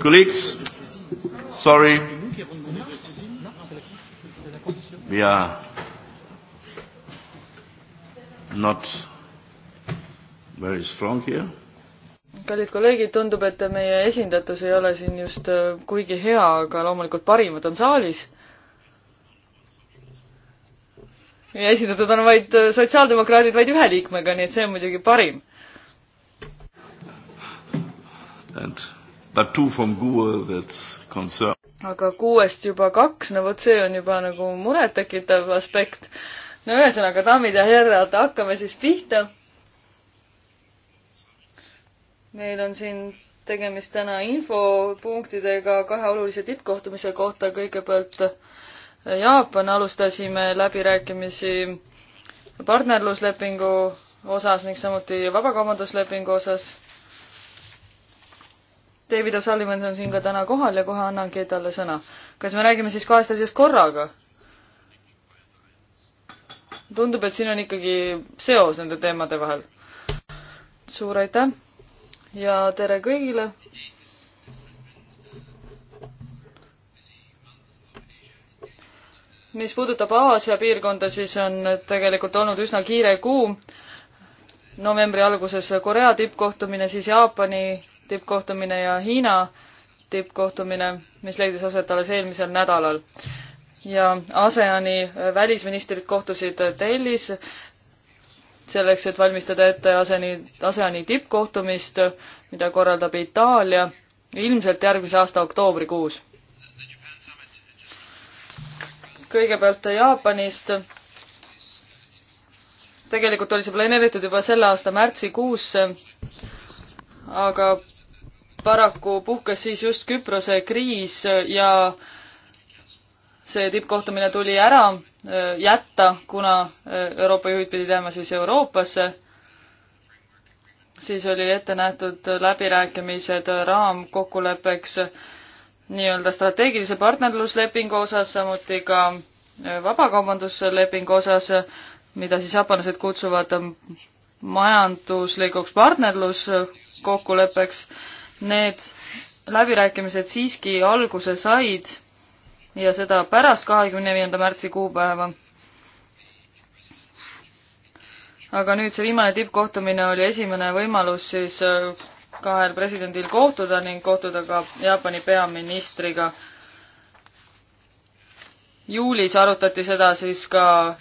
Colleagues, sorry. We are not very strong here. kallid kolleegid, tundub, et meie esindatus ei ole siin just äh, kuigi hea, aga loomulikult parimad on saalis ja esindatud on vaid äh, sotsiaaldemokraadid vaid ühe liikmega, nii et see on muidugi parim. and aga kuuest juba kaks, no vot see on juba nagu murettekitav aspekt. no ühesõnaga, daamid ja härrad, hakkame siis pihta. meil on siin tegemist täna infopunktidega kahe olulise tippkohtumise kohta. kõigepealt eh, Jaapan alustasime läbirääkimisi partnerluslepingu osas ning samuti vabakaubanduslepingu osas David O'Sullivan on siin ka täna kohal ja kohe annangi talle sõna. kas me räägime siis kahest asjast korraga? tundub, et siin on ikkagi seos nende teemade vahel. suur aitäh ja tere kõigile. mis puudutab Aasia piirkonda, siis on tegelikult olnud üsna kiire kuu. novembri alguses Korea tippkohtumine, siis Jaapani tippkohtumine ja Hiina tippkohtumine, mis leidis aset alles eelmisel nädalal. ja ASEAN-i välisministrid kohtusid Delhis selleks, et valmistada ette ASEAN-i, ASEAN-i tippkohtumist, mida korraldab Itaalia ilmselt järgmise aasta oktoobrikuus. kõigepealt Jaapanist. tegelikult oli see planeeritud juba selle aasta märtsikuusse, aga paraku puhkes siis just Küprose kriis ja see tippkohtumine tuli ära äh, jätta, kuna äh, Euroopa juhid pidid jääma siis Euroopasse. siis oli ette nähtud läbirääkimised raamkokkuleppeks nii-öelda strateegilise partnerluslepingu osas, samuti ka äh, vabakaubanduslepingu osas, mida siis jaapanlased kutsuvad majanduslikuks partnerluskokkuleppeks need läbirääkimised siiski alguse said ja seda pärast kahekümne viienda märtsi kuupäeva. aga nüüd see viimane tippkohtumine oli esimene võimalus siis äh, kahel presidendil kohtuda ning kohtuda ka Jaapani peaministriga. juulis arutati seda siis ka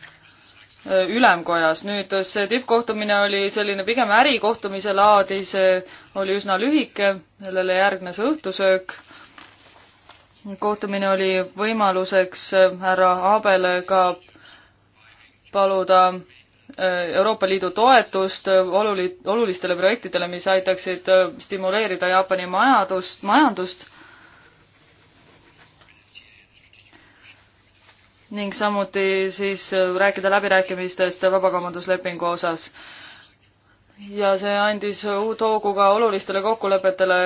Äh, ülemkojas. nüüd äh, see tippkohtumine oli selline pigem ärikohtumise laadi, see oli üsna lühike, sellele järgnes õhtusöök. kohtumine oli võimaluseks äh, härra Abele ka paluda Euroopa Liidu toetust oluli-, olulistele projektidele, mis aitaksid stimuleerida Jaapani majadust, majandust ning samuti siis äh, rääkida läbirääkimistest vabakaubanduslepingu osas. ja see andis uut hoogu ka olulistele kokkulepetele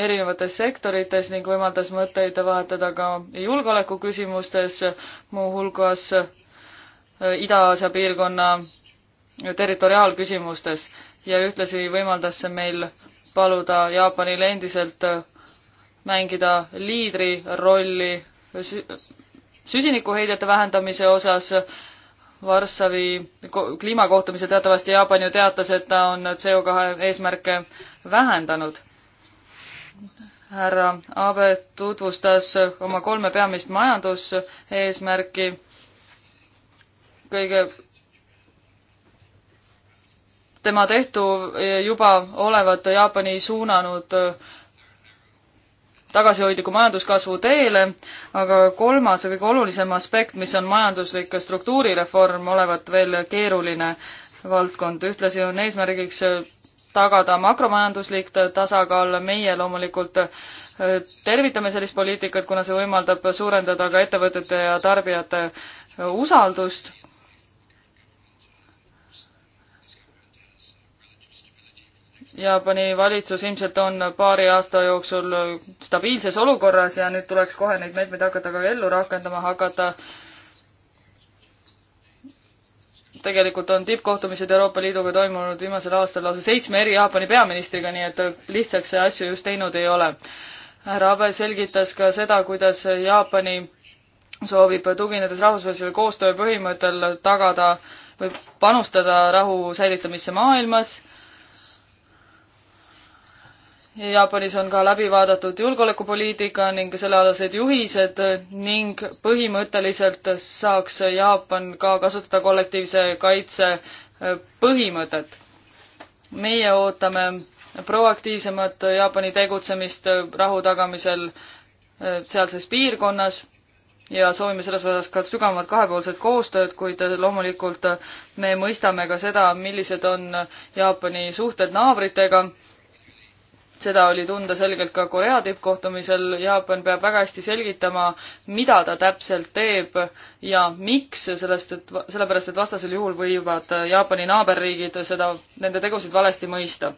erinevates sektorites ning võimaldas mõtteid vahetada ka julgeoleku küsimustes, muuhulgas äh, Ida-Aasia piirkonna territoriaalküsimustes ja ühtlasi võimaldas see meil paluda Jaapanil endiselt äh, mängida liidri rolli süsinikuheidete vähendamise osas. Varssavi kliimakohtumisel teatavasti Jaapan ju teatas, et ta on CO kahe eesmärke vähendanud. härra Abe tutvustas oma kolme peamist majanduseesmärki. kõige tema tehtu juba olevat Jaapani suunanud tagasihoidliku majanduskasvu teele, aga kolmas ja kõige olulisem aspekt, mis on majanduslik struktuurireform, olevat veel keeruline valdkond. ühtlasi on eesmärgiks tagada makromajanduslik tasakaal, meie loomulikult äh, tervitame sellist poliitikat, kuna see võimaldab suurendada ka ettevõtete ja tarbijate äh, usaldust Jaapani valitsus ilmselt on paari aasta jooksul stabiilses olukorras ja nüüd tuleks kohe neid meetmeid hakata ka ellu rakendama hakata. tegelikult on tippkohtumised Euroopa Liiduga toimunud viimasel aastal lausa seitsme eri Jaapani peaministriga, nii et lihtsaks see asju just teinud ei ole. härra Abe selgitas ka seda, kuidas Jaapani soovib tuginedes rahvusvahelisele koostöö põhimõttel tagada või panustada rahu säilitamisse maailmas Jaapanis on ka läbi vaadatud julgeolekupoliitika ning sellealased juhised ning põhimõtteliselt saaks Jaapan ka kasutada kollektiivse kaitse äh, põhimõtet. meie ootame proaktiivsemat Jaapani tegutsemist rahu tagamisel äh, sealses piirkonnas ja soovime selles osas ka sügavamat kahepoolset koostööd, kuid loomulikult me mõistame ka seda, millised on Jaapani suhted naabritega seda oli tunda selgelt ka Korea tippkohtumisel, Jaapan peab väga hästi selgitama, mida ta täpselt teeb ja miks, sellest, et, sellepärast et vastasel juhul võivad Jaapani naaberriigid seda, nende tegusid valesti mõista.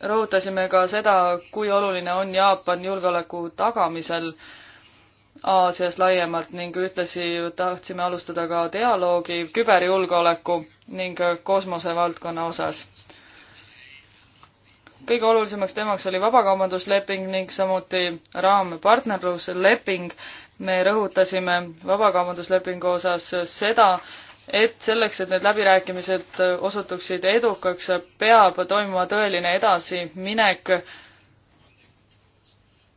rõhutasime ka seda, kui oluline on Jaapan julgeoleku tagamisel Aasias laiemalt ning ühtlasi tahtsime alustada ka dialoogi küberjulgeoleku ning kosmosevaldkonna osas kõige olulisemaks teemaks oli vabakaubandusleping ning samuti raampartnerlusleping. me rõhutasime vabakaubanduslepingu osas seda, et selleks, et need läbirääkimised osutuksid edukaks, peab toimuma tõeline edasiminek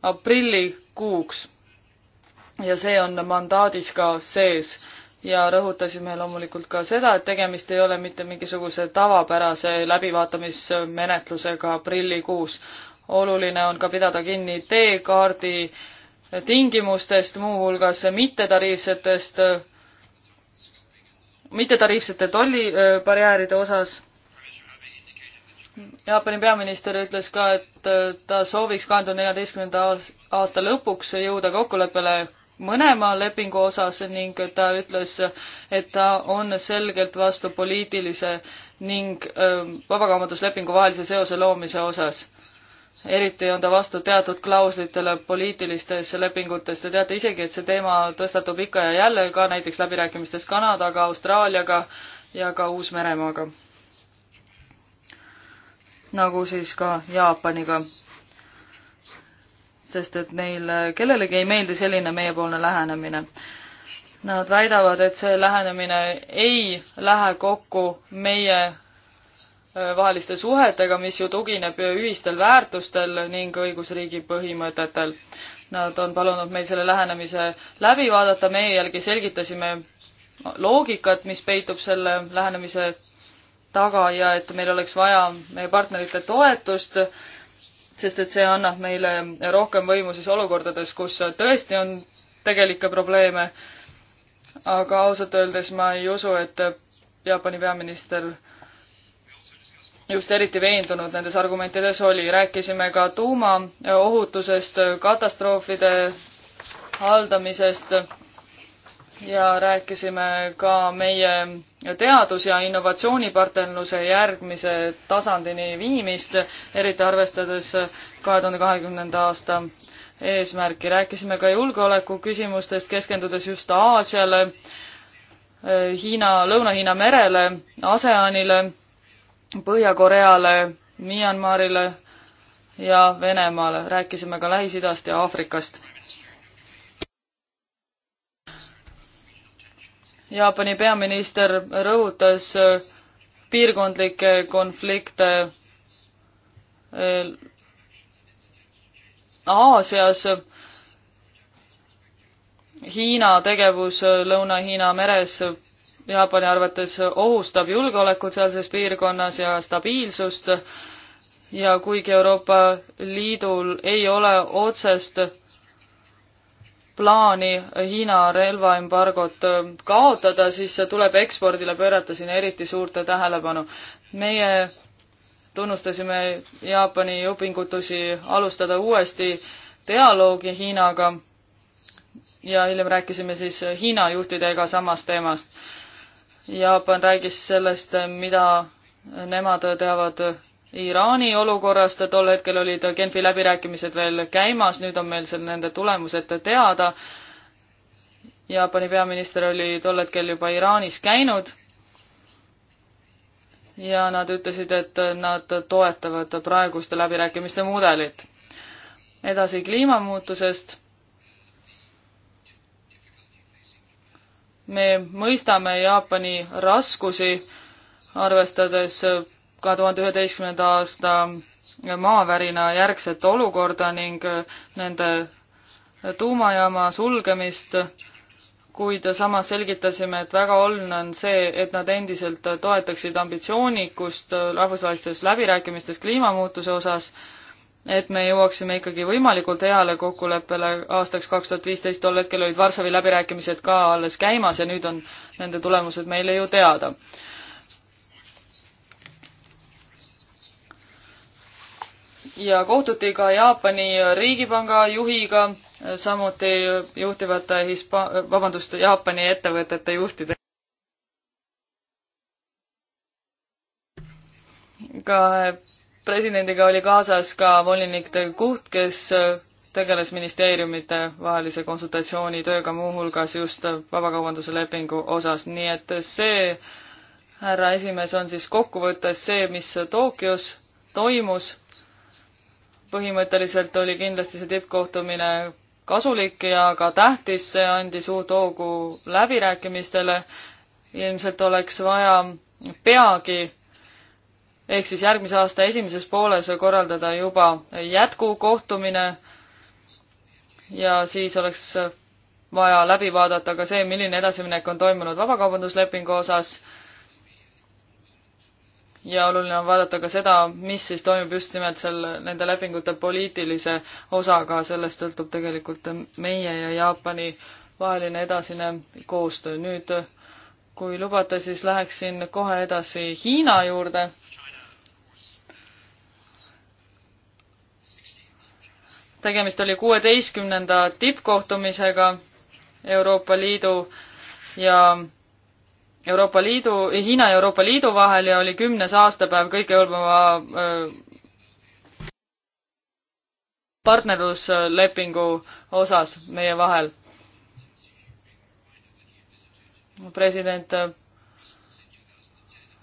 aprillikuuks. ja see on mandaadis ka sees ja rõhutasime loomulikult ka seda, et tegemist ei ole mitte mingisuguse tavapärase läbivaatamismenetlusega aprillikuus. oluline on ka pidada kinni teekaardi tingimustest, muuhulgas mittetariifsetest, mittetariifsete tollibarjääride osas. Jaapani peaminister ütles ka, et ta sooviks kahe tuhande neljateistkümnenda aasta lõpuks jõuda kokkuleppele mõlema lepingu osas ning ta ütles, et ta on selgelt vastu poliitilise ning ähm, vabakaubanduslepingu vahelise seose loomise osas. eriti on ta vastu teatud klauslitele poliitilistes lepingutes, te teate isegi, et see teema tõstatub ikka ja jälle ka näiteks läbirääkimistes Kanadaga, Austraaliaga ja ka Uus-Meremaaga. nagu siis ka Jaapaniga sest et neil kellelegi ei meeldi selline meiepoolne lähenemine. Nad väidavad, et see lähenemine ei lähe kokku meie äh, vaheliste suhetega, mis ju tugineb ühistel väärtustel ning õigusriigi põhimõtetel. Nad on palunud meil selle lähenemise läbi vaadata, meie jällegi selgitasime loogikat, mis peitub selle lähenemise taga ja et meil oleks vaja meie partnerite toetust sest et see annab meile rohkem võimu siis olukordades, kus tõesti on tegelikke probleeme. aga ausalt öeldes ma ei usu, et Jaapani peaminister just eriti veendunud nendes argumentides oli. rääkisime ka tuumaohutusest, katastroofide haldamisest ja rääkisime ka meie teadus- ja innovatsioonipartnerluse järgmise tasandini viimist, eriti arvestades kahe tuhande kahekümnenda aasta eesmärki. rääkisime ka julgeoleku küsimustest, keskendudes just Aasiale, Hiina, Lõuna-Hiina merele, ASEANile, Põhja-Koreale, Myanmarile ja Venemaale. rääkisime ka Lähis-Idast ja Aafrikast Jaapani peaminister rõhutas äh, piirkondlikke konflikte äh, Aasias. Hiina tegevus äh, Lõuna-Hiina meres Jaapani arvates ohustab julgeolekut sealses piirkonnas ja stabiilsust ja kuigi Euroopa Liidul ei ole otsest plaani Hiina relvaembargot äh, kaotada, siis tuleb ekspordile pöörata siin eriti suurt tähelepanu. meie tunnustasime Jaapani jõupingutusi alustada uuesti dialoogi Hiinaga ja hiljem rääkisime siis Hiina juhtidega samast teemast. Jaapan räägis sellest, mida nemad teavad Iraani olukorrast, tol hetkel olid Genfi läbirääkimised veel käimas, nüüd on meil seal nende tulemused teada. Jaapani peaminister oli tol hetkel juba Iraanis käinud ja nad ütlesid, et nad toetavad praeguste läbirääkimiste mudelit. edasi kliimamuutusest. me mõistame Jaapani raskusi, arvestades ka tuhande üheteistkümnenda aasta maavärina järgset olukorda ning nende tuumajaama sulgemist, kuid samas selgitasime, et väga oluline on see, et nad endiselt toetaksid ambitsioonikust rahvusvahelistes läbirääkimistes kliimamuutuse osas, et me jõuaksime ikkagi võimalikult heale kokkuleppele aastaks kaks tuhat viisteist, tol hetkel olid Varssavi läbirääkimised ka alles käimas ja nüüd on nende tulemused meile ju teada ja kohtuti ka Jaapani riigipanga juhiga, samuti juhtivate Hispa-, vabandust, Jaapani ettevõtete juhtidega. ka presidendiga oli kaasas ka volinik de Gucht, kes tegeles ministeeriumite vahelise konsultatsioonitööga muuhulgas just vabakaubanduse lepingu osas, nii et see, härra esimees, on siis kokkuvõttes see, mis Tokyos toimus põhimõtteliselt oli kindlasti see tippkohtumine kasulik ja ka tähtis, see andis uut hoogu läbirääkimistele. ilmselt oleks vaja peagi ehk siis järgmise aasta esimeses pooles korraldada juba jätkukohtumine ja siis oleks vaja läbi vaadata ka see, milline edasiminek on toimunud vabakaubanduslepingu osas ja oluline on vaadata ka seda, mis siis toimub just nimelt selle, nende lepingute poliitilise osaga, sellest sõltub tegelikult meie ja Jaapani vaheline edasine koostöö. nüüd kui lubate, siis läheksin kohe edasi Hiina juurde. tegemist oli kuueteistkümnenda tippkohtumisega Euroopa Liidu ja Euroopa Liidu, Hiina ja Euroopa Liidu vahel ja oli kümnes aastapäev kõige hõlmava äh, partnerluslepingu osas meie vahel. president äh,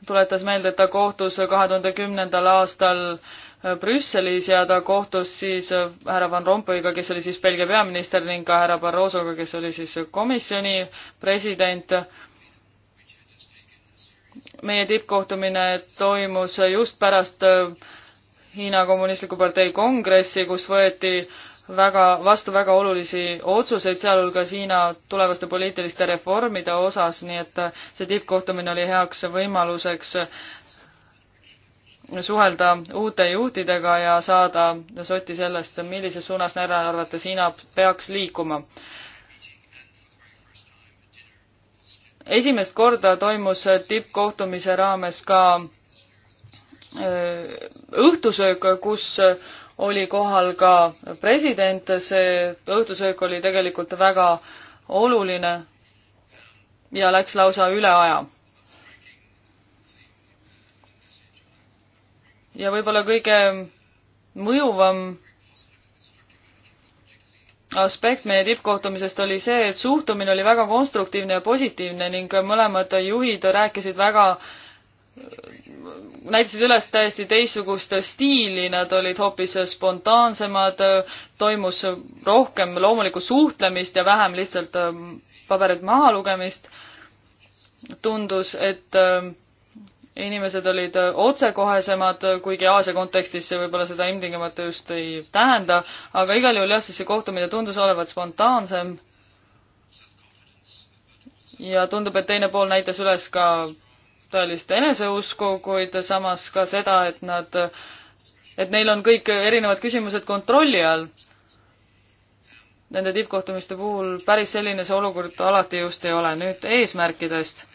tuletas meelde, et ta kohtus kahe tuhande kümnendal aastal äh, Brüsselis ja ta kohtus siis härra Van Rompuyga, kes oli siis Belgia peaminister ning ka härra Barrosoga, kes oli siis komisjoni president meie tippkohtumine toimus just pärast äh, Hiina Kommunistliku Partei kongressi, kus võeti väga, vastu väga olulisi otsuseid, sealhulgas Hiina tulevaste poliitiliste reformide osas, nii et äh, see tippkohtumine oli heaks võimaluseks äh, suhelda uute juhtidega ja saada sotti sellest, millises suunas nende arvates Hiina peaks liikuma. esimest korda toimus tippkohtumise raames ka äh, õhtusöök, kus oli kohal ka president, see õhtusöök oli tegelikult väga oluline ja läks lausa üle aja. ja võib-olla kõige mõjuvam aspekt meie tippkohtumisest oli see, et suhtumine oli väga konstruktiivne ja positiivne ning mõlemad juhid rääkisid väga, näitasid üles täiesti teistsugust stiili, nad olid hoopis spontaansemad, toimus rohkem loomulikku suhtlemist ja vähem lihtsalt paberilt maha lugemist. tundus, et inimesed olid otsekohesemad, kuigi Aasia kontekstis see võib-olla seda ilmtingimata just ei tähenda, aga igal juhul jah, siis see kohtumine tundus olevat spontaansem. ja tundub, et teine pool näitas üles ka tõelist eneseusku, kuid samas ka seda, et nad, et neil on kõik erinevad küsimused kontrolli all. Nende tippkohtumiste puhul päris selline see olukord alati just ei ole. nüüd eesmärkidest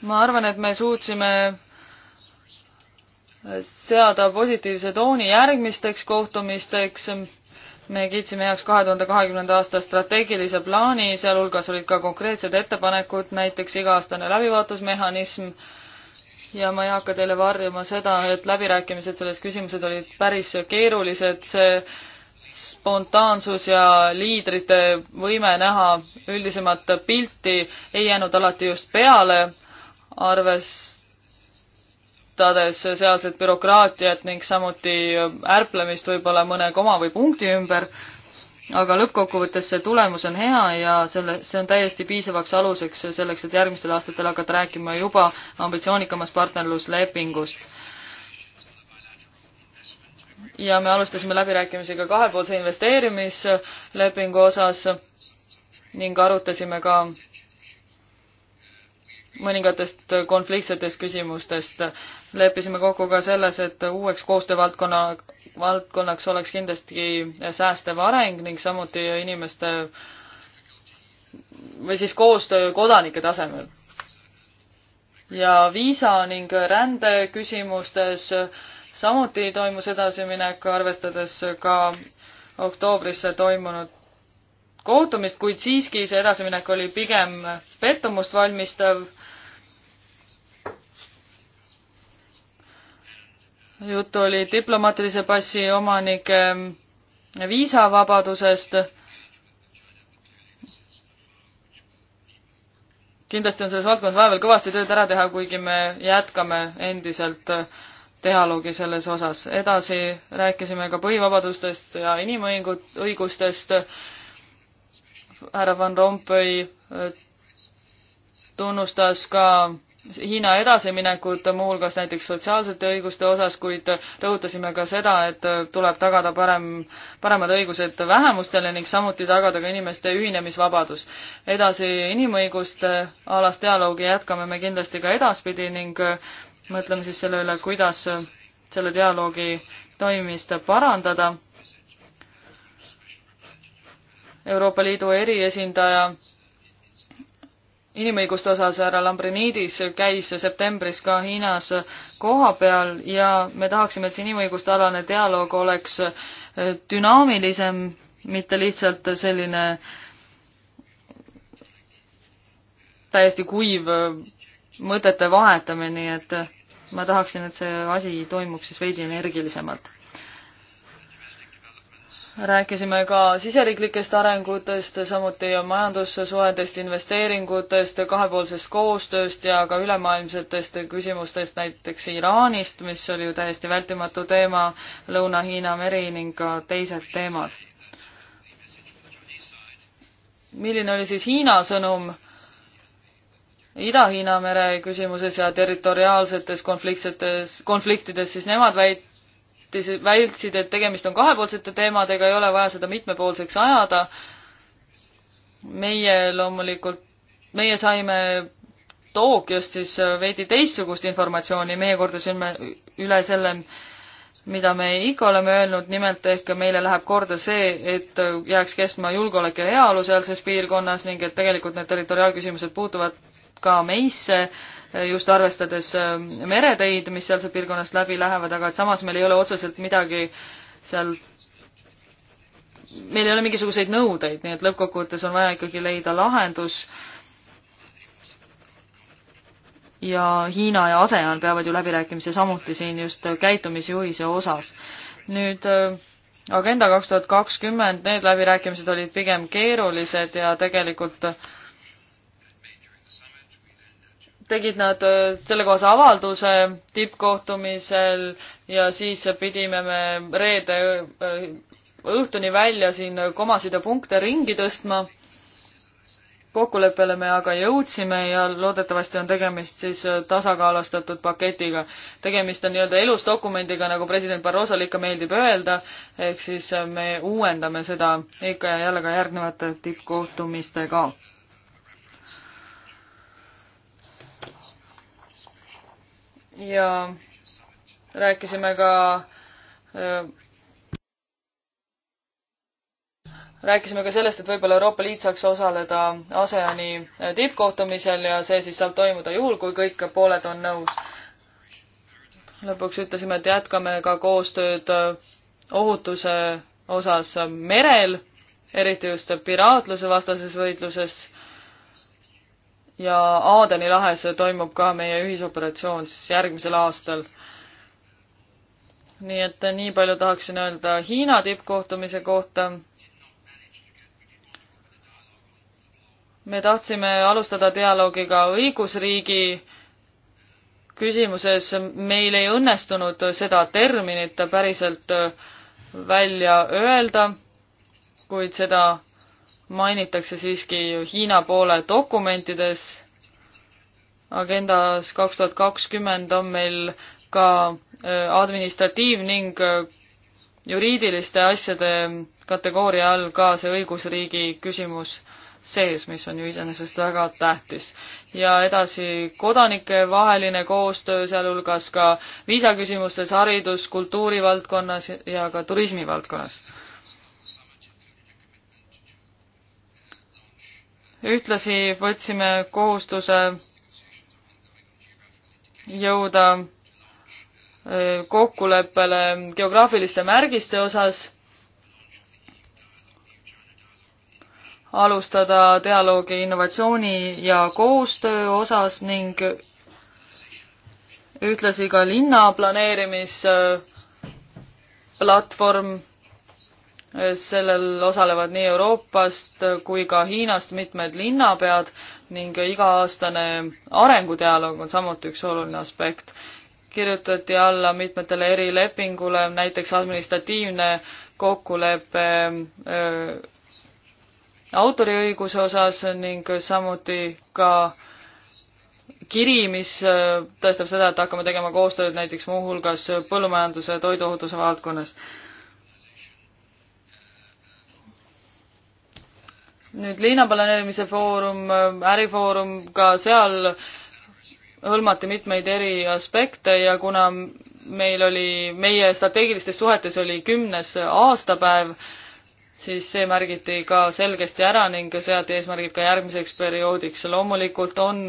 ma arvan, et me suutsime seada positiivse tooni järgmisteks kohtumisteks. me kiitsime heaks kahe tuhande kahekümnenda aasta strateegilise plaani, sealhulgas olid ka konkreetsed ettepanekud, näiteks iga-aastane läbivaatusmehhanism ja ma ei hakka teile varjama seda, et läbirääkimised selles küsimuses olid päris keerulised, see spontaansus ja liidrite võime näha üldisemat pilti ei jäänud alati just peale arvestades sealset bürokraatiat ning samuti ärplemist võib-olla mõne koma või punkti ümber, aga lõppkokkuvõttes see tulemus on hea ja selle, see on täiesti piisavaks aluseks selleks, et järgmistel aastatel hakata rääkima juba ambitsioonikamast partnerluslepingust ja me alustasime läbirääkimisi ka kahepoolse investeerimislepingu osas ning arutasime ka mõningatest konfliktsetest küsimustest. leppisime kokku ka selles, et uueks koostöövaldkonna, valdkonnaks oleks kindlasti säästev areng ning samuti inimeste või siis koostöö kodanike tasemel. ja viisa ning rände küsimustes samuti toimus edasiminek, arvestades ka oktoobris toimunud kohtumist, kuid siiski see edasiminek oli pigem pettumust valmistav jutt oli diplomaatilise passi omanike ähm, viisavabadusest. kindlasti on selles valdkonnas vaja veel kõvasti tööd ära teha, kuigi me jätkame endiselt äh, dialoogi selles osas. edasi rääkisime ka põhivabadustest ja inimõigut-, õigustest. härra Van Rompuy äh, tunnustas ka Hiina edasiminekut, muuhulgas näiteks sotsiaalsete õiguste osas, kuid rõhutasime ka seda, et tuleb tagada parem, paremad õigused vähemustele ning samuti tagada ka inimeste ühinemisvabadus. edasi inimõiguste alast dialoogi jätkame me kindlasti ka edaspidi ning mõtleme siis selle üle, kuidas selle dialoogi toimimist parandada. Euroopa Liidu eriesindaja inimõiguste osas härra Lambrinidis käis septembris ka Hiinas kohapeal ja me tahaksime, et see inimõiguste alane dialoog oleks äh, dünaamilisem, mitte lihtsalt selline äh, täiesti kuiv äh, mõtete vahetamine, nii et ma tahaksin, et see asi toimuks siis veidi energilisemalt rääkisime ka siseriiklikest arengutest, samuti majandussuhetest, investeeringutest, kahepoolsest koostööst ja ka ülemaailmsetest küsimustest, näiteks Iraanist, mis oli ju täiesti vältimatu teema, Lõuna-Hiina meri ning ka teised teemad. milline oli siis Hiina sõnum Ida-Hiina mere küsimuses ja territoriaalsetes konfliktsetes, konfliktides, siis nemad väit-, te väitsid, et tegemist on kahepoolsete teemadega, ei ole vaja seda mitmepoolseks ajada. meie loomulikult, meie saime Tokyost siis veidi teistsugust informatsiooni, meie kordasime üle selle, mida me ikka oleme öelnud, nimelt ehk meile läheb korda see, et jääks kestma julgeolek ja heaolu sealses piirkonnas ning et tegelikult need territoriaalküsimused puutuvad ka meisse just arvestades äh, mereteid, mis sealsest piirkonnast läbi lähevad, aga et samas meil ei ole otseselt midagi seal, meil ei ole mingisuguseid nõudeid, nii et lõppkokkuvõttes on vaja ikkagi leida lahendus. ja Hiina ja ASEAN peavad ju läbirääkimisi samuti siin just käitumisjuhise osas. nüüd äh, Agenda kaks tuhat kakskümmend, need läbirääkimised olid pigem keerulised ja tegelikult äh, tegid nad äh, sellekohase avalduse tippkohtumisel ja siis pidime me reede äh, õhtuni välja siin komasid ja punkte ringi tõstma. kokkuleppele me aga jõudsime ja loodetavasti on tegemist siis äh, tasakaalustatud paketiga. tegemist on nii-öelda elusdokumendiga, nagu president Barrosole ikka meeldib öelda, ehk siis me uuendame seda ikka ja jälle ka järgnevate tippkohtumistega ja rääkisime ka rääkisime ka sellest, et võib-olla Euroopa Liit saaks osaleda ASEAN-i tippkohtumisel ja see siis saab toimuda juhul, kui kõik pooled on nõus. lõpuks ütlesime, et jätkame ka koostööd ohutuse osas merel, eriti just piraatluse vastases võitluses ja Aadeni lahes toimub ka meie ühisoperatsioon siis järgmisel aastal. nii et nii palju tahaksin öelda Hiina tippkohtumise kohta. me tahtsime alustada dialoogi ka õigusriigi küsimuses, meil ei õnnestunud seda terminit päriselt välja öelda, kuid seda mainitakse siiski Hiina poole dokumentides. agendas kaks tuhat kakskümmend on meil ka äh, administratiiv ning äh, juriidiliste asjade kategooria all ka see õigusriigi küsimus sees, mis on ju iseenesest väga tähtis. ja edasi kodanikevaheline koostöö, sealhulgas ka viisaküsimustes, haridus, kultuurivaldkonnas ja ka turismivaldkonnas ühtlasi võtsime kohustuse jõuda äh, kokkuleppele geograafiliste märgiste osas, alustada dialoogi innovatsiooni ja koostöö osas ning ühtlasi ka linna planeerimisplatvorm äh, sellel osalevad nii Euroopast kui ka Hiinast mitmed linnapead ning iga-aastane arengudialoog on samuti üks oluline aspekt. kirjutati alla mitmetele erilepingule, näiteks administratiivne kokkulepe äh, autoriõiguse osas ning samuti ka kiri, mis äh, tõestab seda, et hakkame tegema koostööd näiteks muuhulgas põllumajanduse ja toiduohutuse valdkonnas nüüd linnaplaneerimise foorum, ärifoorum, ka seal hõlmati mitmeid eri aspekte ja kuna meil oli, meie strateegilistes suhetes oli kümnes aastapäev, siis see märgiti ka selgesti ära ning seati eesmärgid ka järgmiseks perioodiks. loomulikult on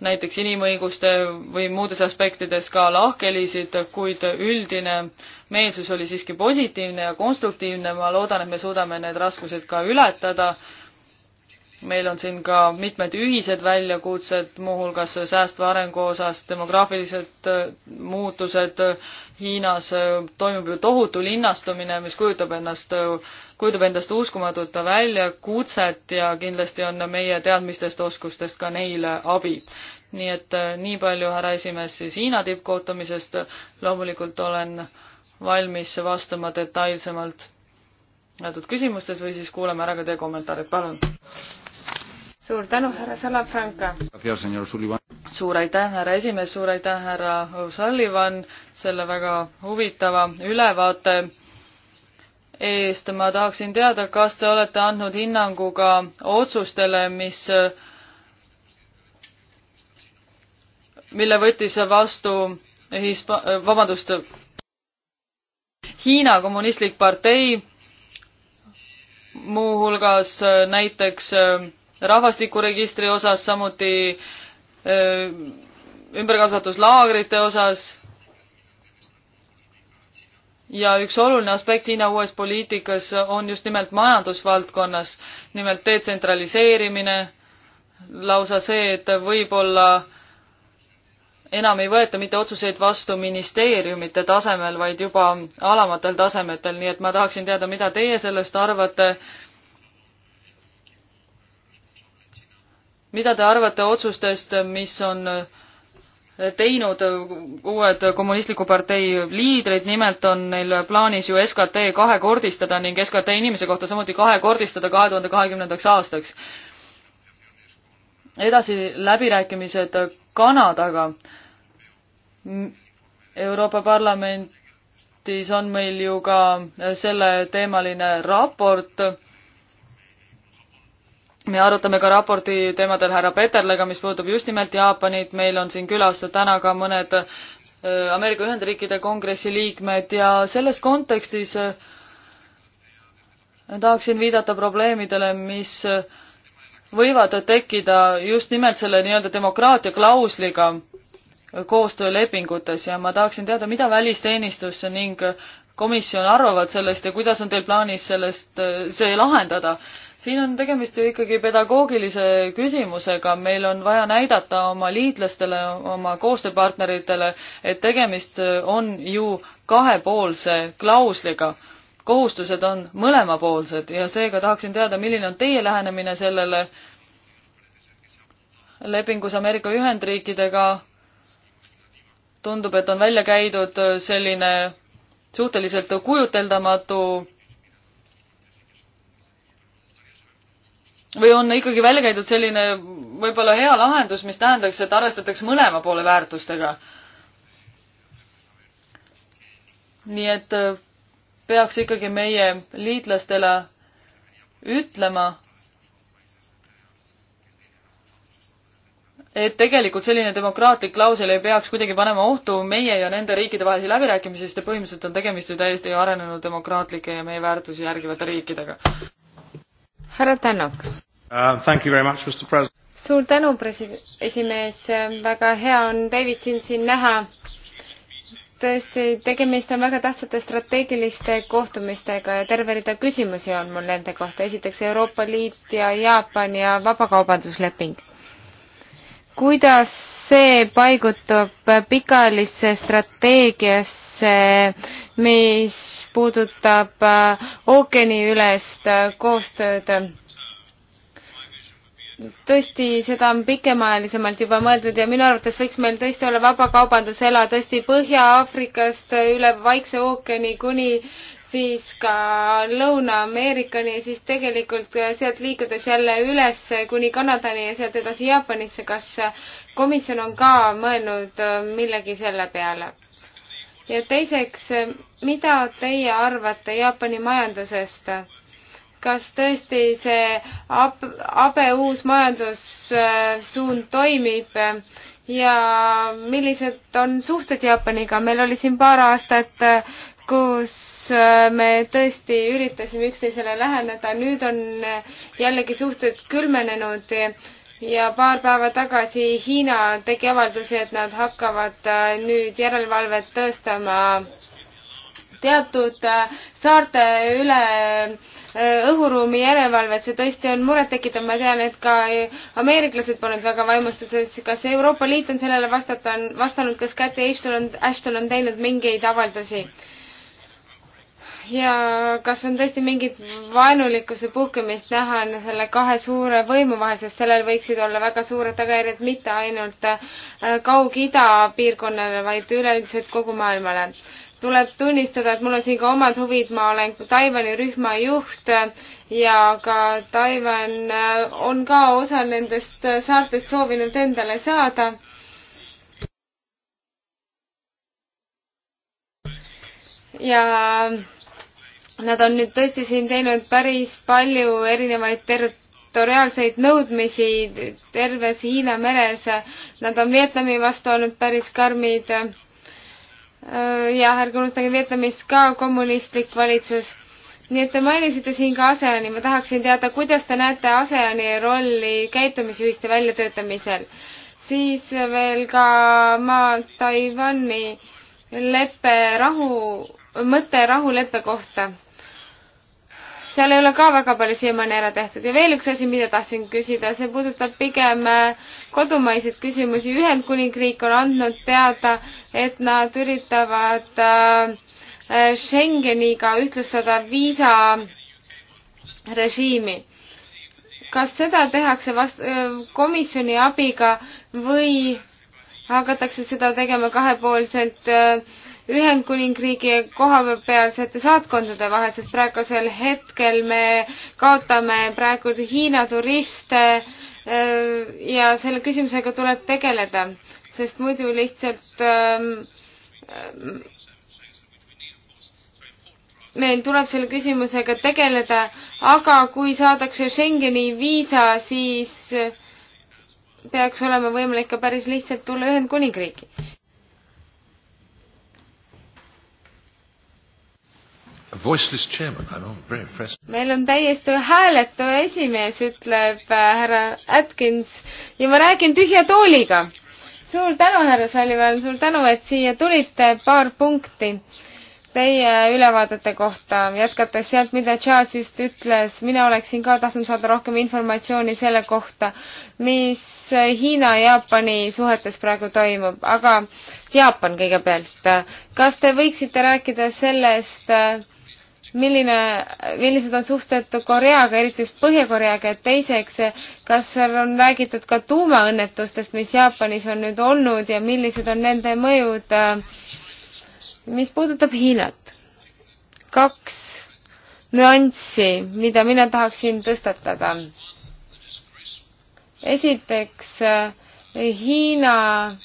näiteks inimõiguste või muudes aspektides ka lahkhelisid, kuid üldine meelsus oli siiski positiivne ja konstruktiivne. ma loodan, et me suudame need raskused ka ületada meil on siin ka mitmed ühised väljakutsed, muuhulgas säästva arengu osas demograafilised äh, muutused, äh, Hiinas äh, toimub ju tohutu linnastumine, mis kujutab ennast, kujutab endast uskumatut väljakutset ja kindlasti on meie teadmistest, oskustest ka neile abi. nii et nii palju, härra esimees, siis Hiina tippkohtumisest, loomulikult olen valmis vastama detailsemalt teatud küsimustes või siis kuulame ära ka teie kommentaarid, palun! suur tänu, härra Salafranca! suur aitäh, härra esimees, suur aitäh, härra Sullivan, selle väga huvitava ülevaate eest. ma tahaksin teada, kas te olete andnud hinnangu ka otsustele, mis, mille võttis vastu Hispa-, vabandust, Hiina Kommunistlik Partei, muuhulgas näiteks äh, rahvastikuregistri osas, samuti äh, ümberkasvatuslaagrite osas. ja üks oluline aspekt Hiina uues poliitikas on just nimelt majandusvaldkonnas, nimelt detsentraliseerimine, lausa see, et võib-olla enam ei võeta mitte otsuseid vastu ministeeriumite tasemel, vaid juba alamatel tasemetel, nii et ma tahaksin teada, mida teie sellest arvate mida te arvate otsustest, mis on eh, teinud uued kommunistliku partei liidrid, nimelt on neil plaanis ju SKT kahekordistada ning SKT inimese kohta samuti kahekordistada kahe tuhande kahekümnendaks aastaks. edasi läbirääkimised Kanadaga. Euroopa Parlamendis on meil ju ka selleteemaline raport me arutame ka raporti teemadel härra Peterlega, mis puudutab just nimelt Jaapanit, meil on siin külas täna ka mõned äh, Ameerika Ühendriikide kongressi liikmed ja selles kontekstis äh, tahaksin viidata probleemidele, mis äh, võivad tekkida just nimelt selle nii-öelda demokraatia klausliga koostöölepingutes ja ma tahaksin teada, mida välisteenistus ning komisjon arvavad sellest ja kuidas on teil plaanis sellest, see lahendada siin on tegemist ju ikkagi pedagoogilise küsimusega, meil on vaja näidata oma liitlastele, oma koostööpartneritele, et tegemist on ju kahepoolse klausliga. kohustused on mõlemapoolsed ja seega tahaksin teada, milline on teie lähenemine sellele lepingus Ameerika Ühendriikidega. tundub, et on välja käidud selline suhteliselt kujuteldamatu või on ikkagi välja käidud selline võib-olla hea lahendus, mis tähendaks, et arvestatakse mõlema poole väärtustega. nii et äh, peaks ikkagi meie liitlastele ütlema, et tegelikult selline demokraatlik klausel ei peaks kuidagi panema ohtu meie ja nende riikide vahelisi läbirääkimisi, sest põhimõtteliselt on tegemist ju täiesti arenenud demokraatlike ja meie väärtusi järgivate riikidega härra Tänak uh,. suur tänu, esimees, väga hea on David sind siin näha. tõesti, tegemist on väga tähtsate strateegiliste kohtumistega ja terve rida küsimusi on mul nende kohta. esiteks Euroopa Liit ja Jaapan ja vabakaubandusleping kuidas see paigutub pikaajalisse strateegiasse, mis puudutab äh, ookeaniülest äh, koostööd? tõesti, seda on pikemaajalisemalt juba mõeldud ja minu arvates võiks meil tõesti olla vabakaubandusela tõesti Põhja-Aafrikast üle Vaikse ookeani kuni siis ka Lõuna-Ameerikani ja siis tegelikult sealt liikudes jälle üles kuni Kanadani ja sealt edasi Jaapanisse. kas komisjon on ka mõelnud äh, millegi selle peale? ja teiseks, äh, mida teie arvate Jaapani majandusest? kas tõesti see ab-, abe uus majandussuund toimib ja millised on suhted Jaapaniga? meil oli siin paar aastat äh, kus äh, me tõesti üritasime üksteisele läheneda, nüüd on äh, jällegi suhted külmenenud ja paar päeva tagasi Hiina tegi avalduse, et nad hakkavad äh, nüüd järelevalvet tõestama teatud saarte üle õhuruumi järelevalvet, see tõesti on murettekitav, ma tean, et ka ameeriklased polnud väga vaimustuses, kas Euroopa Liit on sellele vastata, vastanud, kas Käti Ashton on, Ashton on teinud mingeid avaldusi? ja kas on tõesti mingit vaenulikkuse puhkemist näha selle kahe suure võimu vahel, sest sellel võiksid olla väga suured tagajärjed mitte ainult äh, Kaug-Ida piirkonnale, vaid üleüldiselt kogu maailmale. tuleb tunnistada, et mul on siin ka omad huvid, ma olen Taiwan'i rühma juht ja ka Taiwan äh, on ka osa nendest äh, saartest soovinud endale saada. ja Nad on nüüd tõesti siin teinud päris palju erinevaid territoriaalseid nõudmisi terves Hiina meres. Nad on Vietnami vastu olnud päris karmid. Äh, jah, ärge unustage Vietnamis ka kommunistlik valitsus nii et te mainisite siin ka ASEAN-i, ma tahaksin teada, kuidas te näete ASEAN-i rolli käitumisjuhiste väljatöötamisel. siis veel ka maa Taiwan'i leppe rahu, mõte rahuleppe kohta seal ei ole ka väga palju siiamaani ära tehtud ja veel üks asi, mida tahtsin küsida, see puudutab pigem äh, kodumaiseid küsimusi. Ühendkuningriik on andnud teada, et nad üritavad äh, äh, Schengeniga ühtlustada viisarežiimi. kas seda tehakse vast-, komisjoni abiga või hakatakse seda tegema kahepoolselt äh, Ühendkuningriigi kohapealsete saatkondade vahel, sest praegusel hetkel me kaotame praegu Hiina turiste äh, ja selle küsimusega tuleb tegeleda, sest muidu lihtsalt ähm, äh, meil tuleb selle küsimusega tegeleda, aga kui saadakse Schengeni viisa, siis äh, peaks olema võimalik ka päris lihtsalt tulla Ühendkuningriiki meil on täiesti hääletu esimees, ütleb äh, härra Atkins ja ma räägin tühja tooliga. suur tänu, härra Sullivan, suur tänu, et siia tulite, paar punkti teie ülevaadete kohta, jätkates sealt, mida Charles just ütles, mina oleksin ka tahtnud saada rohkem informatsiooni selle kohta, mis Hiina ja Jaapani suhetes praegu toimub, aga Jaapan kõigepealt. kas te võiksite rääkida sellest, äh, milline, millised on suhted Koreaga, eriti just Põhja-Koreaga, et teiseks, kas seal on räägitud ka tuumaõnnetustest, mis Jaapanis on nüüd olnud ja millised on nende mõjud, äh, mis puudutab Hiinat? kaks nüanssi, mida mina tahaksin tõstatada. esiteks, äh, Hiina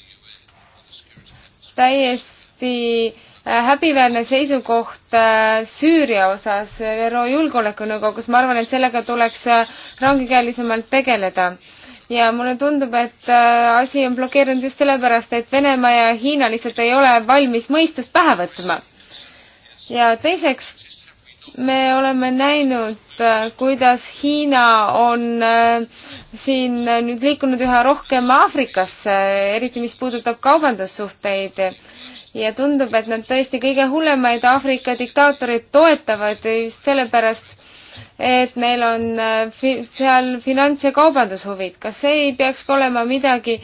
täiesti häbiväärne seisukoht äh, Süüria osas ÜRO Julgeolekunõukogus, ma arvan, et sellega tuleks äh, rangekäelisemalt tegeleda. ja mulle tundub, et äh, asi on blokeerunud just sellepärast, et Venemaa ja Hiina lihtsalt ei ole valmis mõistust pähe võtma. ja teiseks, me oleme näinud, kuidas Hiina on siin nüüd liikunud üha rohkem Aafrikasse, eriti mis puudutab kaubandussuhteid ja tundub, et nad tõesti kõige hullemaid Aafrika diktaatoreid toetavad just sellepärast, et neil on äh, fi seal finants- ja kaubandushuvid. kas see ei peaks ka olema midagi,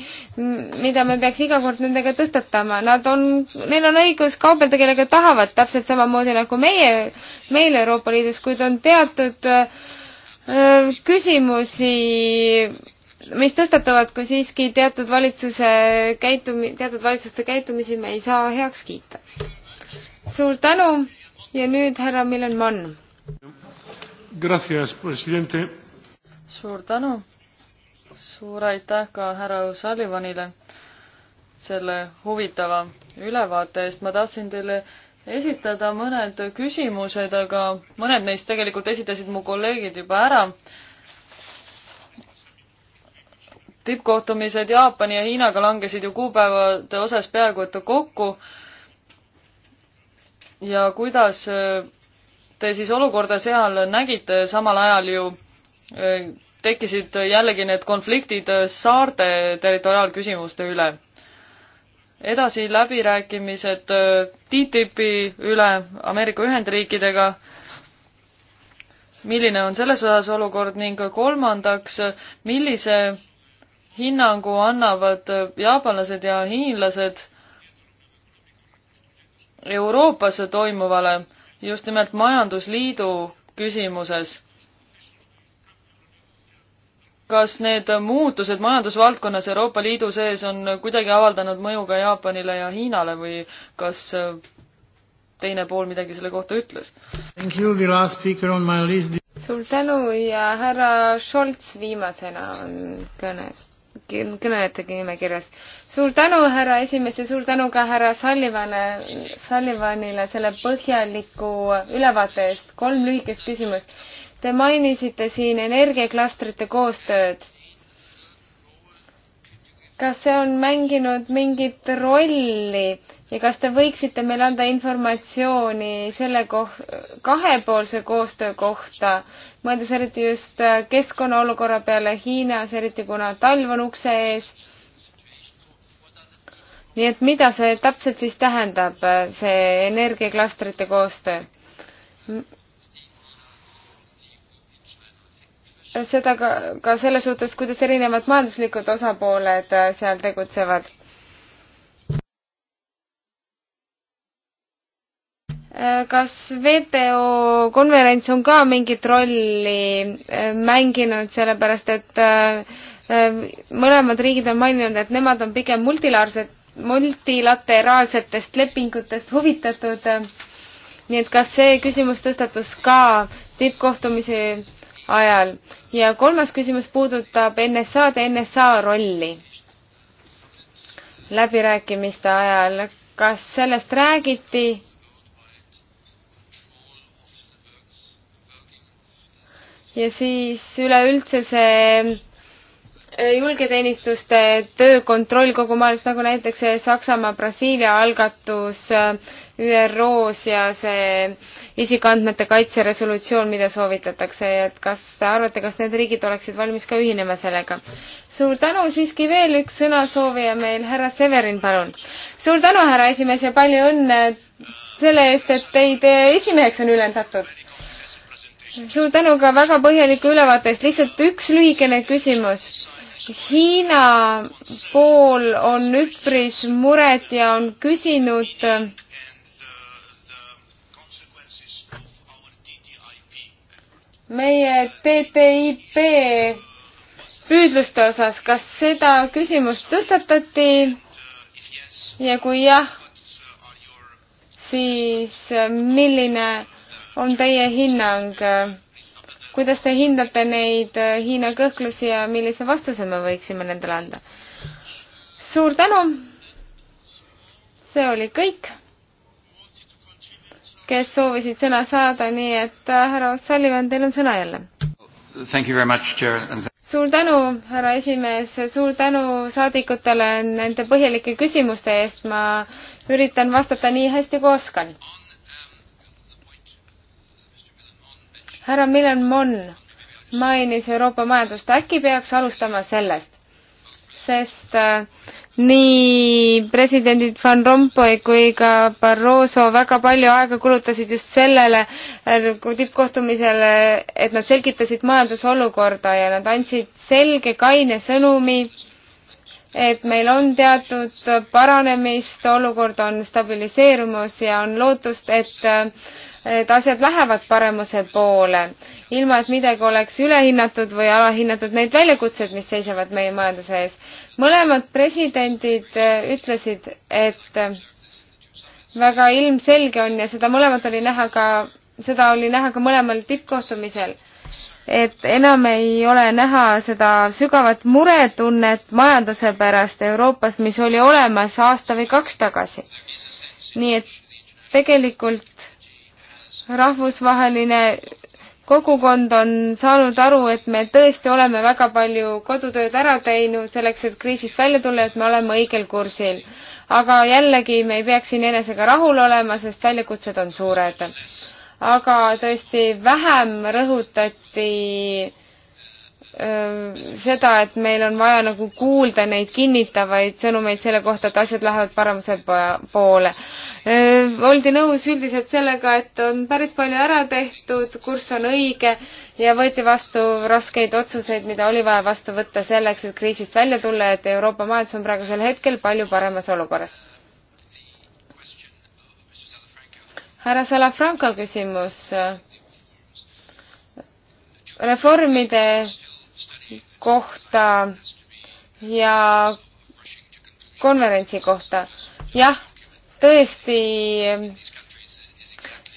mida me peaks iga kord nendega tõstatama? Nad on, neil on õigus kaubelda, kellega tahavad, täpselt samamoodi nagu meie, meil Euroopa Liidus, kuid on teatud öö, äh, küsimusi mis tõstatuvad, kui siiski teatud valitsuse käitumi-, teatud valitsuste käitumisi me ei saa heaks kiita. suur tänu ja nüüd härra Milen Mann. suur tänu, suur aitäh ka härra O'Sullivanile selle huvitava ülevaate eest, ma tahtsin teile esitada mõned küsimused, aga mõned neist tegelikult esitasid mu kolleegid juba ära tippkohtumised Jaapani ja Hiinaga langesid ju kuupäevade osas peaaegu et kokku. ja kuidas äh, te siis olukorda seal nägite, samal ajal ju äh, tekkisid jällegi need konfliktid äh, saarte territoriaalküsimuste üle. edasi läbirääkimised TTIP-i üle Ameerika Ühendriikidega milline on selles osas olukord ning kolmandaks, millise hinnangu annavad jaapanlased ja hiinlased Euroopas toimuvale just nimelt majandusliidu küsimuses. kas need muutused majandusvaldkonnas Euroopa Liidu sees on kuidagi avaldanud mõju ka Jaapanile ja Hiinale või kas teine pool midagi selle kohta ütles? suur tänu ja härra Scholz viimasena on kõnes kõnelejatega nimekirjas. suur tänu, härra esimees ja suur tänu ka härra Sallivane, Sallivanile selle põhjaliku ülevaate eest. kolm lühikest küsimust. Te mainisite siin energiaklastrite koostööd. kas see on mänginud mingit rolli ja kas te võiksite meile anda informatsiooni selle koh-, kahepoolse koostöö kohta, mõeldes eriti just äh, keskkonna olukorra peale Hiinas, eriti kuna talv on ukse ees. nii et mida see täpselt siis tähendab, äh, see energiaklastrite koostöö? seda ka, ka selles suhtes, kuidas erinevad majanduslikud osapooled äh, seal tegutsevad Äh, kas WTO konverents on ka mingit rolli äh, mänginud, sellepärast et äh, mõlemad riigid on maininud, et nemad on pigem multilaarsed, multilateraalsetest lepingutest huvitatud. nii et kas see küsimus tõstatus ka tippkohtumise ajal? ja kolmas küsimus puudutab NSA-d ja NSA rolli läbirääkimiste ajal. kas sellest räägiti? ja siis üleüldse see julgeteenistuste töökontroll kogu maailmas, nagu näiteks see Saksamaa, Brasiilia algatus ÜRO-s ja see isikuandmete kaitse resolutsioon, mida soovitatakse, et kas te arvate, kas need riigid oleksid valmis ka ühinema sellega? suur tänu, siiski veel üks sõnasoovija meil, härra Severin, palun. suur tänu, härra esimees ja palju õnne selle eest, et teid esimeheks on ülendatud suur tänu ka väga põhjaliku ülevaate eest, lihtsalt üks lühikene küsimus. Hiina pool on üpris muret ja on küsinud meie TTIP püüdluste osas, kas seda küsimust tõstatati ja kui jah, siis milline on teie hinnang? kuidas te hindate neid äh, Hiina kõhklusi ja millise vastuse me võiksime nendele anda? suur tänu! see oli kõik, kes soovisid sõna saada, nii et äh, härra O'Sullivan, teil on sõna jälle. Much, suur tänu, härra esimees, suur tänu saadikutele nende põhjalike küsimuste eest, ma üritan vastata nii hästi kui oskan härra Milan Mon mainis Euroopa majandust, äkki peaks alustama sellest, sest äh, nii presidendid Van Rompuy kui ka Barroso väga palju aega kulutasid just sellele äh, tippkohtumisele, et nad selgitasid majandusolukorda ja nad andsid selge kaine sõnumi, et meil on teatud paranemist, olukord on stabiliseerumas ja on lootust, et äh, et asjad lähevad paremuse poole, ilma et midagi oleks ülehinnatud või alahinnatud neid väljakutsed, mis seisavad meie majanduse ees. mõlemad presidendid äh, ütlesid, et äh, väga ilmselge on ja seda mõlemat oli näha ka, seda oli näha ka mõlemal tippkohtumisel, et enam ei ole näha seda sügavat muretunnet majanduse pärast Euroopas, mis oli olemas aasta või kaks tagasi. nii et tegelikult rahvusvaheline kogukond on saanud aru, et me tõesti oleme väga palju kodutööd ära teinud selleks, et kriisist välja tulla, et me oleme õigel kursil. aga jällegi, me ei peaks siin enesega rahul olema, sest väljakutsed on suured. aga tõesti, vähem rõhutati öö, seda, et meil on vaja nagu kuulda neid kinnitavaid sõnumeid selle kohta, et asjad lähevad paremuse poole oldi nõus üldiselt sellega, et on päris palju ära tehtud, kurss on õige ja võeti vastu raskeid otsuseid, mida oli vaja vastu võtta selleks, et kriisist välja tulla, et Euroopa majandus on praegusel hetkel palju paremas olukorras. härra Salafranco küsimus. reformide kohta ja konverentsi kohta. jah, tõesti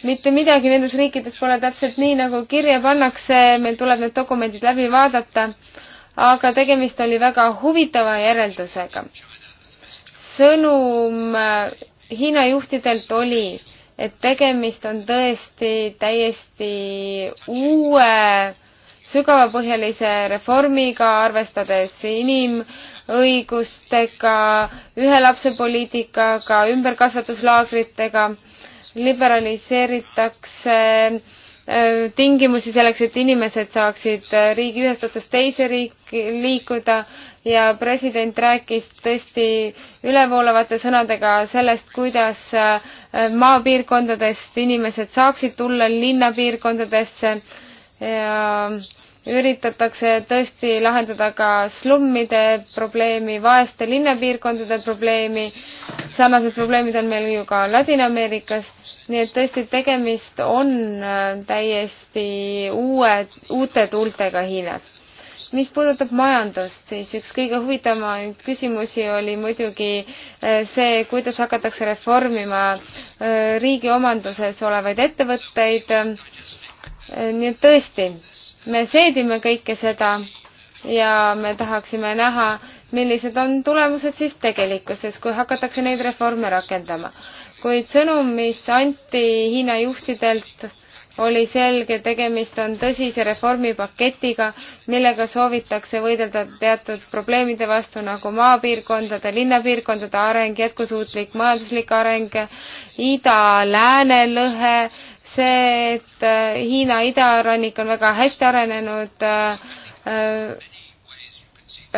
mitte midagi nendes riikides pole täpselt nii, nagu kirja pannakse, meil tuleb need dokumendid läbi vaadata, aga tegemist oli väga huvitava järeldusega. sõnum äh, Hiina juhtidelt oli, et tegemist on tõesti täiesti uue sügavapõhjalise reformiga, arvestades inim- õigustega, ühe lapse poliitikaga, ümberkasvatuslaagritega, liberaliseeritakse äh, tingimusi selleks, et inimesed saaksid äh, riigi ühest otsast teise riiki liikuda ja president rääkis tõesti ülevoolavate sõnadega sellest, kuidas äh, maapiirkondadest inimesed saaksid tulla linnapiirkondadesse ja üritatakse tõesti lahendada ka slummide probleemi, vaeste linnapiirkondade probleemi, sarnased probleemid on meil ju ka Ladina-Ameerikas, nii et tõesti tegemist on äh, täiesti uue, uute tuultega Hiinas. mis puudutab majandust, siis üks kõige huvitavamaid küsimusi oli muidugi äh, see, kuidas hakatakse reformima äh, riigi omanduses olevaid ettevõtteid, nii et tõesti, me seedime kõike seda ja me tahaksime näha, millised on tulemused siis tegelikkuses, kui hakatakse neid reforme rakendama. kuid sõnum, mis anti Hiina juhtidelt, oli selge, tegemist on tõsise reformipaketiga, millega soovitakse võidelda teatud probleemide vastu nagu maapiirkondade, linnapiirkondade areng, jätkusuutlik majanduslik areng, ida-lääne lõhe, see, et äh, Hiina idarannik on väga hästi arenenud äh, äh,,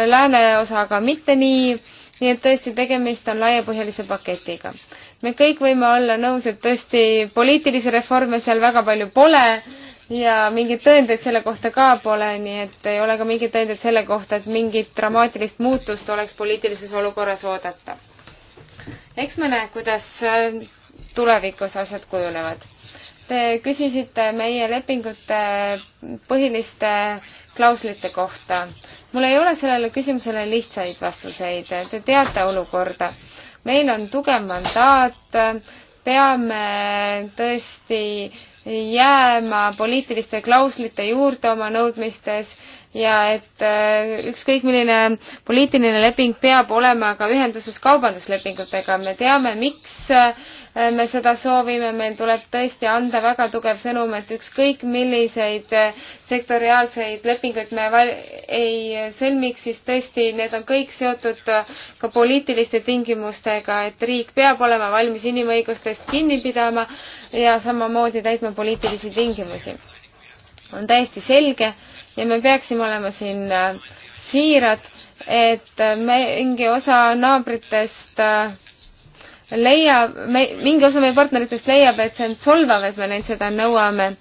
lääne osaga mitte nii, nii et tõesti, tegemist on laiapõhjalise paketiga. me kõik võime olla nõus, et tõesti poliitilisi reforme seal väga palju pole ja mingeid tõendeid selle kohta ka pole, nii et ei ole ka mingeid tõendeid selle kohta, et mingit dramaatilist muutust oleks poliitilises olukorras oodata. eks me näe, kuidas äh, tulevikus asjad kujunevad Te küsisite meie lepingute põhiliste klauslite kohta. mul ei ole sellele küsimusele lihtsaid vastuseid, te teate olukorda. meil on tugev mandaat, peame tõesti jääma poliitiliste klauslite juurde oma nõudmistes ja et äh, ükskõik milline poliitiline leping peab olema ka ühenduses kaubanduslepingutega. me teame, miks äh, me seda soovime, meil tuleb tõesti anda väga tugev sõnum, et ükskõik milliseid eh, sektoriaalseid lepinguid me ei sõlmiks, siis tõesti, need on kõik seotud eh, ka poliitiliste tingimustega, et riik peab olema valmis inimõigustest kinni pidama ja samamoodi täitma poliitilisi tingimusi. on täiesti selge ja me peaksime olema siin eh, siirad, et mingi osa naabritest äh, leiab, me, mingi osa meie partneritest leiab, et see on solvav, et me neilt seda nõuame.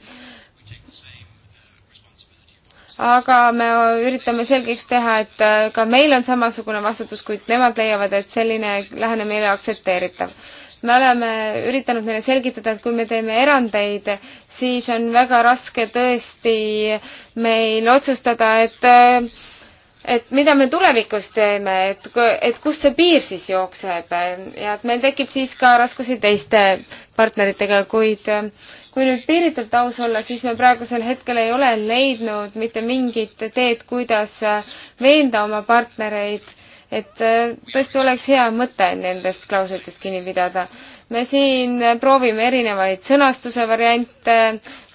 aga me üritame selgeks teha, et äh, ka meil on samasugune vastutus, kuid nemad leiavad, et selline lähenemine ei ole aktsepteeritav me oleme üritanud neile selgitada, et kui me teeme erandeid, siis on väga raske tõesti meil otsustada, et äh, et mida me tulevikus teeme, et, et kust see piir siis jookseb ja et meil tekib siis ka raskusi teiste partneritega, kuid kui nüüd piiritult aus olla, siis me praegusel hetkel ei ole leidnud mitte mingit teed, kuidas veenda oma partnereid, et tõesti oleks hea mõte nendest klauslitest kinni pidada. me siin proovime erinevaid sõnastuse variante,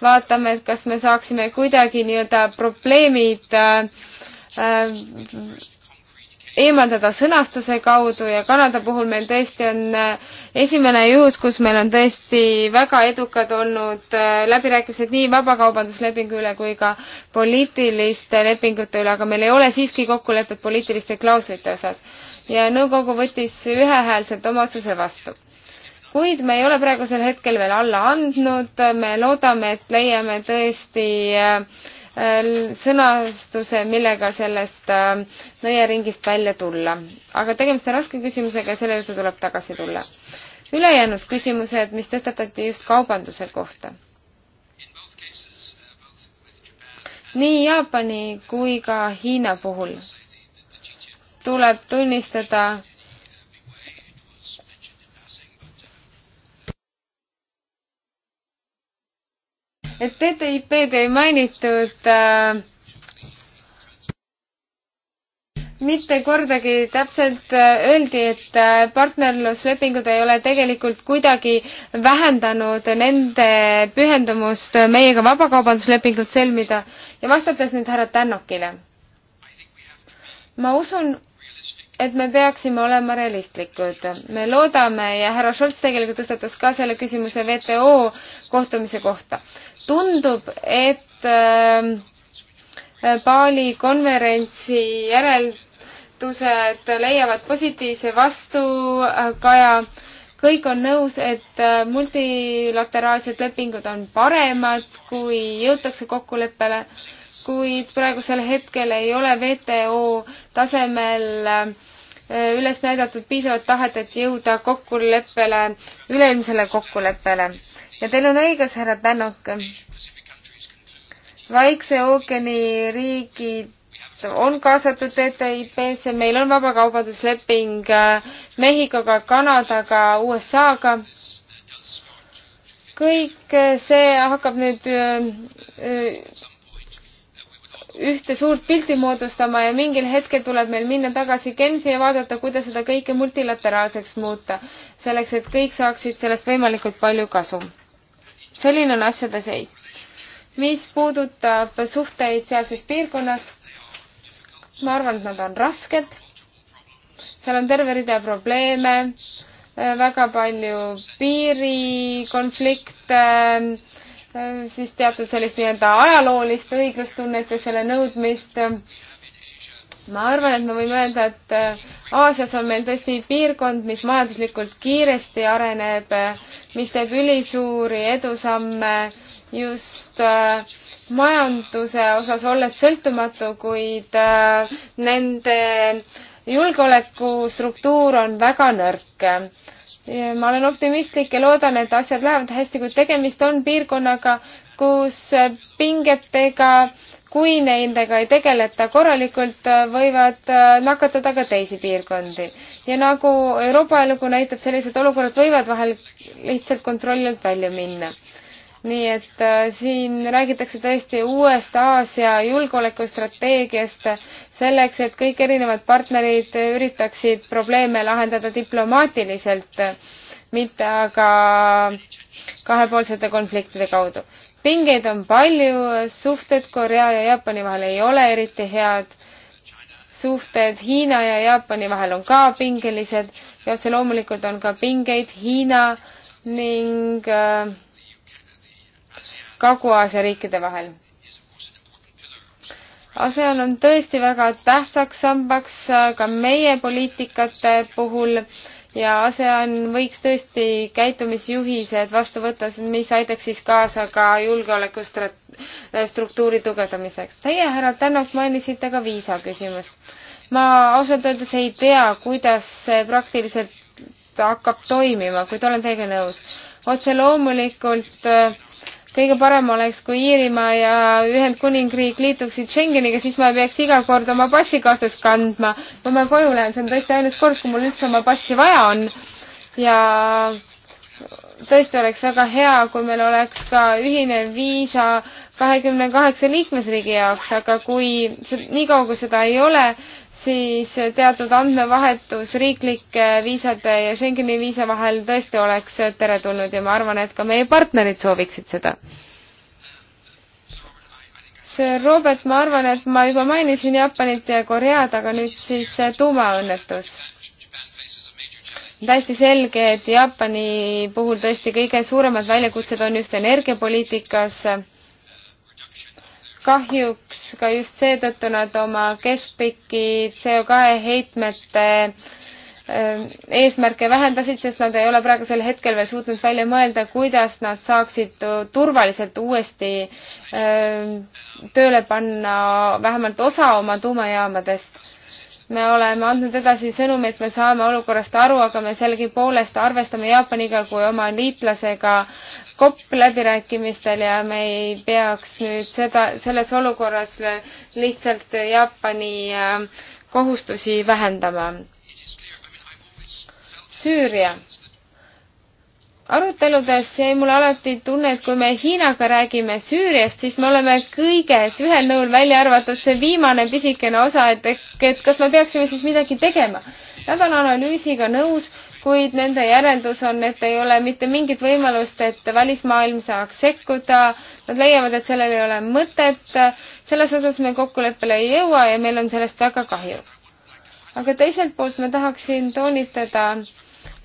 vaatame, et kas me saaksime kuidagi nii-öelda probleemid äh, Äh, eemaldada sõnastuse kaudu ja Kanada puhul meil tõesti on äh, esimene juhus, kus meil on tõesti väga edukad olnud äh, läbirääkimised nii vabakaubanduslepingu üle kui ka poliitiliste lepingute üle, aga meil ei ole siiski kokkulepet poliitiliste klauslite osas. ja nõukogu võttis ühehäälselt oma otsuse vastu kuid me ei ole praegusel hetkel veel alla andnud, me loodame, et leiame tõesti äh, sõnastuse, millega sellest äh, nõiaringist välja tulla. aga tegemist on raske küsimusega ja selle juurde tuleb tagasi tulla. ülejäänud küsimused, mis tõstatati just kaubanduse kohta. nii Jaapani kui ka Hiina puhul tuleb tunnistada, et TTIP-d ei mainitud äh, mitte kordagi täpselt äh, öeldi, et äh, partnerluslepingud ei ole tegelikult kuidagi vähendanud nende pühendumust meiega vabakaubanduslepingut sõlmida ja vastates nüüd härra Tännokile. ma usun, et me peaksime olema realistlikud. me loodame ja härra Scholz tegelikult tõstatas ka selle küsimuse WTO kohtumise kohta. tundub, et äh, Bali konverentsi järeldused leiavad positiivse vastukaja äh, kõik on nõus, et äh, multilateraalsed lepingud on paremad, kui jõutakse kokkuleppele, kuid praegusel hetkel ei ole WTO tasemel äh, Äh, üles näidatud piisavat tahet, et jõuda kokkuleppele, üleilmsele kokkuleppele. ja teil on õigus, härra Tänok. Vaikse ookeani riigid on kaasatud e TTIP-sse, meil on vabakaubandusleping äh, Mehhikoga, Kanadaga, USA-ga. kõik äh, see hakkab nüüd ühte suurt pilti moodustama ja mingil hetkel tuleb meil minna tagasi Genfi ja vaadata, kuidas seda kõike multilateraalseks muuta, selleks et kõik saaksid sellest võimalikult palju kasu. selline on asjade seis. mis puudutab suhteid sealses piirkonnas, ma arvan, et nad on rasked. seal on terve rida probleeme, väga palju piirikonflikte Äh, siis teatud sellist nii-öelda ajaloolist õiglustunnet ja selle nõudmist. ma arvan, et me võime öelda, et äh, Aasias on meil tõesti piirkond, mis majanduslikult kiiresti areneb, äh, mis teeb ülisuuri edusamme just majanduse osas olles sõltumatu, kuid nende julgeolekustruktuur on väga nõrk ma olen optimistlik ja loodan, et asjad lähevad hästi, kuid tegemist on piirkonnaga, kus pingetega, kui nendega ei tegeleta korralikult, võivad äh, nakatada ka teisi piirkondi. ja nagu Euroopa ajalugu näitab, sellised olukorrad võivad vahel lihtsalt kontrolli alt välja minna nii et äh, siin räägitakse tõesti uuest Aasia julgeolekustrateegiast selleks, et kõik erinevad partnerid üritaksid probleeme lahendada diplomaatiliselt, mitte aga kahepoolsete konfliktide kaudu. pingeid on palju, suhted Korea ja Jaapani vahel ei ole eriti head, suhted Hiina ja Jaapani vahel on ka pingelised ja otse loomulikult on ka pingeid Hiina ning äh, Kagu-Aasia riikide vahel. ASEAN on tõesti väga tähtsaks sambaks äh, ka meie poliitikate puhul ja ASEAN võiks tõesti käitumisjuhised vastu võtta, mis aitaks siis kaasa ka julgeolekustruktuuri äh, tugevdamiseks. Teie, härra Tänak, mainisite ka viisaküsimust. ma ausalt öeldes ei tea, kuidas see praktiliselt hakkab toimima, kuid olen teiega nõus. otse loomulikult äh, kõige parem oleks, kui Iirimaa ja Ühendkuningriik liituksid Schengeniga, siis ma ei peaks iga kord oma passi kaasas kandma. kui ma koju lähen, see on tõesti ainus kord, kui mul üldse oma passi vaja on. ja tõesti oleks väga hea, kui meil oleks ka ühine viisa kahekümne kaheksa liikmesriigi jaoks, aga kui nii kaua, kui seda ei ole, siis teatud andmevahetus riiklike viisade ja Schengeni viisa vahel tõesti oleks teretulnud ja ma arvan, et ka meie partnerid sooviksid seda. Sir Robert, ma arvan, et ma juba mainisin Jaapanit ja Koread, aga nüüd siis tuumaõnnetus. täiesti selge, et Jaapani puhul tõesti kõige suuremad väljakutsed on just energiapoliitikas kahjuks ka just seetõttu nad oma keskpikki CO2 heitmete ähm, eesmärke vähendasid, sest nad ei ole praegusel hetkel veel suutnud välja mõelda, kuidas nad saaksid turvaliselt uuesti ähm, tööle panna vähemalt osa oma tuumajaamadest. me oleme andnud edasi sõnumi, et me saame olukorrast aru, aga me sellegipoolest arvestame Jaapaniga kui oma liitlasega kopp läbirääkimistel ja me ei peaks nüüd seda, selles olukorras lihtsalt Jaapani äh, kohustusi vähendama. Süüria. aruteludes jäi mulle alati tunne, et kui me Hiinaga räägime Süüriast, siis me oleme kõiges ühel nõul, välja arvatud see viimane pisikene osa, et, et kas me peaksime siis midagi tegema. Nad on analüüsiga nõus kuid nende järeldus on, et ei ole mitte mingit võimalust, et välismaailm saaks sekkuda, nad leiavad, et sellel ei ole mõtet, selles osas me kokkuleppele ei jõua ja meil on sellest väga kahju. aga teiselt poolt ma tahaksin toonitada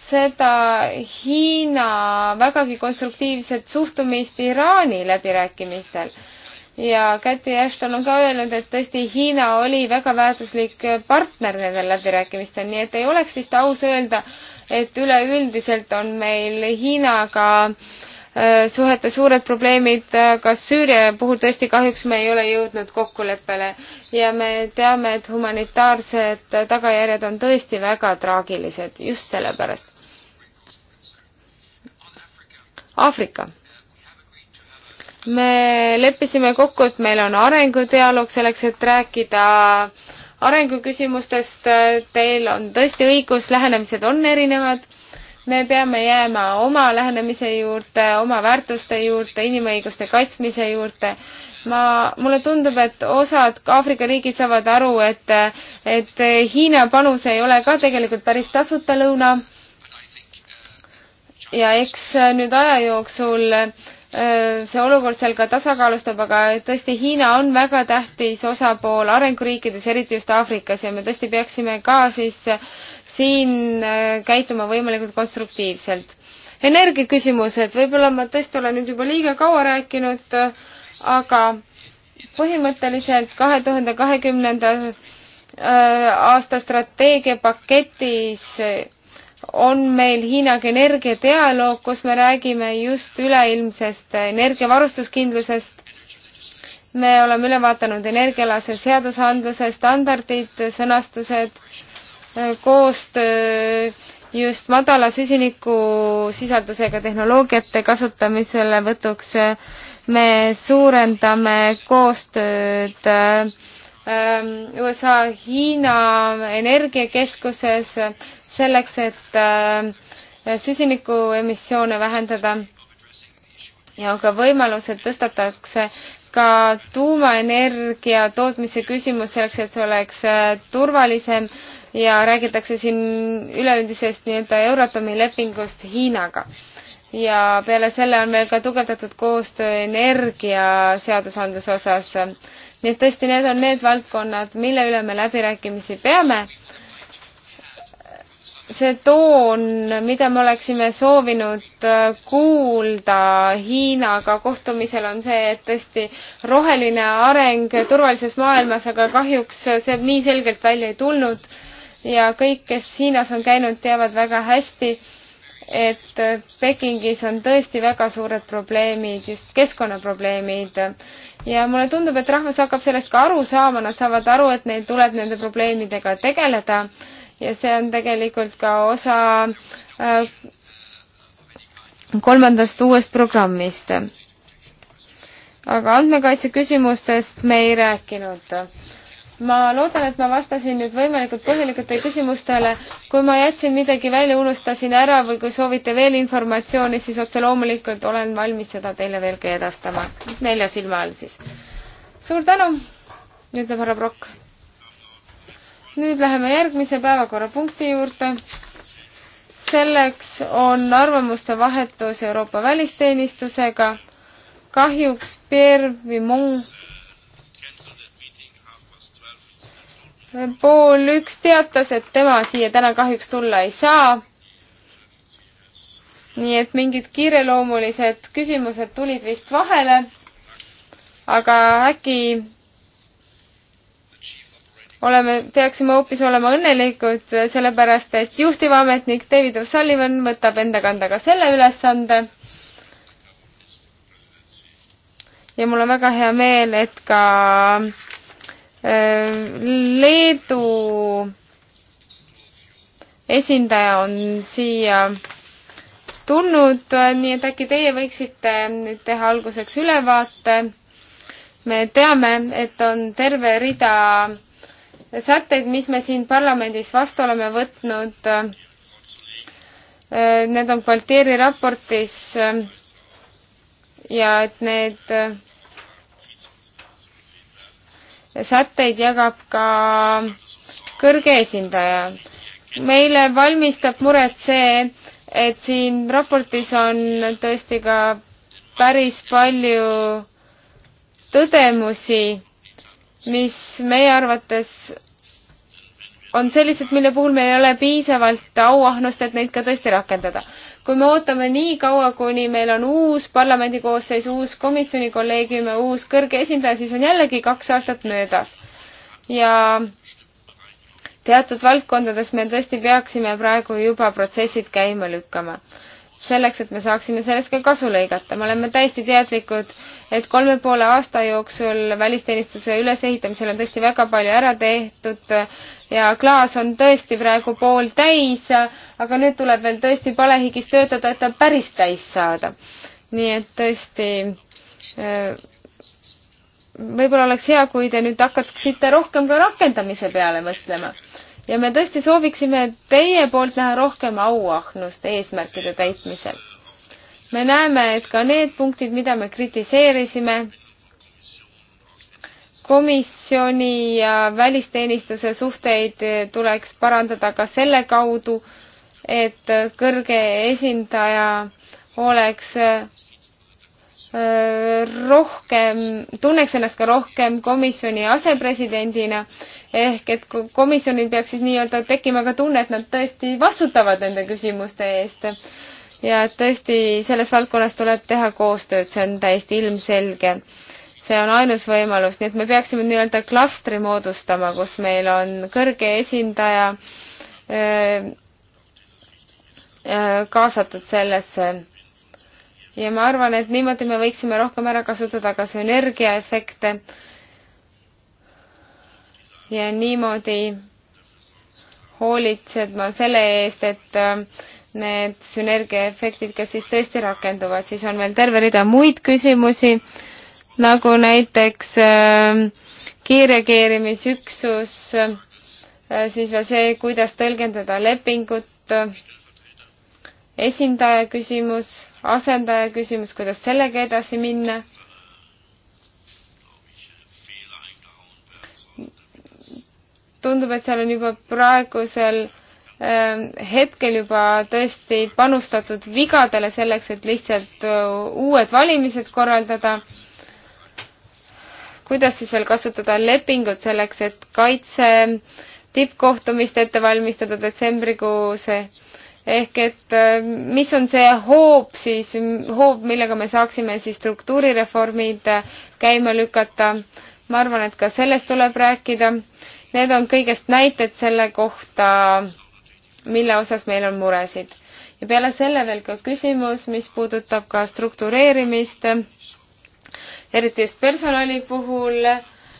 seda Hiina vägagi konstruktiivset suhtumist Iraani läbirääkimistel ja Käti Ashton on ka öelnud, et tõesti Hiina oli väga väärtuslik partner nendel läbirääkimistel, nii et ei oleks vist aus öelda, et üleüldiselt on meil Hiinaga äh, suhete suured probleemid, äh, kas Süüria puhul tõesti kahjuks me ei ole jõudnud kokkuleppele ja me teame, et humanitaarsed tagajärjed on tõesti väga traagilised just sellepärast. Aafrika me leppisime kokku, et meil on arengudialoog selleks, et rääkida arenguküsimustest. Teil on tõesti õigus, lähenemised on erinevad. me peame jääma oma lähenemise juurde, oma väärtuste juurde, inimõiguste kaitsmise juurde. ma, mulle tundub, et osad Aafrika riigid saavad aru, et, et Hiina panus ei ole ka tegelikult päris tasuta lõuna ja eks nüüd aja jooksul Äh, see olukord seal ka tasakaalustab, aga tõesti, Hiina on väga tähtis osapool arenguriikides, eriti just Aafrikas ja me tõesti peaksime ka siis äh, siin äh, käituma võimalikult konstruktiivselt. energiaküsimused, võib-olla ma tõesti olen nüüd juba liiga kaua rääkinud, aga põhimõtteliselt kahe tuhande kahekümnenda aasta strateegiapaketis on meil Hiinaga energiadialoog, kus me räägime just üleilmsest energiavarustuskindlusest. me oleme üle vaadanud energiaalase seadusandluse standardid, sõnastused, koostöö just madala süsinikusisaldusega tehnoloogiate kasutamisele võtuks. me suurendame koostööd ähm, USA Hiina energiakeskuses selleks, et äh, süsinikuemissioone vähendada ja on ka võimalus, et tõstatakse ka tuumaenergia tootmise küsimus selleks, et see oleks äh, turvalisem ja räägitakse siin üleüldisest nii-öelda Euratomi lepingust Hiinaga. ja peale selle on veel ka tugevdatud koostöö energiaseadusandluse osas. nii et tõesti, need on need valdkonnad, mille üle me läbirääkimisi peame see toon, mida me oleksime soovinud äh, kuulda Hiinaga kohtumisel, on see, et tõesti roheline areng turvalises maailmas, aga kahjuks see nii selgelt välja ei tulnud ja kõik, kes Hiinas on käinud, teavad väga hästi, et Pekingis on tõesti väga suured probleemid, just keskkonnaprobleemid. ja mulle tundub, et rahvas hakkab sellest ka aru saama, nad saavad aru, et neil tuleb nende probleemidega tegeleda ja see on tegelikult ka osa äh, kolmandast uuest programmist. aga andmekaitse küsimustest me ei rääkinud. ma loodan, et ma vastasin nüüd võimalikult põhjalikult teie küsimustele. kui ma jätsin midagi välja, unustasin ära või kui soovite veel informatsiooni, siis otse loomulikult olen valmis seda teile veelgi edastama. nelja silma all siis. suur tänu, ütleb härra Prokk nüüd läheme järgmise päevakorrapunkti juurde. selleks on arvamuste vahetus Euroopa välisteenistusega. kahjuks Pierre Vimont pool üks teatas, et tema siia täna kahjuks tulla ei saa. nii et mingid kiireloomulised küsimused tulid vist vahele. aga äkki oleme, peaksime hoopis olema õnnelikud, sellepärast et juhtiv ametnik David O'Sullivan võtab enda kanda ka selle ülesande. ja mul on väga hea meel, et ka äh, Leedu esindaja on siia tulnud, nii et äkki teie võiksite nüüd teha alguseks ülevaate. me teame, et on terve rida äh, sätteid, mis me siin parlamendis vastu oleme võtnud, äh, need on Gualtieri raportis äh, ja et need äh, sätteid jagab ka kõrge esindaja. meile valmistab muret see, et siin raportis on tõesti ka päris palju tõdemusi, mis meie arvates on sellised, mille puhul meil ei ole piisavalt auahnust, et neid ka tõesti rakendada. kui me ootame nii kaua, kuni meil on uus parlamendikoosseis, uus komisjoni kolleegium ja uus kõrge esindaja, siis on jällegi kaks aastat möödas. ja teatud valdkondades me tõesti peaksime praegu juba protsessid käima lükkama selleks, et me saaksime sellest ka kasu lõigata. me oleme täiesti teadlikud, et kolme poole aasta jooksul välisteenistuse ülesehitamisel on tõesti väga palju ära tehtud ja klaas on tõesti praegu pooltäis, aga nüüd tuleb veel tõesti palehigis töötada, et ta päris täis saada. nii et tõesti äh, võib-olla oleks hea, kui te nüüd hakkaksite rohkem ka rakendamise peale mõtlema ja me tõesti sooviksime teie poolt näha rohkem auahnust eesmärkide täitmisel. me näeme, et ka need punktid, mida me kritiseerisime, komisjoni ja välisteenistuse suhteid tuleks parandada ka selle kaudu, et kõrge esindaja oleks rohkem, tunneks ennast ka rohkem komisjoni asepresidendina, ehk et komisjonil peaks siis nii-öelda tekkima ka tunne, et nad tõesti vastutavad nende küsimuste eest. ja et tõesti selles valdkonnas tuleb teha koostööd, see on täiesti ilmselge. see on ainus võimalus, nii et me peaksime nii-öelda klastri moodustama, kus meil on kõrge esindaja öö, äh, öö, äh, kaasatud sellesse ja ma arvan, et niimoodi me võiksime rohkem ära kasutada ka sünergiaefekte ja niimoodi hoolitsema selle eest, et äh, need sünergiaefektid, kes siis tõesti rakenduvad, siis on veel terve rida muid küsimusi, nagu näiteks äh, kiirreageerimisüksus äh,, siis veel see, kuidas tõlgendada lepingut äh,, esindaja küsimus, asendaja küsimus, kuidas sellega edasi minna. tundub, et seal on juba praegusel ähm, hetkel juba tõesti panustatud vigadele selleks, et lihtsalt äh, uued valimised korraldada. kuidas siis veel kasutada lepingut selleks, et kaitse tippkohtumist ette valmistada detsembrikuus ehk et äh, mis on see hoob siis, hoob, millega me saaksime siis struktuurireformid äh, käima lükata. ma arvan, et ka sellest tuleb rääkida. Need on kõigest näited selle kohta, mille osas meil on muresid. ja peale selle veel ka küsimus, mis puudutab ka struktureerimist, eriti just personali puhul.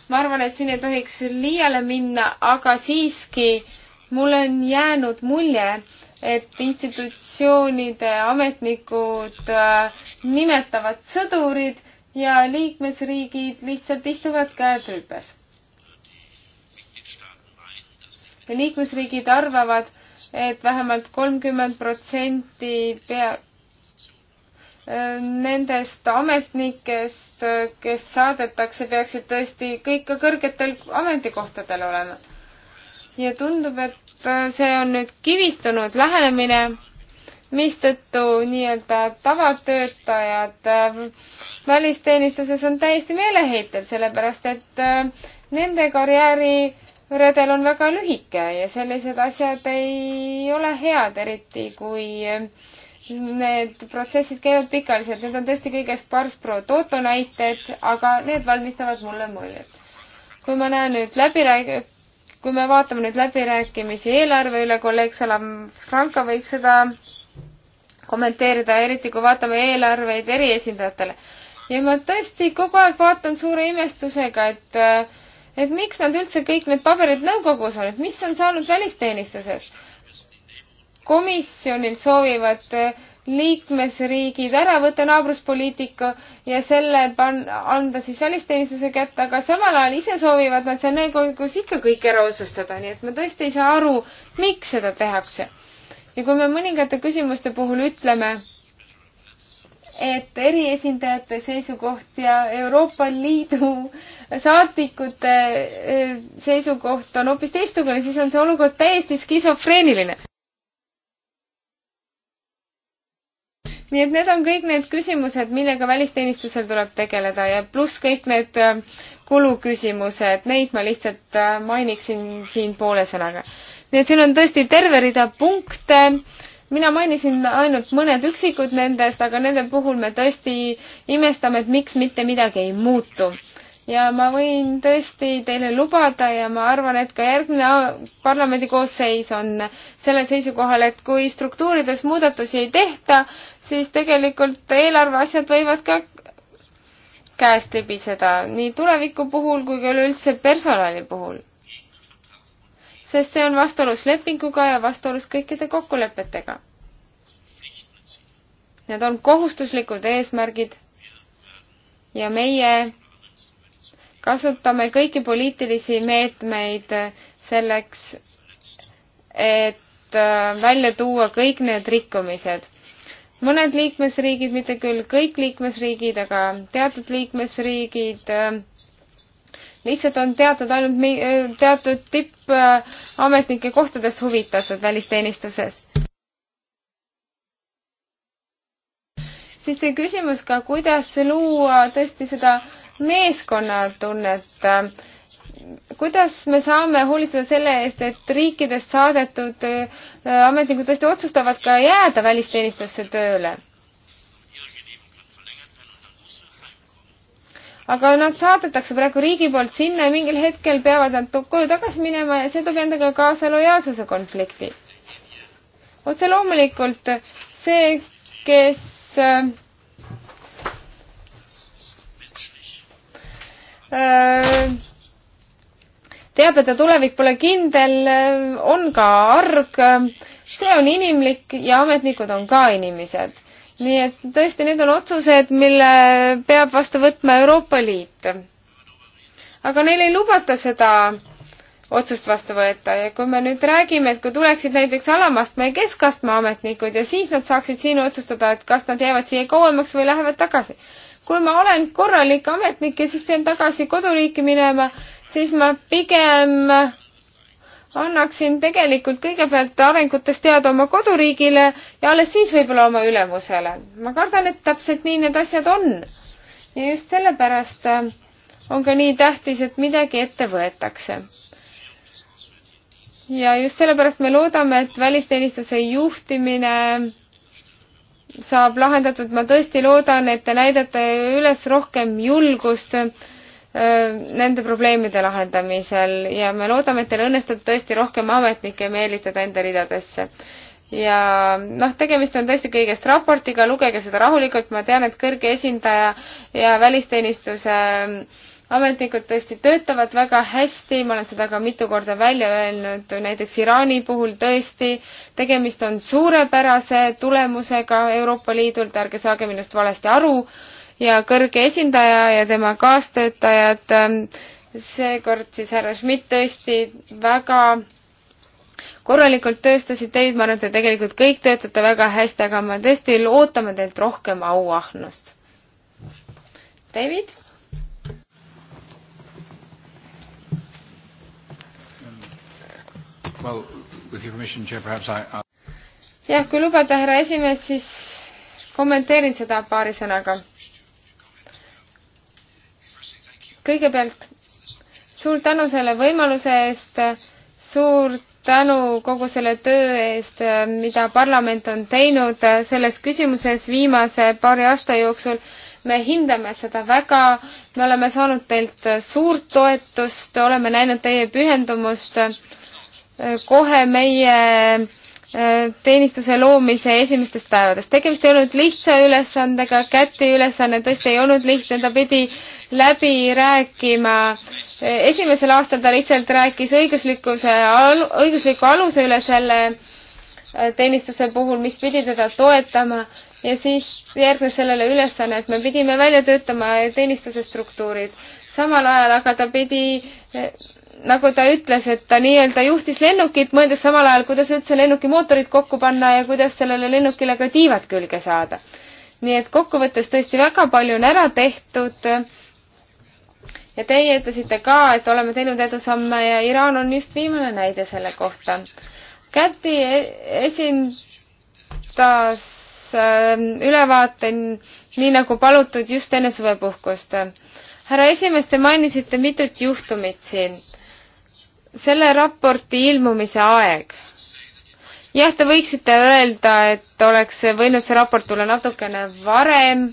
ma arvan, et siin ei tohiks liiale minna, aga siiski mul on jäänud mulje, et institutsioonide ametnikud äh, nimetavad sõdurid ja liikmesriigid lihtsalt istuvad käed rüpes. ja liikmesriigid arvavad, et vähemalt kolmkümmend protsenti pea-, äh, nendest ametnikest, äh, kes saadetakse, peaksid tõesti kõik ka kõrgetel ametikohtadel olema. ja tundub, et Äh, see on nüüd kivistunud lähenemine, mistõttu nii-öelda tavatöötajad äh, välisteenistuses on täiesti meeleheitel, sellepärast et äh, nende karjääriredel on väga lühike ja sellised asjad ei ole head, eriti kui need protsessid käivad pikaliselt, need on tõesti kõigest pars pro toto näited, aga need valmistavad mulle muljet. kui ma näen nüüd läbirääk-, kui me vaatame nüüd läbirääkimisi eelarve üle, kolleeg Salafranca võib seda kommenteerida, eriti kui vaatame eelarveid eriesindajatele. ja ma tõesti kogu aeg vaatan suure imestusega, et et miks nad üldse kõik need paberid nõukogus on, et mis on saanud välisteenistuses. komisjonil soovivad äh, liikmesriigid ära võtta naabruspoliitika ja selle pan-, anda siis välisteenistuse kätte, aga samal ajal ise soovivad nad seal nõukogus ikka kõik ära otsustada, nii et ma tõesti ei saa aru, miks seda tehakse. ja kui me mõningate küsimuste puhul ütleme, et eriesindajate seisukoht ja Euroopa Liidu saadikute eh, seisukoht on hoopis teistsugune, siis on see olukord täiesti skisofreeniline nii et need on kõik need küsimused, millega välisteenistusel tuleb tegeleda ja pluss kõik need äh, kuluküsimused, neid ma lihtsalt äh, mainiksin siin poole sõnaga. nii et siin on tõesti terve rida punkte, mina mainisin ainult mõned üksikud nendest, aga nende puhul me tõesti imestame, et miks mitte midagi ei muutu ja ma võin tõesti teile lubada ja ma arvan, et ka järgmine parlamendikoosseis on sellel seisukohal, et kui struktuurides muudatusi ei tehta, siis tegelikult eelarveasjad võivad ka käest libiseda nii tuleviku puhul kui ka üleüldse personali puhul. sest see on vastuolus lepinguga ja vastuolus kõikide kokkulepetega. Need on kohustuslikud eesmärgid ja meie kasutame kõiki poliitilisi meetmeid selleks, et äh, välja tuua kõik need rikkumised. mõned liikmesriigid, mitte küll kõik liikmesriigid, aga teatud liikmesriigid äh, lihtsalt on teatud ainult äh, teatud tippametnike kohtadest huvitatud välisteenistuses. siis see küsimus ka, kuidas luua tõesti seda äh, meeskonnatunnet. kuidas me saame hoolitseda selle eest, et riikidest saadetud äh, ametnikud tõesti otsustavad ka jääda välisteenistusse tööle? aga nad saadetakse praegu riigi poolt sinna ja mingil hetkel peavad nad koju tagasi minema ja see toob endaga kaasa lojaalsuse konflikti. otse loomulikult see, kes äh, Äh, teab, et ta tulevik pole kindel, äh, on ka arg, see on inimlik ja ametnikud on ka inimesed. nii et tõesti, need on otsused, mille peab vastu võtma Euroopa Liit. aga neil ei lubata seda otsust vastu võtta ja kui me nüüd räägime, et kui tuleksid näiteks alamastme ja keskastme ametnikud ja siis nad saaksid siin otsustada, et kas nad jäävad siia kauemaks või lähevad tagasi, kui ma olen korralik ametnik ja siis pean tagasi koduriiki minema, siis ma pigem annaksin tegelikult kõigepealt arengutest teada oma koduriigile ja alles siis võib-olla oma ülemusele. ma kardan, et täpselt nii need asjad on. ja just sellepärast äh, on ka nii tähtis, et midagi ette võetakse. ja just sellepärast me loodame, et välisteenistuse juhtimine saab lahendatud, ma tõesti loodan, et te näidate üles rohkem julgust äh, nende probleemide lahendamisel ja me loodame, et teil õnnestub tõesti rohkem ametnikke meelitada enda ridadesse. ja noh, tegemist on tõesti kõigest raportiga, lugege seda rahulikult, ma tean, et kõrge esindaja ja välisteenistuse äh, ametnikud tõesti töötavad väga hästi, ma olen seda ka mitu korda välja öelnud, näiteks Iraani puhul tõesti, tegemist on suurepärase tulemusega Euroopa Liidult, ärge saage minust valesti aru, ja kõrge esindaja ja tema kaastöötajad, ähm, seekord siis härra Schmidt tõesti väga korralikult tööstasid teid, ma arvan, et te tegelikult kõik töötate väga hästi, aga me tõesti ootame teilt rohkem auahnust. David? Well, with your permission, Chair, perhaps I, I... jah, kui lubate, härra esimees, siis kommenteerin seda paari sõnaga. kõigepealt suur tänu selle võimaluse eest, suur tänu kogu selle töö eest, mida parlament on teinud selles küsimuses viimase paari aasta jooksul. me hindame seda väga, me oleme saanud teilt suurt toetust, oleme näinud teie pühendumust kohe meie äh, teenistuse loomise esimestest päevadest. tegemist ei olnud lihtsa ülesandega, Käti ülesanne tõesti ei olnud lihtne, ta pidi läbi rääkima. esimesel aastal ta lihtsalt rääkis õiguslikkuse, õigusliku aluse üle selle äh, teenistuse puhul, mis pidi teda toetama ja siis järgnes sellele ülesanne, et me pidime välja töötama teenistuse struktuurid. samal ajal aga ta pidi äh, nagu ta ütles, et ta nii-öelda juhtis lennukit, mõeldes samal ajal, kuidas üldse lennuki mootorid kokku panna ja kuidas sellele lennukile ka tiivad külge saada. nii et kokkuvõttes tõesti väga palju on ära tehtud. ja teie ütlesite ka, et oleme teinud edusamme ja Iraan on just viimane näide selle kohta. Käti esindas ähm, ülevaate nii nagu palutud just enne suvepuhkust härra esimees, te mainisite mitut juhtumit siin selle raporti ilmumise aeg. jah, te võiksite öelda, et oleks võinud see raport tulla natukene varem,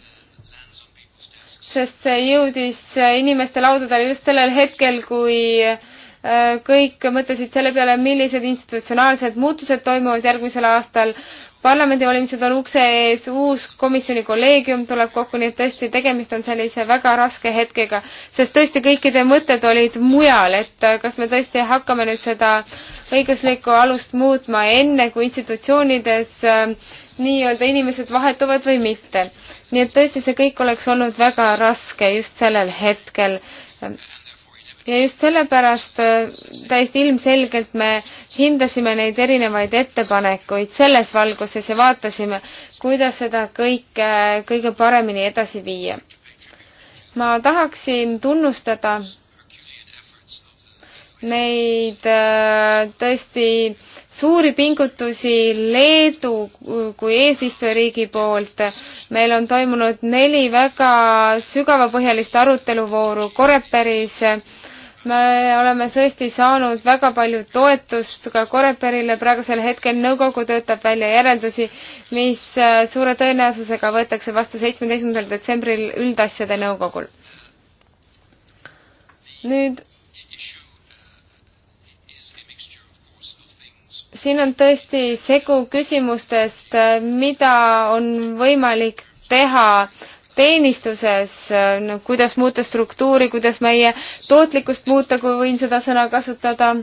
sest see jõudis inimeste laudadele just sellel hetkel, kui äh, kõik mõtlesid selle peale, millised institutsionaalsed muutused toimuvad järgmisel aastal parlamendivalimised on ukse ees, uus komisjoni kolleegium tuleb kokku, nii et tõesti tegemist on sellise väga raske hetkega, sest tõesti kõikide mõtted olid mujal, et kas me tõesti hakkame nüüd seda õiguslikku alust muutma enne, kui institutsioonides äh, nii-öelda inimesed vahetuvad või mitte. nii et tõesti, see kõik oleks olnud väga raske just sellel hetkel ja just sellepärast äh, täiesti ilmselgelt me hindasime neid erinevaid ettepanekuid selles valguses ja vaatasime, kuidas seda kõike äh, kõige paremini edasi viia. ma tahaksin tunnustada neid äh, tõesti suuri pingutusi Leedu kui eesistujariigi poolt. meil on toimunud neli väga sügavapõhjalist aruteluvooru Koreperis me oleme tõesti saanud väga palju toetust ka Koreperile, praegusel hetkel nõukogu töötab välja järeldusi, mis äh, suure tõenäosusega võetakse vastu seitsmeteistkümnendal detsembril üldasjade nõukogul. nüüd siin on tõesti segu küsimustest, äh, mida on võimalik teha äh, teenistuses, äh, no kuidas muuta struktuuri, kuidas meie tootlikkust muuta, kui võin seda sõna kasutada.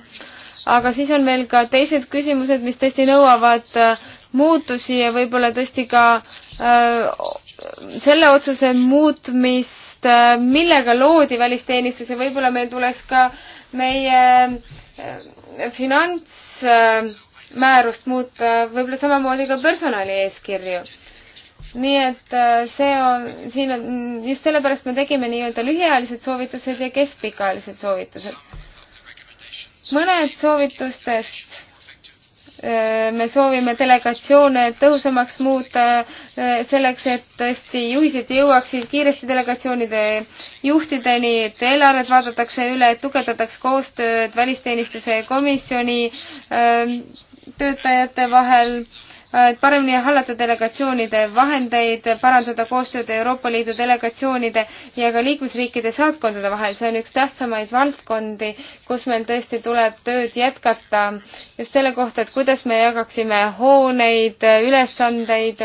aga siis on meil ka teised küsimused, mis tõesti nõuavad äh, muutusi ja võib-olla tõesti ka äh, selle otsuse muutmist äh,, millega loodi välisteenistus ja võib-olla meil tuleks ka meie äh, finantsmäärust muuta, võib-olla samamoodi ka personali eeskirju nii et äh, see on, siin on, just sellepärast me tegime nii-öelda lühiajalised soovitused ja keskpikaajalised soovitused. mõned soovitustest äh, me soovime delegatsioone tõhusamaks muuta äh, selleks, et tõesti juhised jõuaksid kiiresti delegatsioonide juhtideni, et eelarved vaadatakse üle, et tugevdataks koostööd välisteenistuse ja komisjoni töötajate vahel et paremini hallata delegatsioonide vahendeid, parandada koostööd Euroopa Liidu delegatsioonide ja ka liikmesriikide saatkondade vahel. see on üks tähtsamaid valdkondi, kus meil tõesti tuleb tööd jätkata just selle kohta, et kuidas me jagaksime hooneid, ülesandeid.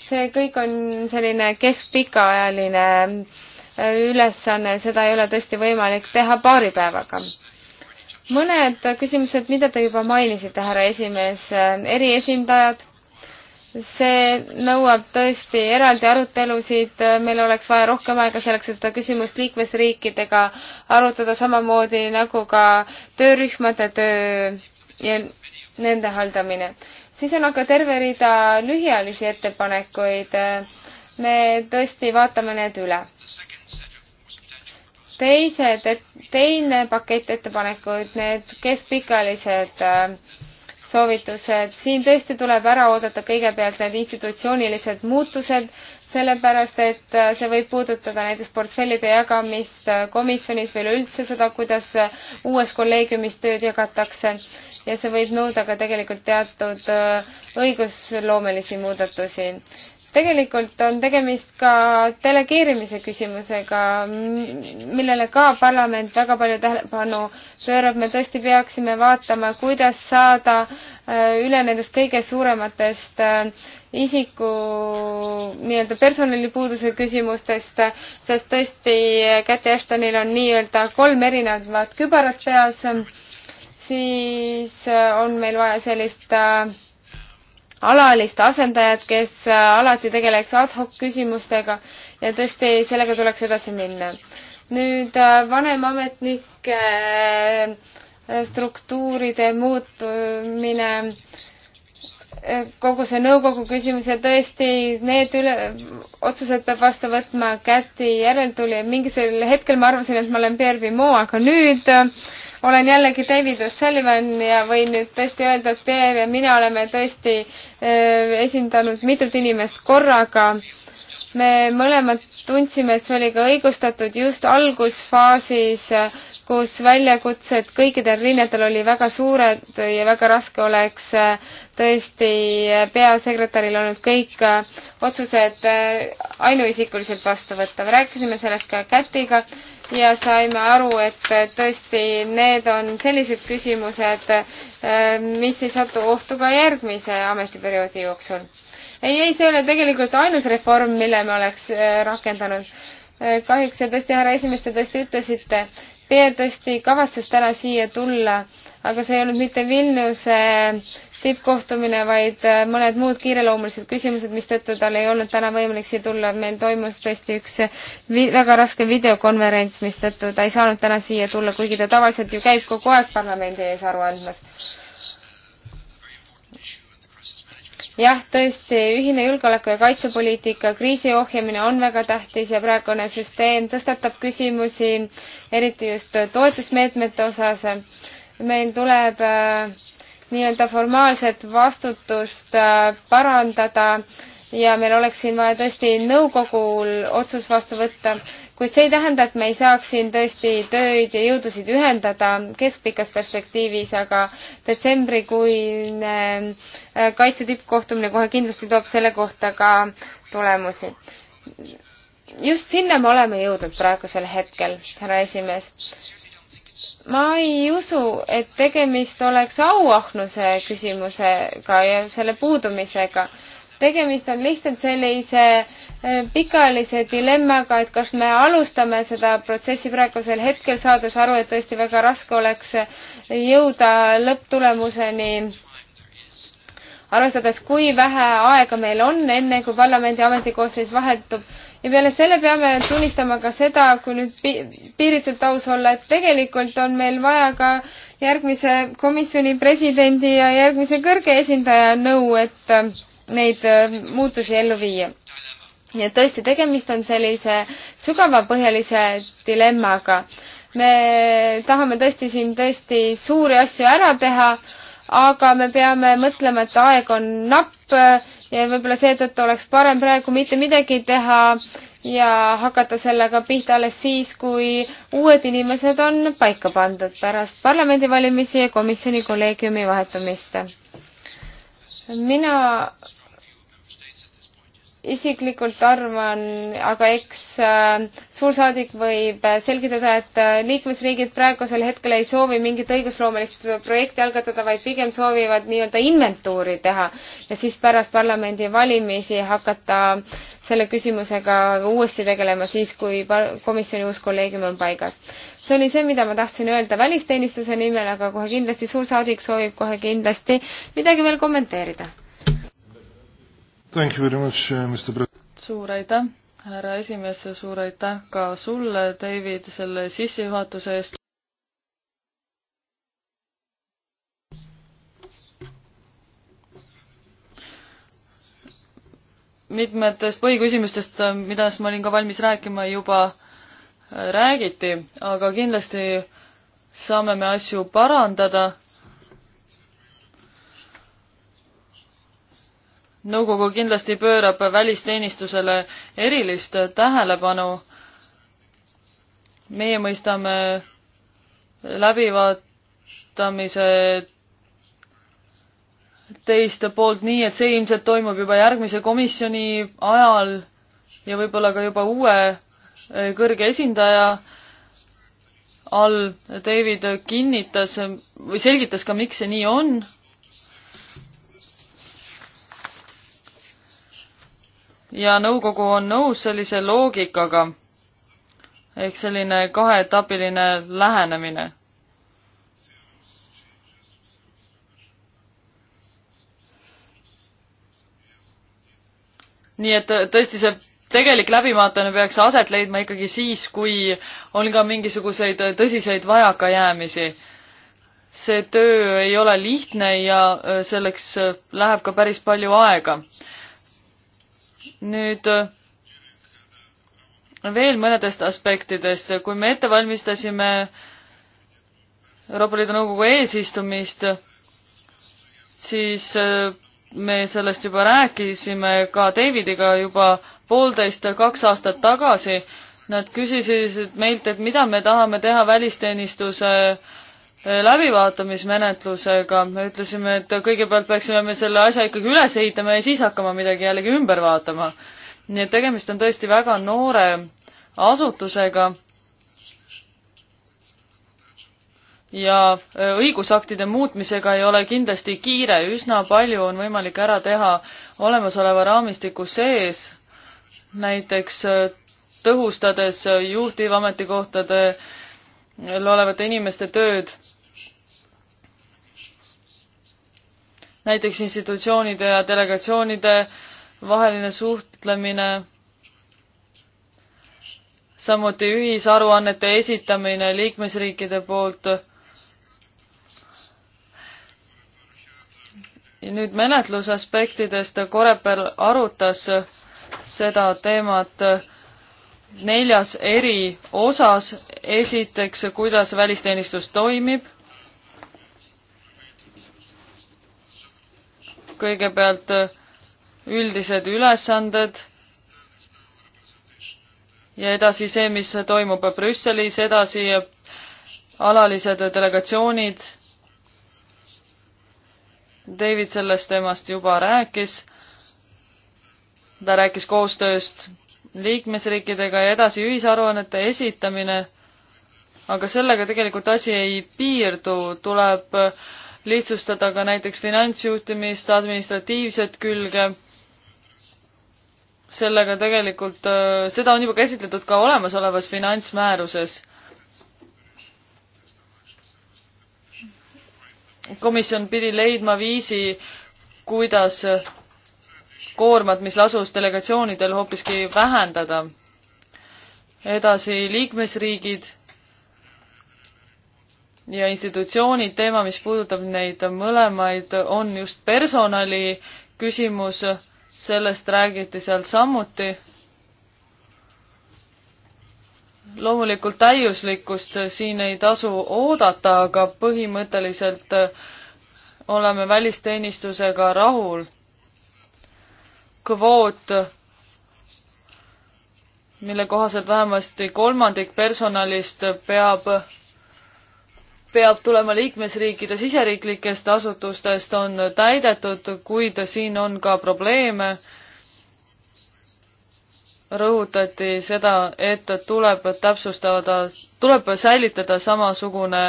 see kõik on selline keskpikaajaline ülesanne, seda ei ole tõesti võimalik teha paari päevaga mõned küsimused, mida te juba mainisite, härra esimees, eriesindajad see nõuab tõesti eraldi arutelusid, meil oleks vaja rohkem aega selleks, et seda küsimust liikmesriikidega arutada, samamoodi nagu ka töörühmade töö ja nende haldamine. siis on aga terve rida lühiajalisi ettepanekuid. me tõesti vaatame need üle. teised, teine pakett ettepanekuid, need keskpikaajalised äh, soovitused. siin tõesti tuleb ära oodata kõigepealt need institutsioonilised muutused, sellepärast et äh, see võib puudutada näiteks portfellide jagamist äh, komisjonis või üleüldse seda, kuidas äh, uues kolleegiumis tööd jagatakse ja see võib nõuda ka tegelikult teatud õigusloomelisi muudatusi tegelikult on tegemist ka delegeerimise küsimusega, millele ka parlament väga palju tähelepanu pöörab. me tõesti peaksime vaatama, kuidas saada äh, üle nendest kõige suurematest äh, isiku nii-öelda personalipuuduse küsimustest, sest tõesti Käti Ashtonil on nii-öelda kolm erinevat kübarat peas, siis äh, on meil vaja sellist äh, alalist asendajat, kes äh, alati tegeleks ad hoc küsimustega ja tõesti, sellega tuleks edasi minna. nüüd äh, vanemametnike äh, struktuuride muutumine, kogu see nõukogu küsimus ja tõesti, need üle, otsused peab vastu võtma Käti järeltulija. mingisugusel hetkel ma arvasin, et ma olen Pierre Vimont, aga nüüd äh, olen jällegi David O'Sullivan ja võin nüüd tõesti öelda, et Peer ja mina oleme tõesti äh, esindanud mitut inimest korraga. me mõlemad tundsime, et see oli ka õigustatud just algusfaasis, kus väljakutsed kõikidel rinnetel oli väga suured ja väga raske oleks äh, tõesti äh, peasekretäril olnud kõik otsused ainuisikuliselt vastu võtta. me rääkisime sellest ka Kätiga ja saime aru, et tõesti need on sellised küsimused, äh, mis ei satu ohtu ka järgmise ametiperioodi jooksul. ei, ei, see ei ole tegelikult ainus reform, mille me oleks äh, rakendanud. Äh, kahjuks ja tõesti, härra esimees, te tõesti ütlesite, PR tõesti kavatses täna siia tulla, aga see ei olnud mitte Vilniuse tippkohtumine, vaid äh, mõned muud kiireloomulised küsimused, mistõttu tal ei olnud täna võimalik siia tulla. meil toimus tõesti üks äh, vi-, väga raske videokonverents, mistõttu ta ei saanud täna siia tulla, kuigi ta tavaliselt ju käib kogu aeg parlamendi ees aru andmas. jah, tõesti, ühine julgeoleku ja kaitsepoliitika, kriisi ohjamine on väga tähtis ja praegune süsteem tõstatab küsimusi, eriti just toetusmeetmete osas. meil tuleb äh, nii-öelda formaalset vastutust äh, parandada ja meil oleks siin vaja tõesti nõukogul otsus vastu võtta, kuid see ei tähenda, et me ei saaks siin tõesti tööd ja jõudusid ühendada keskpikas perspektiivis, aga detsembrikuine äh, kaitse tippkohtumine kohe kindlasti toob selle kohta ka tulemusi. just sinna me oleme jõudnud praegusel hetkel, härra esimees ma ei usu, et tegemist oleks auahnuse küsimusega ja selle puudumisega. tegemist on lihtsalt sellise eh, pikaajalise dilemmaga, et kas me alustame seda protsessi praegusel hetkel, saades aru, et tõesti väga raske oleks jõuda lõpptulemuseni arvestades, kui vähe aega meil on, enne kui parlamendi ametikoosseis vahetub ja peale selle peame tunnistama ka seda, kui nüüd piiritud aus olla, et tegelikult on meil vaja ka järgmise komisjoni presidendi ja järgmise kõrge esindaja nõu, et äh, neid äh, muutusi ellu viia nii et tõesti, tegemist on sellise sügavapõhjalise dilemmaga. me tahame tõesti siin tõesti suuri asju ära teha, aga me peame mõtlema, et aeg on napp ja võib-olla seetõttu oleks parem praegu mitte midagi teha ja hakata sellega pihta alles siis, kui uued inimesed on paika pandud pärast parlamendivalimisi ja komisjoni kolleegiumi vahetumist. mina isiklikult arvan, aga eks äh, suursaadik võib äh, selgitada, et äh, liikmesriigid praegusel hetkel ei soovi mingit õigusloomelist projekti algatada, vaid pigem soovivad nii-öelda inventuuri teha ja siis pärast parlamendi valimisi hakata selle küsimusega uuesti tegelema siis, kui komisjoni uus kolleegium on paigas. see oli see, mida ma tahtsin öelda välisteenistuse nimel, aga kohe kindlasti suursaadik soovib kohe kindlasti midagi veel kommenteerida Uh, suur aitäh, härra esimees, suur aitäh ka sulle, David, selle sissejuhatuse eest. mitmetest põhiküsimustest, millest ma olin ka valmis rääkima, juba äh, räägiti, aga kindlasti saame me asju parandada nõukogu kindlasti pöörab välisteenistusele erilist tähelepanu. meie mõistame läbivaatamise teist poolt nii, et see ilmselt toimub juba järgmise komisjoni ajal ja võib-olla ka juba uue eh, kõrge esindaja all. David kinnitas või selgitas ka, miks see nii on ja nõukogu on nõus sellise loogikaga ehk selline kaheetapiline lähenemine. nii et tõesti, see tegelik läbivaatamine peaks aset leidma ikkagi siis, kui on ka mingisuguseid tõsiseid vajakajäämisi. see töö ei ole lihtne ja selleks läheb ka päris palju aega nüüd äh, veel mõnedest aspektidest, kui me ette valmistasime Euroopa Liidu Nõukogu eesistumist, siis äh, me sellest juba rääkisime ka Davidiga juba poolteist, kaks aastat tagasi. Nad küsisid meilt, et mida me tahame teha välisteenistuse äh, Äh, läbivaatamismenetlusega, me ütlesime, et kõigepealt peaksime me selle asja ikkagi üles ehitama ja siis hakkama midagi jällegi ümber vaatama. nii et tegemist on tõesti väga noore asutusega ja äh, õigusaktide muutmisega ei ole kindlasti kiire, üsna palju on võimalik ära teha olemasoleva raamistiku sees, näiteks äh, tõhustades juhtivametikohtadel olevate inimeste tööd näiteks institutsioonide ja delegatsioonide vaheline suhtlemine, samuti ühisaruannete esitamine liikmesriikide poolt. ja nüüd menetlusaspektidest, Koreper arutas seda teemat neljas eri osas, esiteks, kuidas välisteenistus toimib, kõigepealt äh, üldised ülesanded ja edasi see, mis toimub Brüsselis, edasi äh, alalised delegatsioonid. David sellest teemast juba rääkis. ta rääkis koostööst liikmesriikidega ja edasi ühisaruannete esitamine. aga sellega tegelikult asi ei piirdu, tuleb äh, lihtsustada ka näiteks finantsjuhtimist, administratiivset külge. sellega tegelikult, äh, seda on juba käsitletud ka olemasolevas finantsmääruses. komisjon pidi leidma viisi, kuidas koormat, mis lasus delegatsioonidel hoopiski vähendada. edasi liikmesriigid ja institutsioonid, teema, mis puudutab neid mõlemaid, on just personali küsimus, sellest räägiti seal samuti. loomulikult täiuslikkust siin ei tasu oodata, aga põhimõtteliselt oleme välisteenistusega rahul. kvoot mille kohaselt vähemasti kolmandik personalist peab peab tulema liikmesriikide siseriiklikest asutustest, on täidetud, kuid siin on ka probleeme. rõhutati seda, et tuleb täpsustada, tuleb säilitada samasugune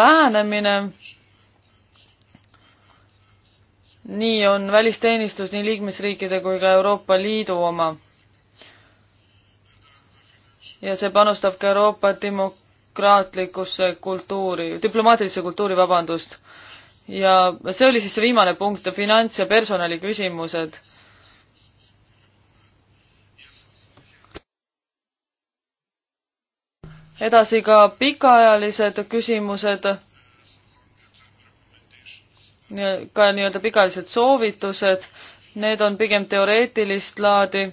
lähenemine. nii on välisteenistus nii liikmesriikide kui ka Euroopa Liidu oma ja see panustab ka Euroopa demokraatlikusse kultuuri, diplomaatilisse kultuuri, vabandust. ja see oli siis see viimane punkt, finants- ja personaliküsimused. edasi ka pikaajalised küsimused, ka nii-öelda pikaajalised soovitused, need on pigem teoreetilist laadi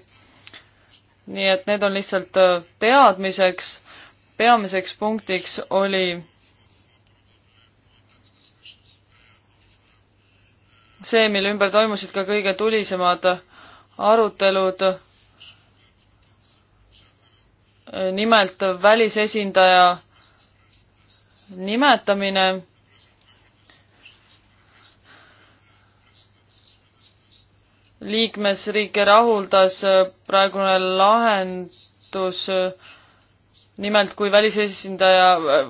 nii et need on lihtsalt äh, teadmiseks. peamiseks punktiks oli see, mille ümber toimusid ka kõige tulisemad arutelud. Äh, nimelt välisesindaja nimetamine liikmesriike rahuldas äh, praegune lahendus, äh, nimelt kui välisesindaja äh,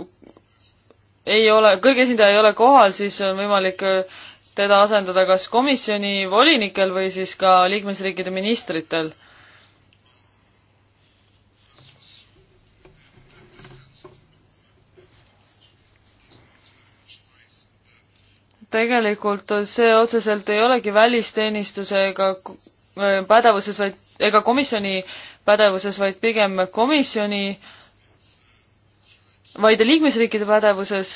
ei ole, kõrge esindaja ei ole kohal, siis on võimalik teda asendada kas komisjoni volinikel või siis ka liikmesriikide ministritel tegelikult see otseselt ei olegi välisteenistuse ega äh, pädevuses, vaid, ega komisjoni pädevuses, vaid pigem komisjoni, vaid liikmesriikide pädevuses.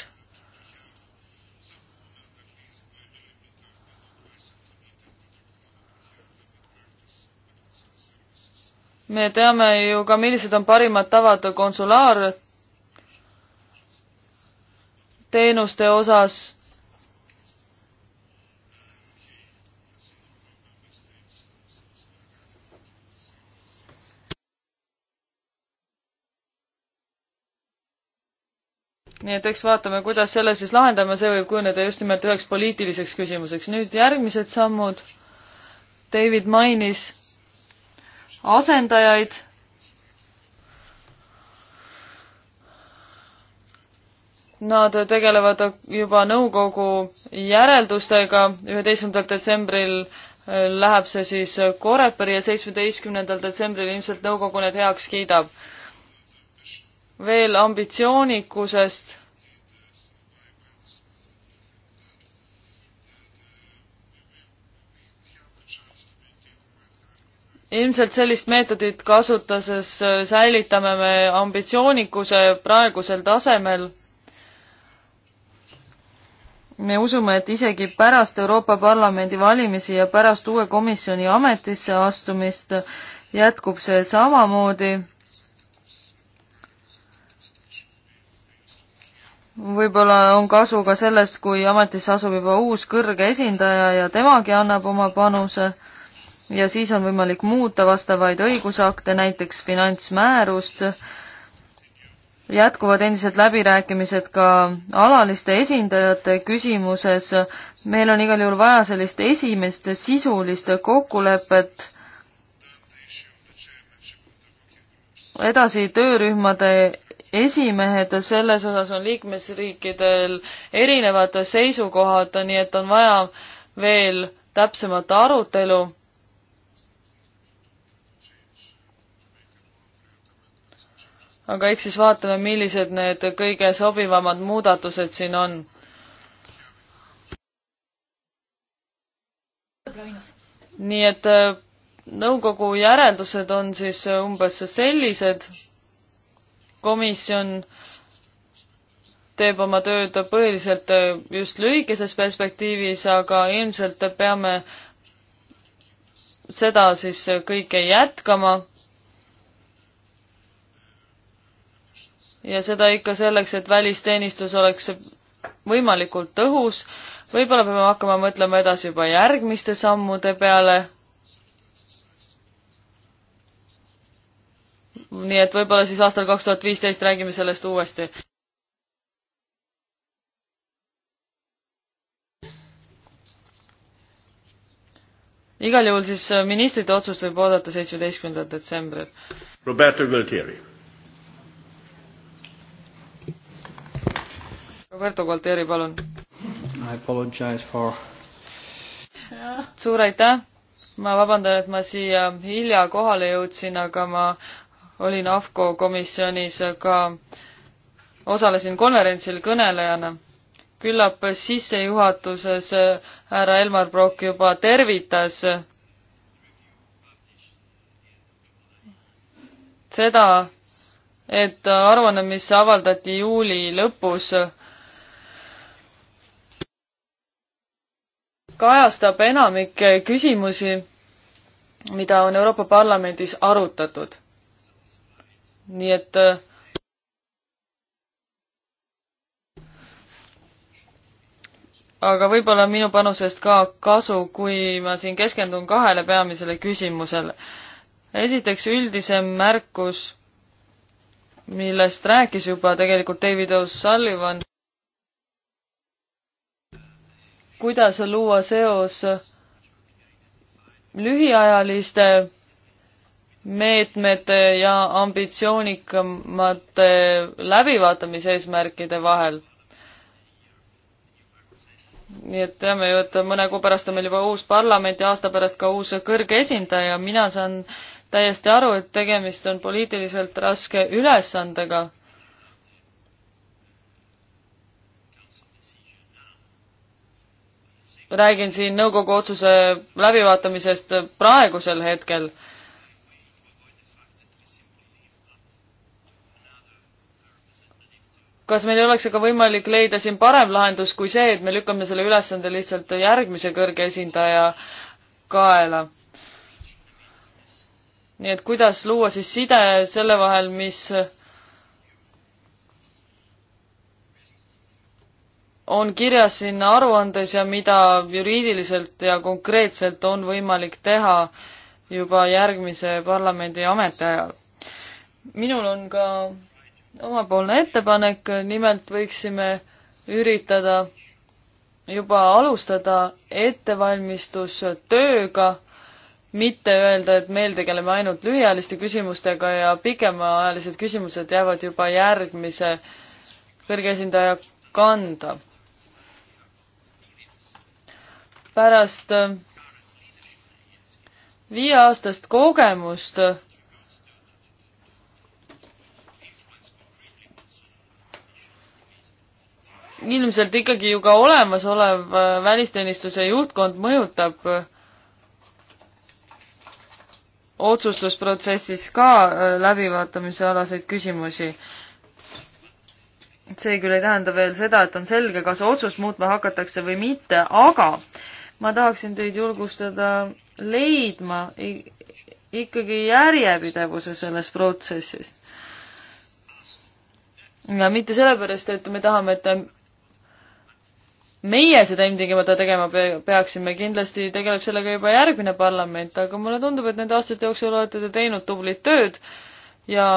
me teame ju ka, millised on parimad tavad konsulaarteenuste osas nii et eks vaatame, kuidas selle siis lahendame, see võib kujuneda just nimelt üheks poliitiliseks küsimuseks. nüüd järgmised sammud. David mainis asendajaid. Nad tegelevad juba nõukogu järeldustega, üheteistkümnendal detsembril äh, läheb see siis Koreperi ja seitsmeteistkümnendal detsembril ilmselt nõukogu need heaks kiidab veel ambitsioonikusest. ilmselt sellist meetodit kasutades äh, säilitame me ambitsioonikuse praegusel tasemel me usume, et isegi pärast Euroopa Parlamendi valimisi ja pärast uue komisjoni ametisse astumist jätkub see samamoodi võib-olla on kasu ka sellest, kui ametisse asub juba uus kõrge esindaja ja temagi annab oma panuse ja siis on võimalik muuta vastavaid õigusakte, näiteks finantsmäärust. jätkuvad endiselt läbirääkimised ka alaliste esindajate küsimuses. meil on igal juhul vaja sellist esimest sisulist kokkulepet edasi töörühmade esimehed, selles osas on liikmesriikidel erinevad seisukohad, nii et on vaja veel täpsemat arutelu. aga eks siis vaatame, millised need kõige sobivamad muudatused siin on. nii et äh, nõukogu järeldused on siis umbes sellised komisjon teeb oma tööd põhiliselt just lühikeses perspektiivis, aga ilmselt peame seda siis kõike jätkama. ja seda ikka selleks, et välisteenistus oleks võimalikult tõhus. võib-olla peame hakkama mõtlema edasi juba järgmiste sammude peale nii et võib-olla siis aastal kaks tuhat viisteist räägime sellest uuesti. igal juhul siis äh, ministrite otsust võib oodata seitsmeteistkümnendal detsembril. Roberto Gualtieri. Roberto Gualtieri, palun. I apologize for. suur aitäh ma vabandan, et ma siia hilja kohale jõudsin, aga ma olin AFCO komisjonis ka, osalesin konverentsil kõnelejana. küllap sissejuhatuses härra Elmar Brok juba tervitas seda, et aruanne, mis avaldati juuli lõpus, kajastab enamikke küsimusi, mida on Euroopa Parlamendis arutatud nii et äh, aga võib-olla minu panusest ka kasu, kui ma siin keskendun kahele peamisele küsimusele. esiteks üldisem märkus, millest rääkis juba tegelikult David O'Sullivan. kuidas luua seos lühiajaliste meetmete ja ambitsioonikamate läbivaatamise eesmärkide vahel. nii et teame ju, et mõne kuu pärast on meil juba uus parlament ja aasta pärast ka uus kõrge esindaja, mina saan täiesti aru, et tegemist on poliitiliselt raske ülesandega. räägin siin nõukogu otsuse läbivaatamisest praegusel hetkel kas meil ei oleks aga võimalik leida siin parem lahendus kui see, et me lükkame selle ülesande lihtsalt järgmise kõrge esindaja kaela? nii et kuidas luua siis side selle vahel, mis on kirjas siin aruandes ja mida juriidiliselt ja konkreetselt on võimalik teha juba järgmise parlamendi ametiajal. minul on ka omapoolne ettepanek, nimelt võiksime üritada juba alustada ettevalmistustööga, mitte öelda, et meil tegeleme ainult lühiajaliste küsimustega ja pikemaajalised küsimused jäävad juba järgmise kõrge esindaja kanda. pärast viieaastast kogemust ilmselt ikkagi ju ka olemasolev äh, välisteenistuse juhtkond mõjutab äh, otsustusprotsessis ka äh, läbivaatamise alaseid küsimusi. see küll ei tähenda veel seda, et on selge, kas otsust muutma hakatakse või mitte, aga ma tahaksin teid julgustada leidma ikkagi järjepidevuse selles protsessis. ja mitte sellepärast, et me tahame, et meie seda ilmtingimata tegema peaksime, kindlasti tegeleb sellega juba järgmine parlament, aga mulle tundub, et nende aastate jooksul olete te teinud tublit tööd ja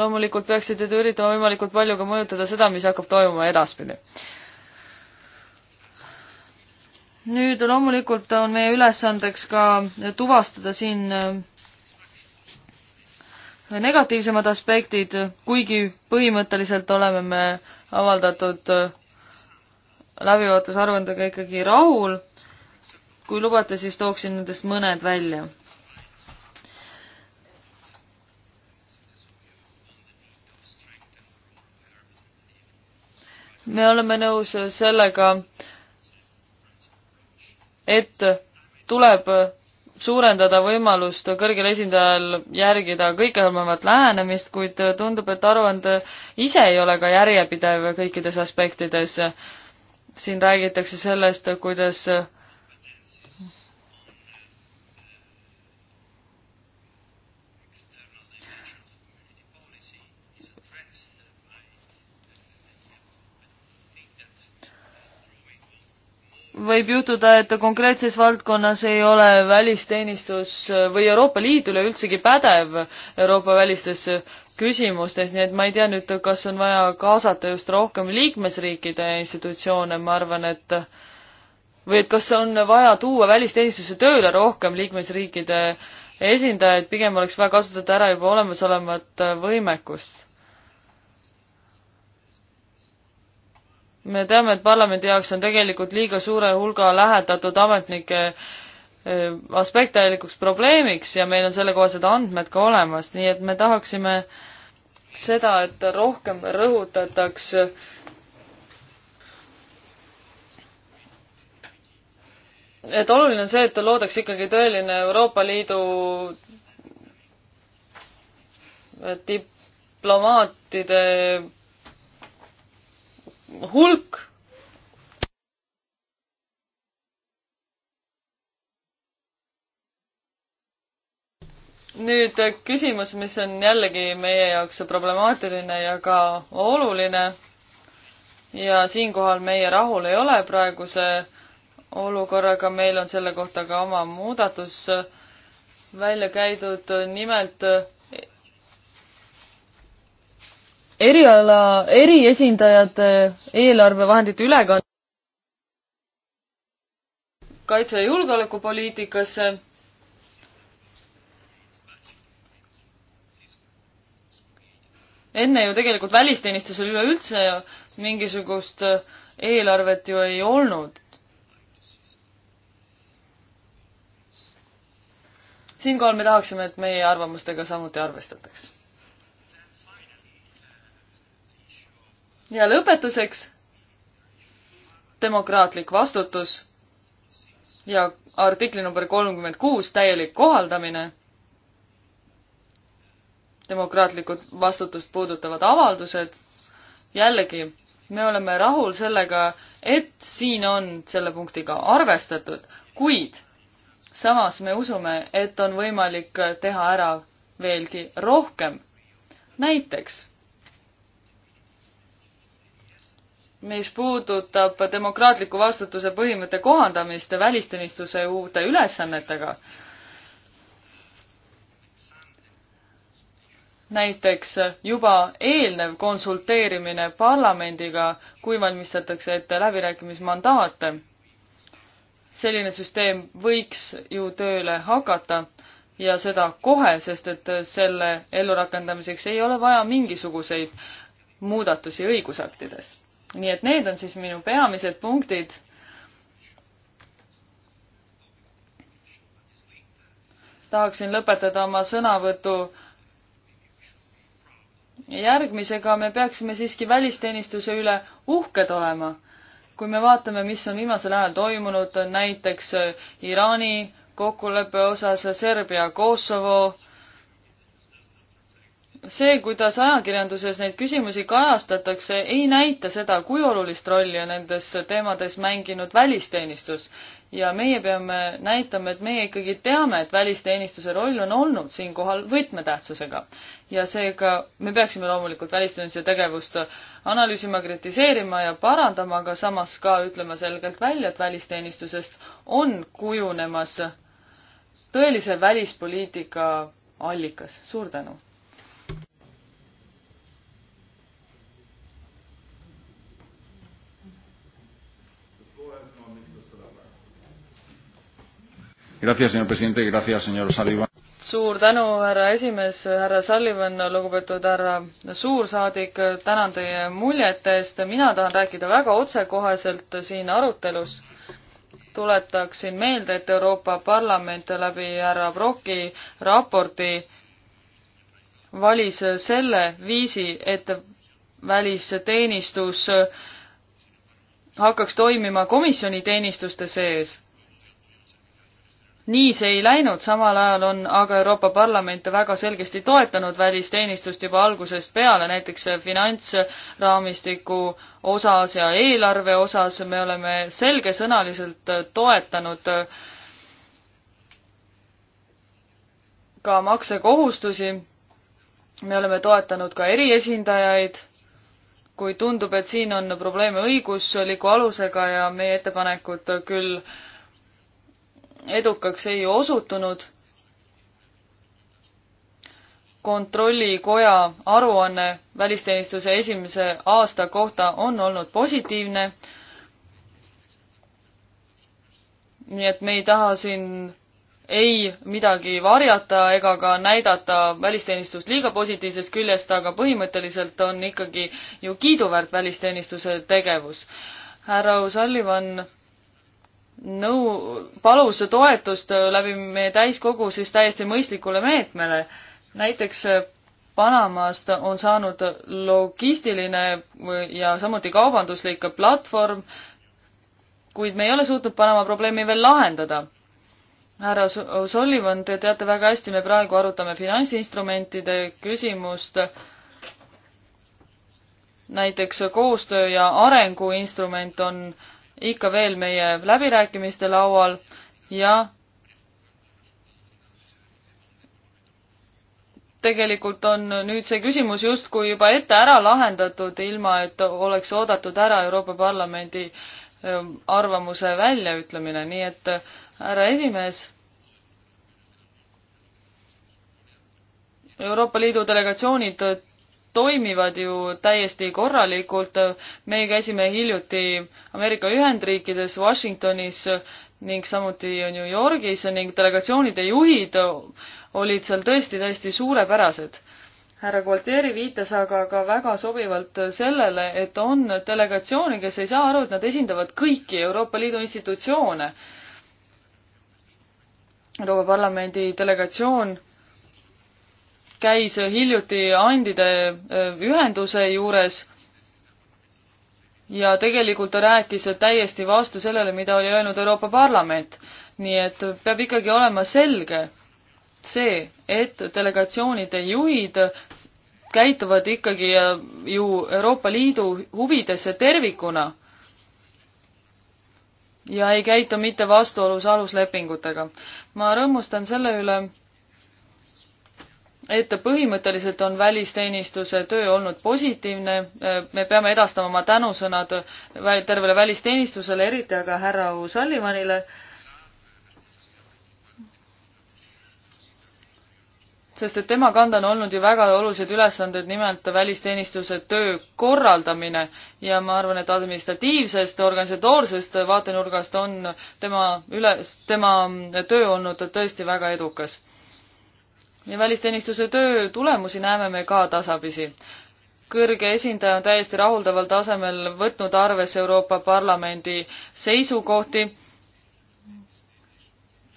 loomulikult peaksite te üritama võimalikult palju ka mõjutada seda, mis hakkab toimuma edaspidi. nüüd loomulikult on meie ülesandeks ka tuvastada siin äh, negatiivsemad aspektid, kuigi põhimõtteliselt oleme me avaldatud äh, läbivaatusaruandega ikkagi rahul. kui lubate, siis tooksin nendest mõned välja. me oleme nõus sellega, et tuleb suurendada võimalust kõrgel esindajal järgida kõikehõlmavat lähenemist, kuid tundub, et aruande ise ei ole ka järjepidev kõikides aspektides siin räägitakse sellest, kuidas võib juhtuda, et konkreetses valdkonnas ei ole välisteenistus äh, või Euroopa Liidul üldsegi pädev Euroopa välistes küsimustes, nii et ma ei tea nüüd, kas on vaja kaasata just rohkem liikmesriikide institutsioone, ma arvan, et või et kas on vaja tuua välisteenistuse tööle rohkem liikmesriikide esindajaid, pigem oleks vaja kasutada ära juba olemasolevat võimekust me teame, et parlamendi jaoks on tegelikult liiga suure hulga lähetatud ametnike e, aspekt täielikuks probleemiks ja meil on sellekohased andmed ka olemas, nii et me tahaksime seda, et rohkem rõhutataks et oluline on see, et loodaks ikkagi tõeline Euroopa Liidu diplomaatide hulk nüüd äh, küsimus, mis on jällegi meie jaoks problemaatiline ja ka oluline ja siinkohal meie rahul ei ole praeguse olukorraga, meil on selle kohta ka oma muudatus välja käidud, nimelt eriala, eriesindajate eelarvevahendite ülekand- kaitse- ja julgeolekupoliitikasse. enne ju tegelikult välisteenistusel üleüldse mingisugust äh, eelarvet ju ei olnud. siinkohal me tahaksime, et meie arvamustega samuti arvestataks ja lõpetuseks demokraatlik vastutus ja artikli number kolmkümmend kuus täielik kohaldamine. demokraatlikud vastutust puudutavad avaldused. jällegi, me oleme rahul sellega, et siin on selle punktiga arvestatud, kuid samas me usume, et on võimalik teha ära veelgi rohkem. näiteks mis puudutab demokraatliku vastutuse põhimõtte kohandamist välisteenistuse uute ülesannetega. näiteks juba eelnev konsulteerimine parlamendiga, kui valmistatakse ette läbirääkimismandaate. selline süsteem võiks ju tööle hakata ja seda kohe, sest et selle ellurakendamiseks ei ole vaja mingisuguseid muudatusi õigusaktides nii et need on siis minu peamised punktid. tahaksin lõpetada oma sõnavõtu järgmisega, me peaksime siiski välisteenistuse üle uhked olema. kui me vaatame, mis on viimasel ajal toimunud, näiteks Iraani kokkuleppe osas Serbia, Kosovo see, kuidas ajakirjanduses neid küsimusi kajastatakse, ei näita seda, kui olulist rolli on nendes teemades mänginud välisteenistus. ja meie peame näitama, et meie ikkagi teame, et välisteenistuse roll on olnud siinkohal võtmetähtsusega. ja seega me peaksime loomulikult välisteenistuse tegevust analüüsima, kritiseerima ja parandama, aga samas ka ütlema selgelt välja, et välisteenistusest on kujunemas tõelise välispoliitika allikas. suur tänu! Gracias, señor presidente, gracias, señor Sullivan. suur tänu, härra esimees, härra Sullivan, lugupeetud härra suursaadik, tänan teie muljete eest, mina tahan rääkida väga otsekoheselt siin arutelus. tuletaksin meelde, et Euroopa Parlament läbi härra Broki raporti valis selle viisi, et välisteenistus hakkaks toimima komisjoni teenistuste sees nii see ei läinud, samal ajal on aga Euroopa Parlament väga selgesti toetanud välisteenistust juba algusest peale, näiteks finantsraamistiku osas ja eelarve osas me oleme selgesõnaliselt toetanud ka maksekohustusi, me oleme toetanud ka eriesindajaid kui tundub, et siin on probleeme õigusliku alusega ja meie ettepanekud küll edukaks ei osutunud. kontrollikoja aruanne välisteenistuse esimese aasta kohta on olnud positiivne. nii et me ei taha siin ei midagi varjata ega ka näidata välisteenistust liiga positiivsest küljest, aga põhimõtteliselt on ikkagi ju kiiduväärt välisteenistuse tegevus. härra O'Sullivan nõu, palus toetust läbi meie täiskogu siis täiesti mõistlikule meetmele. näiteks äh, Panamast on saanud logistiline ja samuti kaubanduslik platvorm, kuid me ei ole suutnud Panama probleemi veel lahendada. härra Sullivan, te teate väga hästi, me praegu arutame finantsinstrumentide küsimust, näiteks koostöö ja arenguinstrument on äh, ikka veel meie läbirääkimiste laual ja tegelikult on nüüd see küsimus justkui juba ette ära lahendatud, ilma et oleks oodatud ära Euroopa Parlamendi ähm, arvamuse väljaütlemine, nii et härra esimees, Euroopa Liidu delegatsioonid toimivad ju täiesti korralikult. me käisime hiljuti Ameerika Ühendriikides, Washingtonis ning samuti New Yorgis ning delegatsioonide juhid olid seal tõesti täiesti suurepärased. härra Gualtieri viitas aga ka väga sobivalt sellele, et on delegatsioone, kes ei saa aru, et nad esindavad kõiki Euroopa Liidu institutsioone. Euroopa Parlamendi delegatsioon käis hiljuti Andide äh, ühenduse juures ja tegelikult ta rääkis täiesti vastu sellele, mida oli öelnud Euroopa Parlament. nii et peab ikkagi olema selge see, et delegatsioonide juhid käituvad ikkagi ju Euroopa Liidu huvidesse tervikuna ja ei käitu mitte vastuolus aluslepingutega. ma rõõmustan selle üle, et põhimõtteliselt on välisteenistuse töö olnud positiivne, me peame edastama oma tänusõnad tervele välisteenistusele, eriti aga härra O'Sullivanile, sest et tema kanda on olnud ju väga olulised ülesanded, nimelt välisteenistuse töö korraldamine ja ma arvan, et administratiivsest, organisatoorsest vaatenurgast on tema üles, tema töö olnud tõesti väga edukas ja välisteenistuse töö tulemusi näeme me ka tasapisi. kõrge esindaja on täiesti rahuldaval tasemel võtnud arvesse Euroopa Parlamendi seisukohti,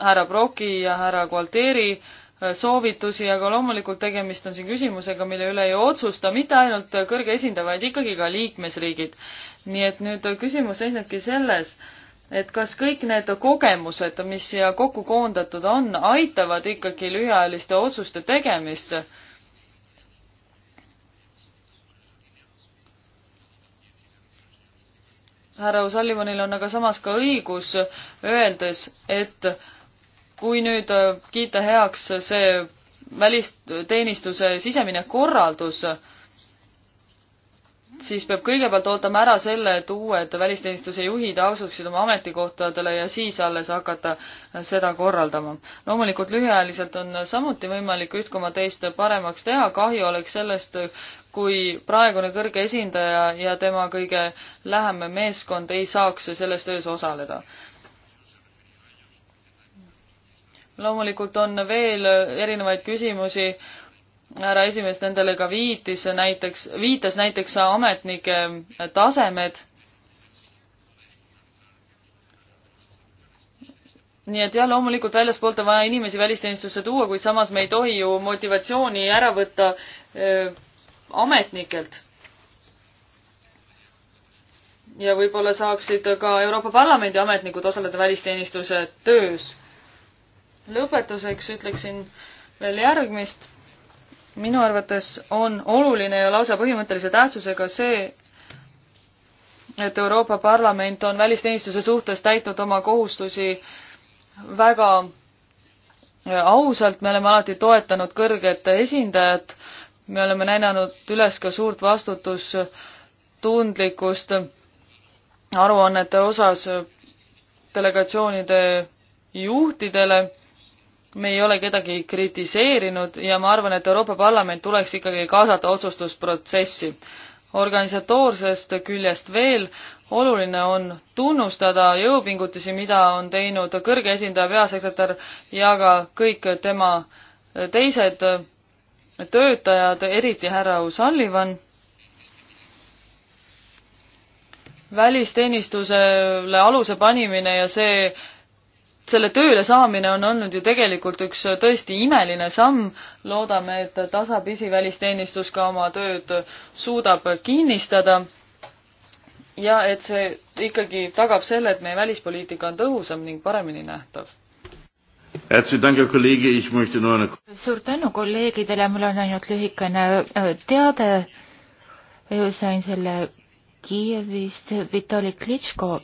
härra Broki ja härra Gualteri äh, soovitusi, aga loomulikult tegemist on siin küsimusega, mille üle ei otsusta mitte ainult kõrge esindaja, vaid ikkagi ka liikmesriigid. nii et nüüd küsimus seisnebki selles, et kas kõik need kogemused, mis siia kokku koondatud on, aitavad ikkagi lühiajaliste otsuste tegemist? härra Ossalivanil on aga samas ka õigus, öeldes, et kui nüüd kiita heaks see välisteenistuse sisemine korraldus, siis peab kõigepealt ootama ära selle, et uued välisteenistuse juhid asuksid oma ametikohtadele ja siis alles hakata seda korraldama. loomulikult lühiajaliselt on samuti võimalik üht koma teist paremaks teha, kahju oleks sellest, kui praegune kõrge esindaja ja tema kõige lähem meeskond ei saaks selles töös osaleda loomulikult on veel erinevaid küsimusi härra esimees nendele ka viitis näiteks, viitas näiteks ametnike tasemed. nii et jah, loomulikult väljaspoolt on vaja inimesi välisteenistusse tuua, kuid samas me ei tohi ju motivatsiooni ära võtta äh, ametnikelt. ja võib-olla saaksid ka Euroopa Parlamendi ametnikud osaleda välisteenistuse töös. lõpetuseks ütleksin veel järgmist minu arvates on oluline ja lausa põhimõttelise tähtsusega see, et Euroopa Parlament on välisteenistuse suhtes täitnud oma kohustusi väga äh, ausalt, me oleme alati toetanud kõrget esindajat, me oleme näidanud üles ka suurt vastutustundlikkust aruannete osas delegatsioonide juhtidele me ei ole kedagi kritiseerinud ja ma arvan, et Euroopa Parlament tuleks ikkagi kaasata otsustusprotsessi. organisatoorsest küljest veel, oluline on tunnustada jõupingutusi, mida on teinud kõrge esindaja, peasekretär ja ka kõik tema teised töötajad, eriti härra O'Sullivan välisteenistusele aluse panimine ja see selle tööle saamine on olnud ju tegelikult üks tõesti imeline samm. loodame, et tasapisi välisteenistus ka oma tööd suudab kinnistada. ja et see ikkagi tagab selle, et meie välispoliitika on tõhusam ning paremini nähtav. suur tänu kolleegidele, mul on ainult lühikene äh, teade. Äh, sain selle Kiievist Vitali Klitschko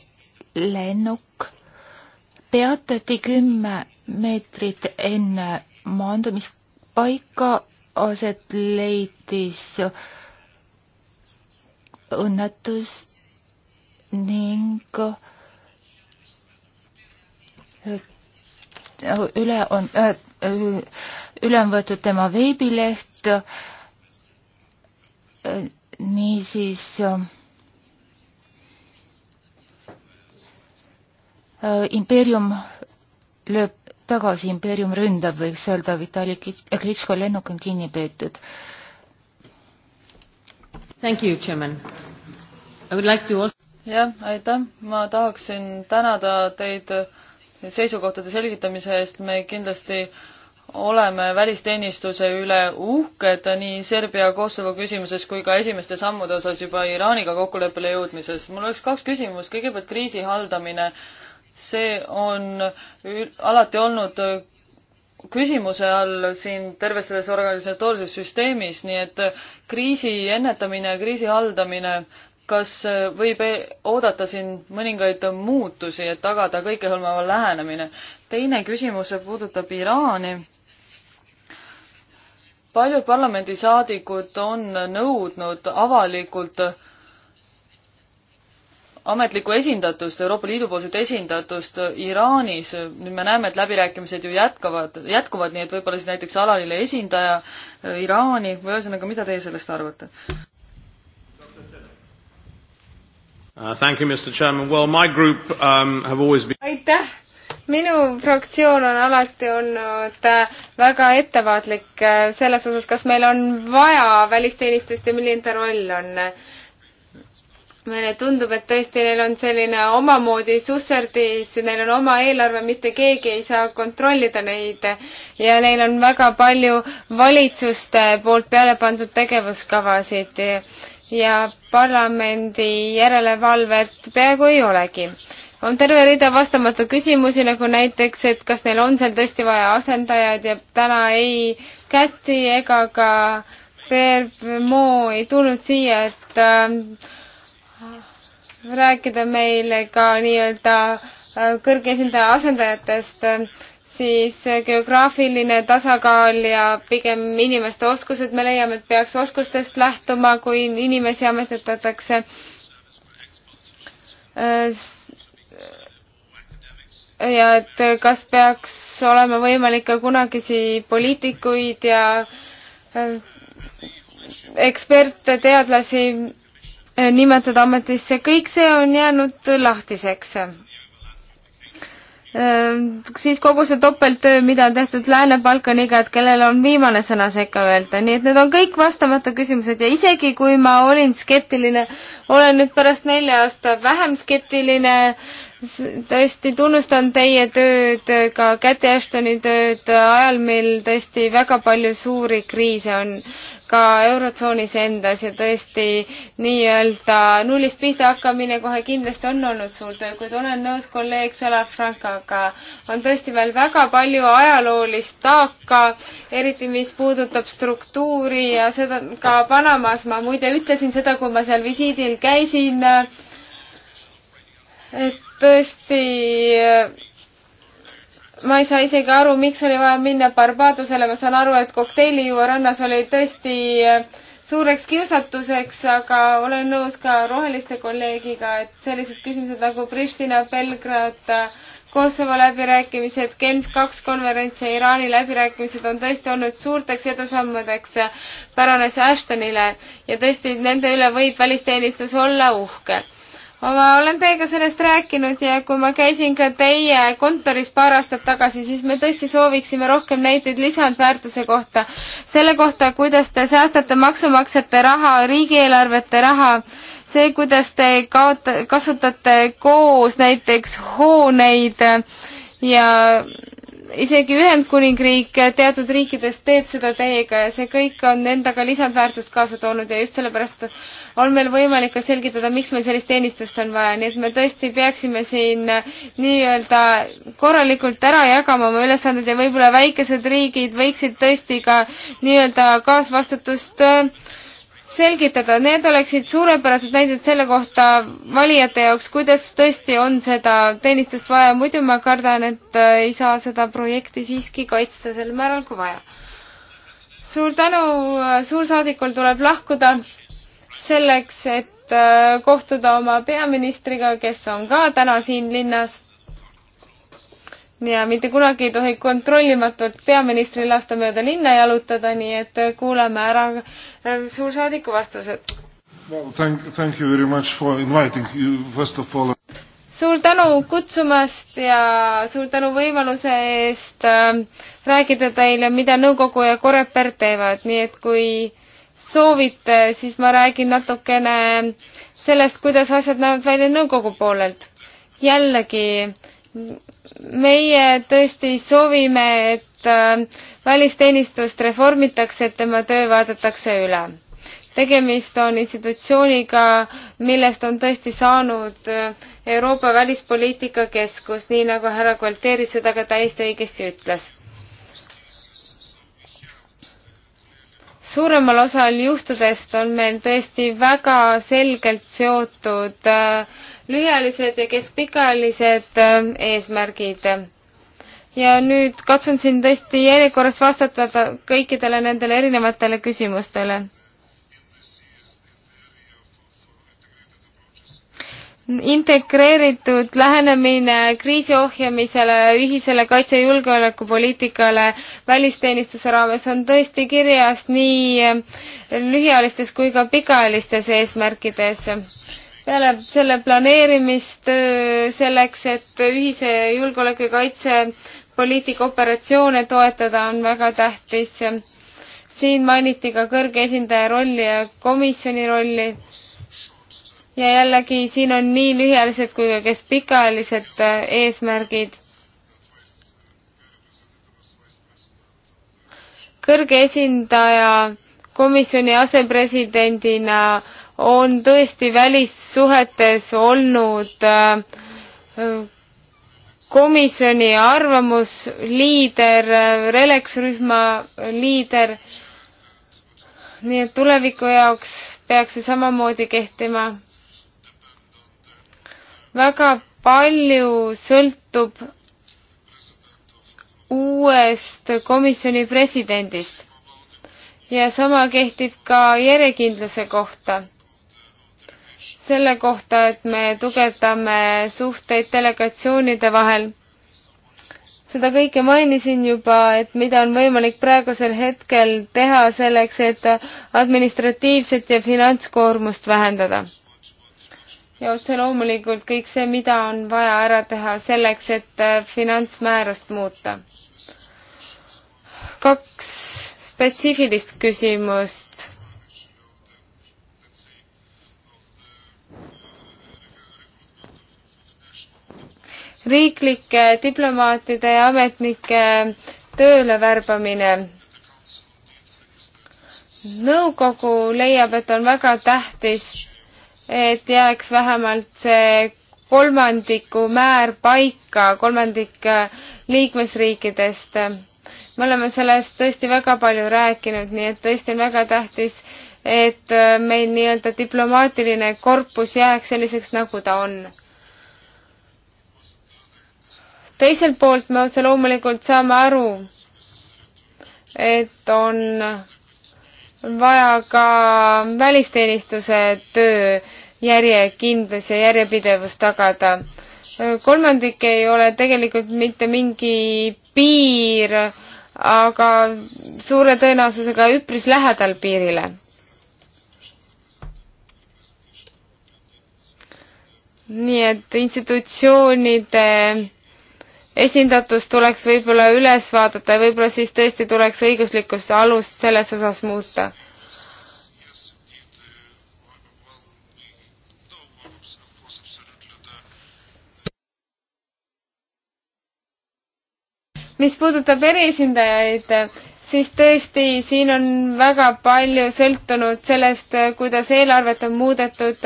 lennuk peatati kümme meetrit enne maandumispaika aset leidis õnnetus ning üle on, äh, üle on võetud tema veebileht, niisiis siis äh, Äh, impeerium lööb tagasi, impeerium ründab, võiks öelda, Vitali Klitschko äh, lennuk on kinni peetud. Thank you, Chairman. I would like to also jah, aitäh, ma tahaksin tänada teid seisukohtade selgitamise eest, me kindlasti oleme välisteenistuse üle uhked nii Serbia Kosovo küsimuses kui ka esimeste sammude osas juba Iraaniga kokkuleppele jõudmises. mul oleks kaks küsimust, kõigepealt kriisi haldamine äh, see on alati olnud küsimuse all siin terves selles organisatoorses süsteemis, nii et kriisi ennetamine ja kriisi haldamine, kas võib e-, oodata siin mõningaid muutusi, et tagada kõikehõlmav lähenemine? teine küsimus puudutab Iraani paljud parlamendisaadikud on nõudnud avalikult ametlikku esindatust, Euroopa Liidu poolset esindatust Iraanis, nüüd me näeme, et läbirääkimised ju jätkavad, jätkuvad, nii et võib-olla siis näiteks alaline esindaja äh, Iraani, või ühesõnaga, mida teie sellest arvate? Uh, thank you, Mr Chairman. Well, my group um, have always been aitäh! minu fraktsioon on alati olnud äh, väga ettevaatlik äh, selles osas, kas meil on vaja välisteenistust ja milline ta roll on meile tundub, et tõesti neil on selline omamoodi susserdis, neil on oma eelarve, mitte keegi ei saa kontrollida neid ja neil on väga palju valitsuste poolt peale pandud tegevuskavasid ja parlamendi järelevalvet peaaegu ei olegi. on terve rida vastamatu küsimusi, nagu näiteks, et kas neil on seal tõesti vaja asendajad ja täna ei Käti ega ka Per Mo ei tulnud siia, et äh, rääkida meile ka nii-öelda äh, kõrge esindaja asendajatest, äh, siis äh, geograafiline tasakaal ja pigem inimeste oskused, me leiame, et peaks oskustest lähtuma, kui inimesi ametitatakse. ja et kas peaks olema võimalik ka kunagisi poliitikuid ja eksperte, teadlasi Äh, nimetada ametisse, kõik see on jäänud lahtiseks. Äh, siis kogu see topelttöö, mida on tehtud Lääne-Balkaniga, et kellel on viimane sõna sekka öelda, nii et need on kõik vastamata küsimused ja isegi kui ma olin skeptiline, olen nüüd pärast nelja aasta vähem skeptiline tõesti tunnustan teie tööd, ka Käti Ashtoni tööd ajal, mil tõesti väga palju suuri kriise on ka Eurotsoonis endas ja tõesti nii-öelda nullist pihta hakkamine kohe kindlasti on olnud suur töö, kuid olen nõus kolleeg Salafrankaga. on tõesti veel väga palju ajaloolist taaka, eriti mis puudutab struktuuri ja seda ka Panamas ma muide ütlesin seda, kui ma seal visiidil käisin, et tõesti ma ei saa isegi aru, miks oli vaja minna Barbadosele, ma saan aru, et kokteilijuua rannas oli tõesti äh, suureks kiusatuseks, aga olen nõus ka roheliste kolleegiga, et sellised küsimused nagu Pristina, Belgrad, äh, Kosovo läbirääkimised, Genf kaks konverents ja Iraani läbirääkimised on tõesti olnud suurteks edusammudeks äh, paranes Ashtonile ja tõesti nende üle võib välisteenistus olla uhke ma olen teiega sellest rääkinud ja kui ma käisin ka teie kontoris paar aastat tagasi, siis me tõesti sooviksime rohkem näiteid lisandväärtuse kohta, selle kohta, kuidas te säästate maksumaksjate raha, riigieelarvete raha, see, kuidas te kaota-, kasutate koos näiteks hooneid ja isegi Ühendkuningriik teatud riikides teeb seda teiega ja see kõik on endaga lisandväärtust kaasa toonud ja just sellepärast on meil võimalik ka selgitada, miks meil sellist teenistust on vaja, nii et me tõesti peaksime siin nii-öelda korralikult ära jagama oma ülesanded ja võib-olla väikesed riigid võiksid tõesti ka nii-öelda kaasvastutust äh, selgitada, need oleksid suurepärased näited selle kohta valijate jaoks, kuidas tõesti on seda teenistust vaja, muidu ma kardan, et äh, ei saa seda projekti siiski kaitsta sel määral, kui vaja. suur tänu, äh, suursaadikul tuleb lahkuda selleks, et äh, kohtuda oma peaministriga, kes on ka täna siin linnas ja mitte kunagi ei tohi kontrollimatult peaministril lasta mööda linna jalutada, nii et kuulame ära ähm, suursaadiku vastused well,. All... suur tänu kutsumast ja suur tänu võimaluse eest äh, rääkida teile, mida nõukogu ja Koreper teevad, nii et kui soovite, siis ma räägin natukene sellest, kuidas asjad näevad välja nõukogu poolelt. jällegi äh, meie tõesti soovime, et äh, välisteenistust reformitakse, et tema töö vaadatakse üle. tegemist on institutsiooniga, millest on tõesti saanud äh, Euroopa Välispoliitika Keskus, nii nagu härra Gualteri seda ka täiesti õigesti ütles. suuremal osal juhtudest on meil tõesti väga selgelt seotud äh, lühiajalised ja keskpikaajalised äh, eesmärgid. ja nüüd katsun siin tõesti järjekorras vastata kõikidele nendele erinevatele küsimustele. integreeritud lähenemine kriisi ohjamisele, ühisele kaitse- ja julgeolekupoliitikale välisteenistuse raames on tõesti kirjas nii lühiajalistes kui ka pikaajalistes eesmärkides peale selle planeerimistöö selleks, et ühise julgeoleku ja kaitsepoliitika operatsioone toetada, on väga tähtis. siin mainiti ka kõrge esindaja rolli ja komisjoni rolli. ja jällegi, siin on nii lühiajalised kui ka kes pikaajalised eesmärgid. kõrge esindaja komisjoni asepresidendina äh, on tõesti välissuhetes olnud äh, komisjoni arvamusliider, Relex rühma liider, nii et tuleviku jaoks peaks see samamoodi kehtima. väga palju sõltub uuest komisjoni presidendist ja sama kehtib ka järjekindluse kohta selle kohta, et me tugevdame suhteid delegatsioonide vahel. seda kõike mainisin juba, et mida on võimalik praegusel hetkel teha selleks, et administratiivset ja finantskoormust vähendada. ja otse loomulikult kõik see, mida on vaja ära teha selleks, et finantsmäärust muuta. kaks spetsiifilist küsimust riiklike diplomaatide ja ametnike tööle värbamine. nõukogu leiab, et on väga tähtis, et jääks vähemalt see kolmandiku määr paika, kolmandik äh, liikmesriikidest. me oleme sellest tõesti väga palju rääkinud, nii et tõesti on väga tähtis, et äh, meil nii-öelda diplomaatiline korpus jääks selliseks, nagu ta on teiselt poolt me otse loomulikult saame aru, et on vaja ka välisteenistuse töö järjekindlus ja järjepidevus tagada. kolmandik ei ole tegelikult mitte mingi piir, aga suure tõenäosusega üpris lähedal piirile. nii et institutsioonide esindatus tuleks võib-olla üles vaadata ja võib-olla siis tõesti tuleks õiguslikkuse alust selles osas muuta. mis puudutab eriesindajaid, siis tõesti, siin on väga palju sõltunud sellest, kuidas eelarvet on muudetud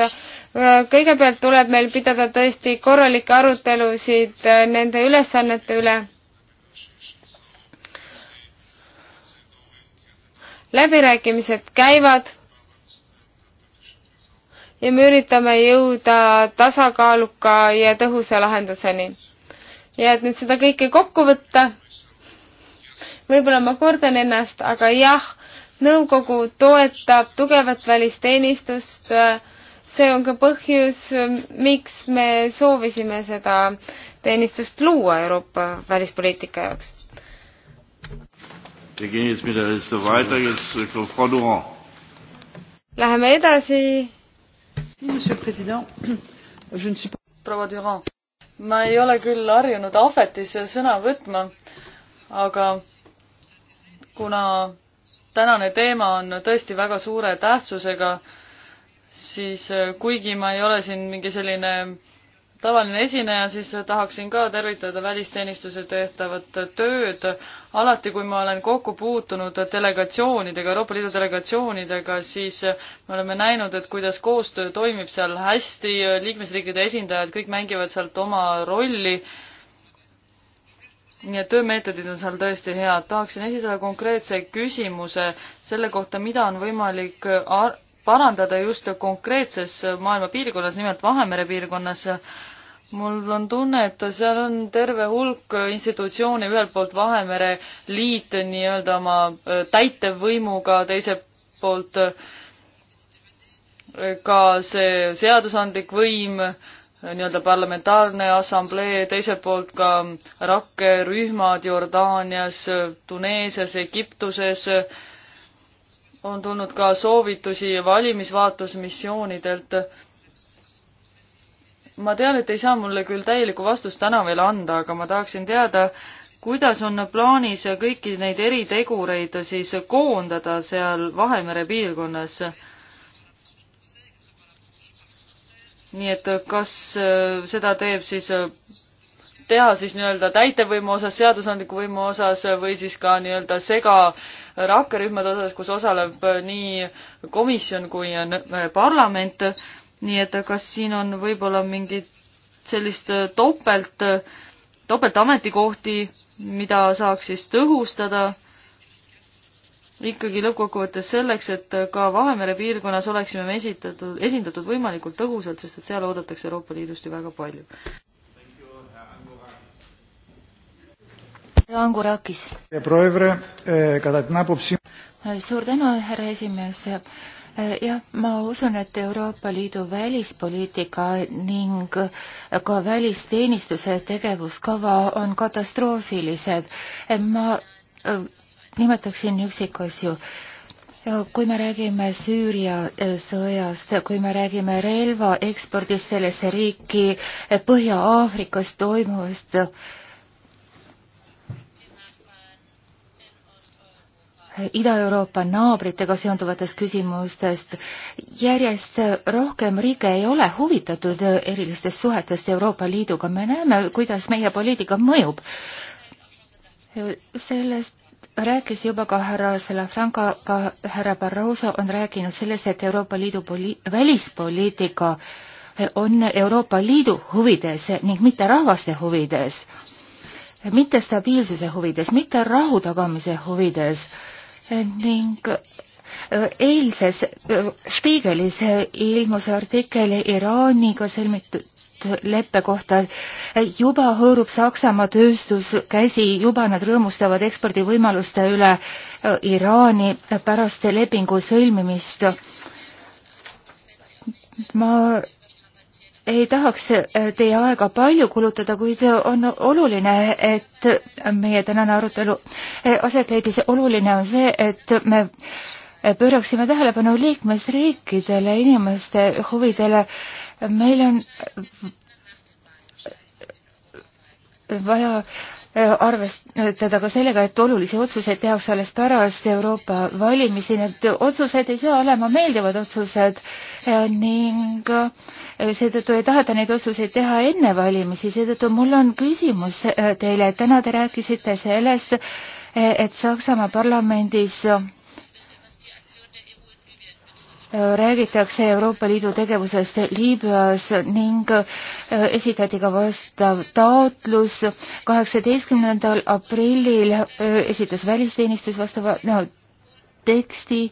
kõigepealt tuleb meil pidada tõesti korralikke arutelusid äh, nende ülesannete üle. läbirääkimised käivad ja me üritame jõuda tasakaaluka ja tõhusa lahenduseni. ja et nüüd seda kõike kokku võtta, võib-olla ma kordan ennast, aga jah, nõukogu toetab tugevat välisteenistust äh, see on ka põhjus, miks me soovisime seda teenistust luua Euroopa välispoliitika jaoks. Äh, Läheme edasi. proua Durand, ma ei ole küll harjunud ahvetis sõna võtma, aga kuna tänane teema on tõesti väga suure tähtsusega, siis äh, kuigi ma ei ole siin mingi selline tavaline esineja, siis äh, tahaksin ka tervitada välisteenistuse tehtavat äh, tööd. alati, kui ma olen kokku puutunud delegatsioonidega, Euroopa Liidu delegatsioonidega, siis me oleme näinud, et kuidas koostöö toimib seal hästi, liikmesriikide esindajad kõik mängivad sealt oma rolli. nii et töömeetodid on seal tõesti head. tahaksin esitada konkreetse küsimuse selle kohta, mida on võimalik ar-, parandada just konkreetses maailma piirkonnas, nimelt Vahemere piirkonnas. mul on tunne, et seal on terve hulk institutsioone, ühelt poolt Vahemere Liit nii-öelda oma äh, täitevvõimuga, teiselt poolt äh, ka see seadusandlik võim, nii-öelda parlamentaarne assamblee, teiselt poolt ka rakkerühmad Jordaanias, Tuneesias, Egiptuses, on tulnud ka soovitusi valimisvaatlusmissioonidelt. ma tean, et ei saa mulle küll täielikku vastust täna veel anda, aga ma tahaksin teada, kuidas on plaanis kõiki neid eritegureid siis koondada seal Vahemere piirkonnas? nii et kas äh, seda teeb siis äh, teha siis nii-öelda täitevvõimu osas, seadusandliku võimu osas või siis ka nii-öelda segarakkerühmade osas, kus osaleb nii komisjon kui parlament. nii et kas siin on võib-olla mingit sellist topelt, topeltametikohti, mida saaks siis tõhustada? ikkagi lõppkokkuvõttes selleks, et ka Vahemere piirkonnas oleksime me esitatud, esindatud võimalikult tõhusalt, sest et seal oodatakse Euroopa Liidust ju väga palju. Angurakis. suur tänu, härra esimees jah, ma usun, et Euroopa Liidu välispoliitika ning ka välisteenistuse tegevuskava on katastroofilised. E, ma e, nimetaksin üksikasju. kui me räägime Süüria e, sõjast, kui me räägime relva ekspordist sellesse riiki, Põhja-Aafrikas toimuvast, Ida-Euroopa naabritega seonduvatest küsimustest. järjest rohkem riike ei ole huvitatud erilistest suhetest Euroopa Liiduga. me näeme, kuidas meie poliitika mõjub. sellest rääkis juba ka härra Salafranca, ka härra Barroso on rääkinud sellest, et Euroopa Liidu poli-, välispoliitika on Euroopa Liidu huvides ning mitte rahvaste huvides mitte stabiilsuse huvides, mitte rahu tagamise huvides ning äh, eilses äh, Spiegelis ilmus artikkel Iraaniga sõlmitud leppe kohta. juba hõõrub Saksamaa tööstuskäsi, juba nad rõõmustavad ekspordivõimaluste üle äh, Iraani pärast lepingu sõlmimist. ma ei tahaks äh, teie aega palju kulutada, kuid on oluline, et meie tänane arutelu äh, aset leidis. oluline on see, et me äh, pööraksime tähelepanu liikmesriikidele, inimeste huvidele. meil on vaja Äh, arvestada ka sellega, et olulisi otsuseid tehakse alles pärast Euroopa valimisi, need otsused ei saa olema meeldivad otsused äh, ning äh, seetõttu ei taheta neid otsuseid teha enne valimisi, seetõttu mul on küsimus teile, täna te rääkisite sellest, et Saksamaa parlamendis räägitakse Euroopa Liidu tegevusest Liibüas ning äh, esitati ka vastav taotlus. kaheksateistkümnendal aprillil äh, esitas välisteenistus vastava no, teksti.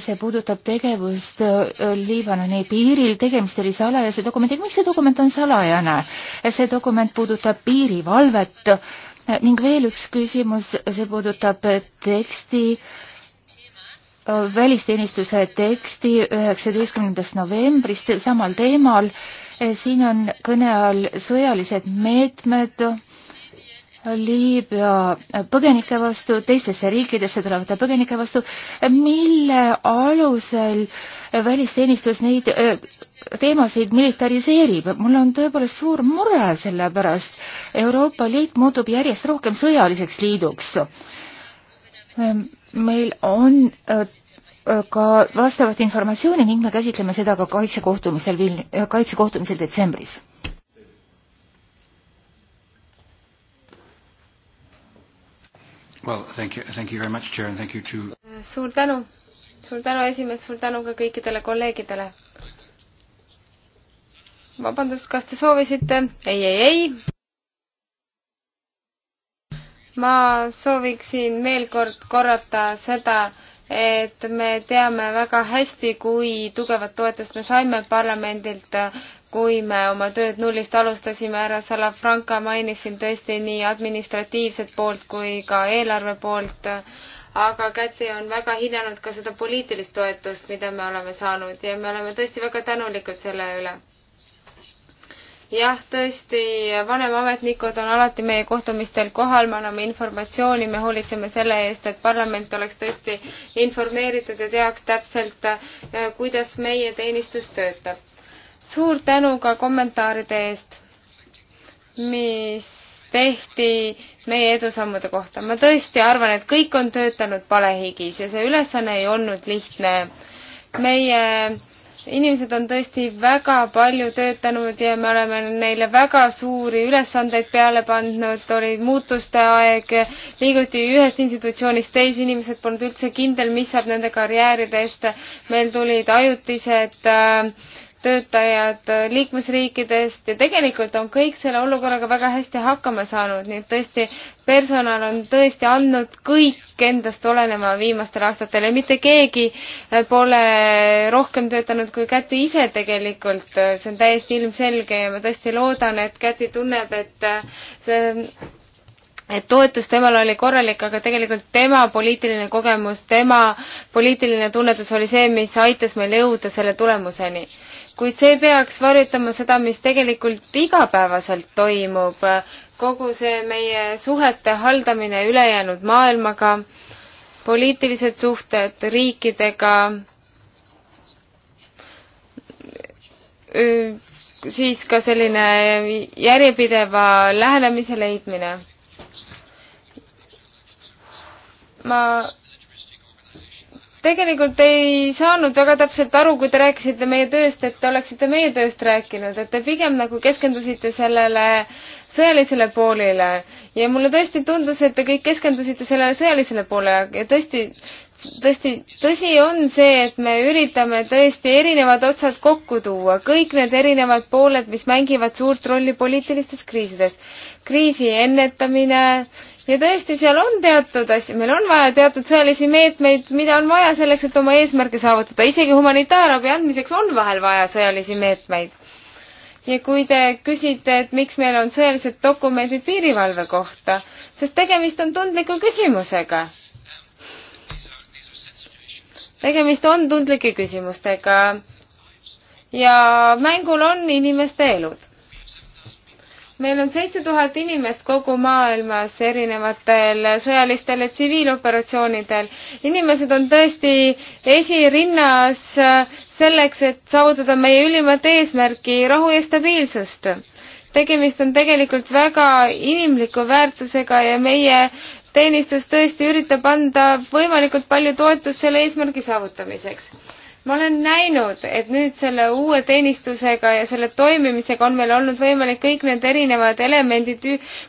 see puudutab tegevust äh, Liibanoni piiril, tegemist oli salajase dokumendiga. miks see dokument on salajane? see dokument puudutab piirivalvet Äh, ning veel üks küsimus, see puudutab teksti, äh, välisteenistuse teksti üheksateistkümnendast novembrist samal teemal. Äh, siin on kõne all sõjalised meetmed Liibüa põgenike vastu, teistesse riikidesse tulevate põgenike vastu, mille alusel välisteenistus neid äh, teemasid militariseerib. mul on tõepoolest suur mure selle pärast. Euroopa Liit muutub järjest rohkem sõjaliseks liiduks. Ähm, meil on äh, ka vastavat informatsiooni ning me käsitleme seda ka kaitsekohtumisel, kaitsekohtumisel detsembris Well, thank you, thank you very much, Chair, and thank you to... suur tänu, suur tänu esimees, suur tänu ka kõikidele kolleegidele. vabandust, kas te soovisite? ei, ei, ei ma sooviksin veel kord korrata seda, et me teame väga hästi, kui tugevat toetust me saime parlamendilt kui me oma tööd nullist alustasime, härra Salafranca mainis siin tõesti nii administratiivset poolt kui ka eelarve poolt, aga Käti on väga hinnanud ka seda poliitilist toetust, mida me oleme saanud ja me oleme tõesti väga tänulikud selle üle. jah, tõesti, vanemametnikud on alati meie kohtumistel kohal, me anname informatsiooni, me hoolitseme selle eest, et parlament oleks tõesti informeeritud ja teaks täpselt, kuidas meie teenistus töötab suur tänu ka kommentaaride eest, mis tehti meie edusammude kohta. ma tõesti arvan, et kõik on töötanud palehigis ja see ülesanne ei olnud lihtne. meie inimesed on tõesti väga palju töötanud ja me oleme neile väga suuri ülesandeid peale pandnud, oli muutuste aeg, liiguti ühest institutsioonist teise, inimesed polnud üldse kindel, mis saab nende karjääridest. meil tulid ajutised äh, töötajad liikmesriikidest ja tegelikult on kõik selle olukorraga väga hästi hakkama saanud, nii et tõesti, personal on tõesti andnud kõik endast olenema viimastel aastatel ja mitte keegi äh, pole rohkem töötanud kui Käti ise tegelikult, äh, see on täiesti ilmselge ja ma tõesti loodan, et Käti tunneb, et äh, see et toetus temal oli korralik, aga tegelikult tema poliitiline kogemus, tema poliitiline tunnetus oli see, mis aitas meil jõuda selle tulemuseni kuid see peaks varjutama seda, mis tegelikult igapäevaselt toimub, kogu see meie suhete haldamine ülejäänud maailmaga, poliitilised suhted riikidega, siis ka selline järjepideva lähenemise leidmine. ma tegelikult ei saanud väga täpselt aru, kui te rääkisite meie tööst, et te oleksite meie tööst rääkinud, et te pigem nagu keskendusite sellele sõjalisele poolele ja mulle tõesti tundus, et te kõik keskendusite sellele sõjalisele poolele ja tõesti, tõesti, tõsi on see, et me üritame tõesti erinevad otsad kokku tuua, kõik need erinevad pooled, mis mängivad suurt rolli poliitilistes kriisides. kriisi ennetamine äh,, ja tõesti, seal on teatud asju, meil on vaja teatud sõjalisi meetmeid, mida on vaja selleks, et oma eesmärke saavutada, isegi humanitaarabi andmiseks on vahel vaja sõjalisi meetmeid. ja kui te küsite, et miks meil on sõjalised dokumendid piirivalve kohta, sest tegemist on tundliku küsimusega. tegemist on tundlike küsimustega ja mängul on inimeste elud meil on seitse tuhat inimest kogu maailmas erinevatel sõjalistel ja tsiviiloperatsioonidel. inimesed on tõesti esirinnas selleks, et saavutada meie ülimat eesmärki, rahu ja stabiilsust. tegemist on tegelikult väga inimliku väärtusega ja meie teenistus tõesti üritab anda võimalikult palju toetust selle eesmärgi saavutamiseks ma olen näinud, et nüüd selle uue teenistusega ja selle toimimisega on meil olnud võimalik kõik need erinevad elemendid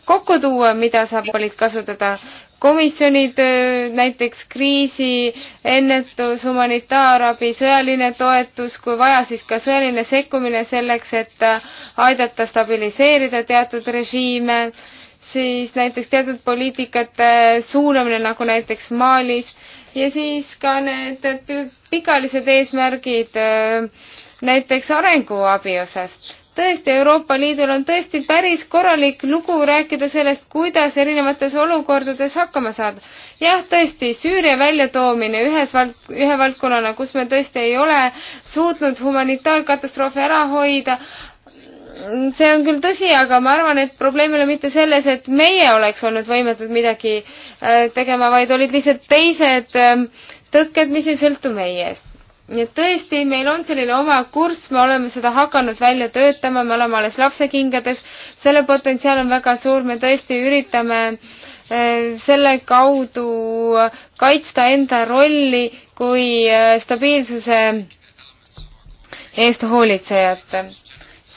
kokku tuua, mida saab olid kasutada. komisjoni töö, näiteks kriisiennetus, humanitaarabi, sõjaline toetus, kui vaja, siis ka sõjaline sekkumine selleks, et äh, aidata stabiliseerida teatud režiime, siis näiteks teatud poliitikate suunamine, nagu näiteks Malis ja siis ka need pikaajalised eesmärgid äh, näiteks arenguabi osas. tõesti, Euroopa Liidul on tõesti päris korralik lugu rääkida sellest, kuidas erinevates olukordades hakkama saada. jah, tõesti, Süüria väljatoomine ühes vald-, ühe valdkonnana, kus me tõesti ei ole suutnud humanitaarkatastroofi ära hoida, see on küll tõsi, aga ma arvan, et probleem ei ole mitte selles, et meie oleks olnud võimetud midagi äh, tegema, vaid olid lihtsalt teised ähm, tõkked, mis ei sõltu meiest. nii et tõesti, meil on selline oma kurss, me oleme seda hakanud välja töötama, me oleme alles lapsekingades, selle potentsiaal on väga suur, me tõesti üritame äh, selle kaudu kaitsta enda rolli kui äh, stabiilsuse eest hoolitsejat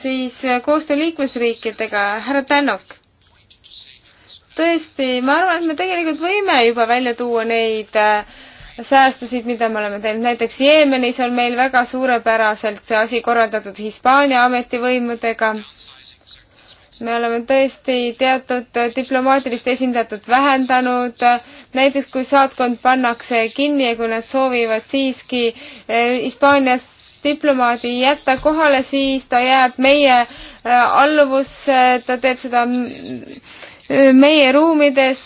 siis eh, koostöö liikmesriikidega, härra Tänok. tõesti, ma arvan, et me tegelikult võime juba välja tuua neid eh, säästusid, mida me oleme teinud, näiteks Jeemenis on meil väga suurepäraselt see asi korraldatud Hispaania ametivõimudega. me oleme tõesti teatud eh, diplomaatilist esindatut vähendanud, näiteks kui saatkond pannakse kinni ja kui nad soovivad siiski Hispaanias diplomaadi jätta kohale, siis ta jääb meie äh, alluvusse, ta teeb seda mm, äh, meie ruumides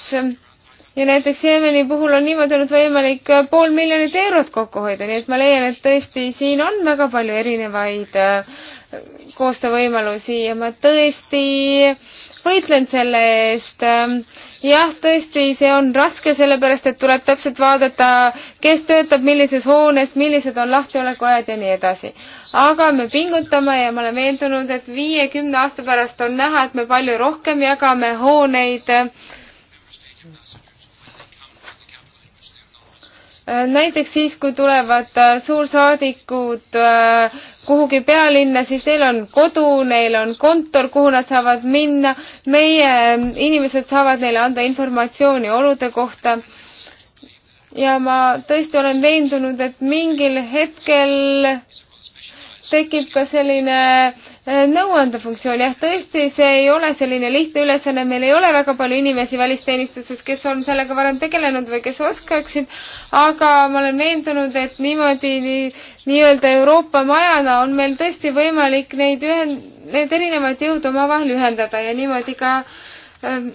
ja näiteks Jeemeni puhul on niimoodi olnud võimalik äh, pool miljonit eurot kokku hoida, nii et ma leian, et tõesti siin on väga palju erinevaid koostöövõimalusi ja ma tõesti võitlen selle eest. Ähm, jah, tõesti, see on raske, sellepärast et tuleb täpselt vaadata, kes töötab millises hoones, millised on lahtiolekuajad ja nii edasi. aga me pingutame ja ma olen veendunud, et viiekümne aasta pärast on näha, et me palju rohkem jagame hooneid Äh, näiteks siis, kui tulevad äh, suursaadikud äh, kuhugi pealinna, siis neil on kodu, neil on kontor, kuhu nad saavad minna, meie ähm, inimesed saavad neile anda informatsiooni olude kohta. ja ma tõesti olen veendunud, et mingil hetkel tekib ka selline Äh, nõuandefunktsioon, jah, tõesti, see ei ole selline lihtne ülesanne, meil ei ole väga palju inimesi välisteenistuses, kes on sellega varem tegelenud või kes oskaksid, aga ma olen veendunud, et niimoodi nii, nii-öelda Euroopa majana on meil tõesti võimalik neid ühen-, need erinevad jõud omavahel ühendada ja niimoodi ka ähm,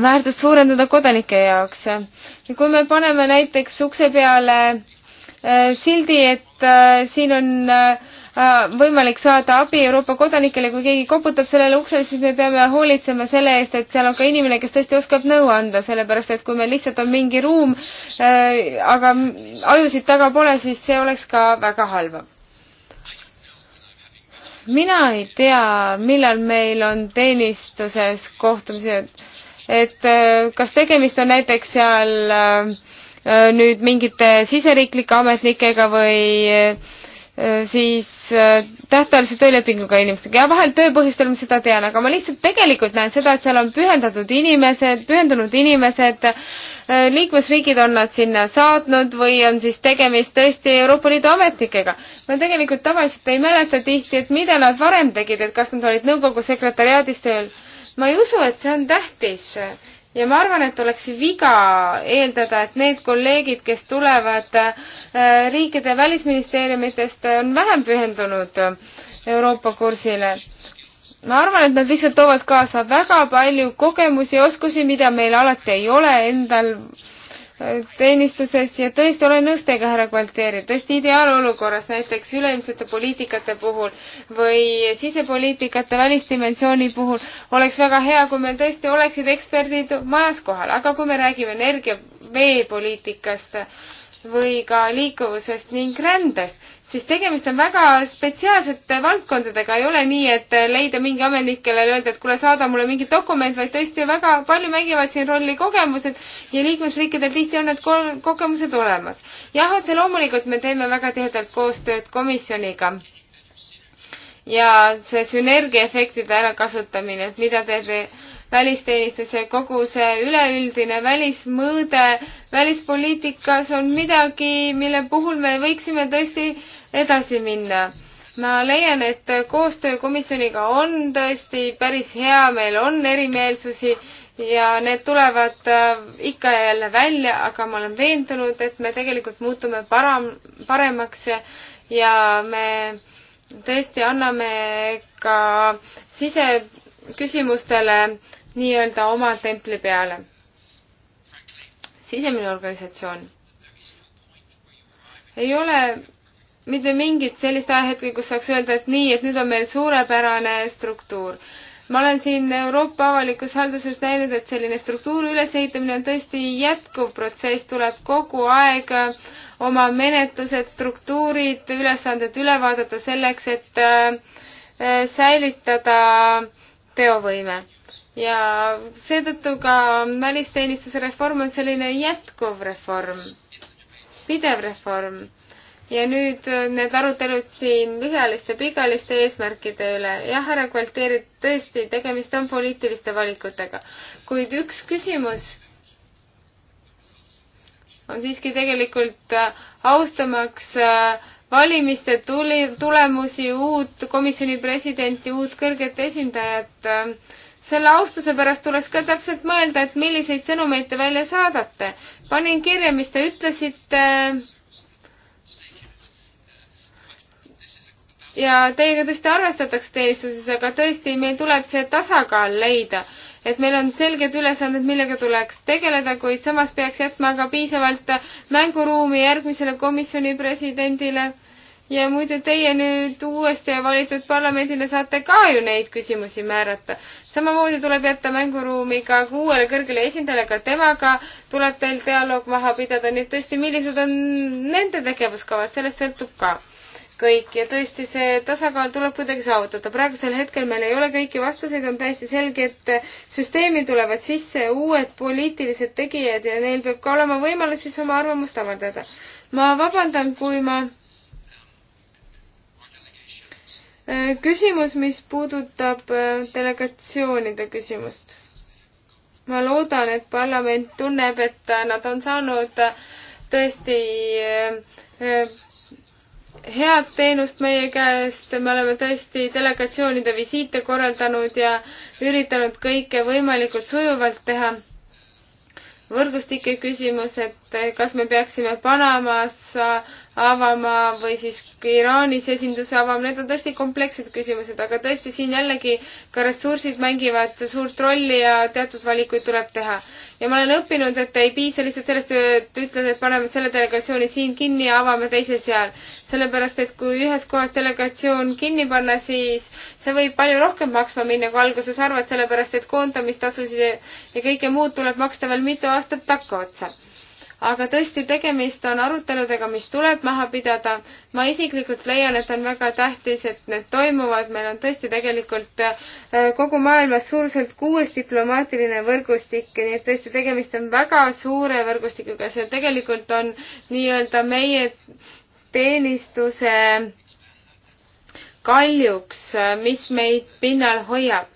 väärtust suurendada kodanike jaoks. ja kui me paneme näiteks ukse peale äh, sildi, et äh, siin on äh, Äh, võimalik saada abi Euroopa kodanikele, kui keegi koputab sellele uksele, siis me peame hoolitsema selle eest, et seal on ka inimene, kes tõesti oskab nõu anda, sellepärast et kui meil lihtsalt on mingi ruum äh,, aga ajusid taga pole, siis see oleks ka väga halb. mina ei tea, millal meil on teenistuses kohtumised, et äh, kas tegemist on näiteks seal äh, äh nüüd mingite siseriiklike ametnikega või äh, Äh, siis äh, tähtajalise töölepinguga inimestega ja vahel tööpõhjustel ma seda tean, aga ma lihtsalt tegelikult näen seda, et seal on pühendatud inimesed, pühendunud inimesed, äh, liikmesriigid on nad sinna saatnud või on siis tegemist tõesti Euroopa Liidu ametnikega. ma tegelikult tavaliselt ei mäleta tihti, et mida nad varem tegid, et kas nad olid nõukogu sekretäriaadis tööl. ma ei usu, et see on tähtis ja ma arvan, et oleks viga eeldada, et need kolleegid, kes tulevad äh, riikide välisministeeriumitest, on vähem pühendunud Euroopa kursile. ma arvan, et nad lihtsalt toovad kaasa väga palju kogemusi ja oskusi, mida meil alati ei ole endal teenistuses ja tõesti olen nõus teiega, härra Gualtieri, tõesti ideaalolukorras näiteks üleilmsete poliitikate puhul või sisepoliitikate välisdimensiooni puhul oleks väga hea, kui meil tõesti oleksid eksperdid majas kohal, aga kui me räägime energia, veepoliitikast või ka liikuvusest ning rändest, siis tegemist on väga spetsiaalsete valdkondadega, ei ole nii, et leida mingi ametnik, kellele öelda, et kuule, saada mulle mingi dokument, vaid tõesti väga palju mängivad siin rolli kogemused ja liikmesriikidel tihti on need kogemused olemas. jah, otse loomulikult me teeme väga tihedalt koostööd komisjoniga ja see sünergiaefektide ärakasutamine, et mida teeb välisteenistus ja kogu see üleüldine välismõõde välispoliitikas on midagi, mille puhul me võiksime tõesti edasi minna. ma leian, et koostöö komisjoniga on tõesti päris hea, meil on erimeelsusi ja need tulevad äh, ikka ja jälle välja, aga ma olen veendunud, et me tegelikult muutume param-, paremaks ja me tõesti anname ka siseküsimustele nii-öelda oma templi peale. sisemine organisatsioon. ei ole mitte mingit sellist ajahetke, kus saaks öelda, et nii, et nüüd on meil suurepärane struktuur. ma olen siin Euroopa avalikus halduses näinud, et selline struktuuri ülesehitamine on tõesti jätkuv protsess, tuleb kogu aeg oma menetlused, struktuurid, ülesanded üle vaadata selleks, et äh, säilitada teovõime. ja seetõttu ka välisteenistuse reform on selline jätkuv reform, pidev reform ja nüüd äh, need arutelud siin lühiajaliste, pikaajaliste eesmärkide üle. jah, härra Kvalteeri, tõesti, tegemist on poliitiliste valikutega. kuid üks küsimus on siiski tegelikult äh, austamaks äh, valimiste tuli, tulemusi, uut komisjoni presidenti, uut kõrget esindajat. selle austuse pärast tuleks ka täpselt mõelda, et milliseid sõnumeid te välja saadate. panin kirja, mis te ütlesite ja teiega tõesti arvestatakse teenistuses, aga tõesti, meil tuleb see tasakaal leida. et meil on selged ülesanded, millega tuleks tegeleda, kuid samas peaks jätma ka piisavalt mänguruumi järgmisele komisjoni presidendile. ja muide, teie nüüd uuesti valitud parlamendile saate ka ju neid küsimusi määrata. samamoodi tuleb jätta mänguruumi ka uuele kõrgele esindajale, ka temaga tuleb teil dialoog maha pidada, nii et tõesti, millised on nende tegevuskavad, sellest sõltub ka kõik ja tõesti, see tasakaal tuleb kuidagi saavutada. praegusel hetkel meil ei ole kõiki vastuseid, on täiesti selge, et süsteemi tulevad sisse uued poliitilised tegijad ja neil peab ka olema võimalus siis oma arvamust avaldada. ma vabandan, kui ma äh, küsimus, mis puudutab äh, delegatsioonide küsimust. ma loodan, et parlament tunneb, et nad on saanud äh, tõesti head teenust meie käest, me oleme tõesti delegatsioonide visiite korraldanud ja üritanud kõike võimalikult sujuvalt teha. võrgustike küsimus, et kas me peaksime Panamas avama või siis Iraanis esinduse avama, need on tõesti komplekssed küsimused, aga tõesti siin jällegi ka ressursid mängivad suurt rolli ja teatud valikuid tuleb teha. ja ma olen õppinud, et ei piisa lihtsalt sellest, et ütled, et paneme selle delegatsiooni siin kinni ja avame teise seal. sellepärast, et kui ühes kohas delegatsioon kinni panna, siis see võib palju rohkem maksma minna, kui alguses arvad, sellepärast et koondamistasusid ja kõike muud tuleb maksta veel mitu aastat takkaotsa aga tõesti, tegemist on aruteludega, mis tuleb maha pidada. ma isiklikult leian, et on väga tähtis, et need toimuvad, meil on tõesti tegelikult äh, kogu maailmas suuruselt kuues diplomaatiline võrgustik, nii et tõesti, tegemist on väga suure võrgustikuga, see tegelikult on nii-öelda meie teenistuse kaljuks, äh, mis meid pinnal hoiab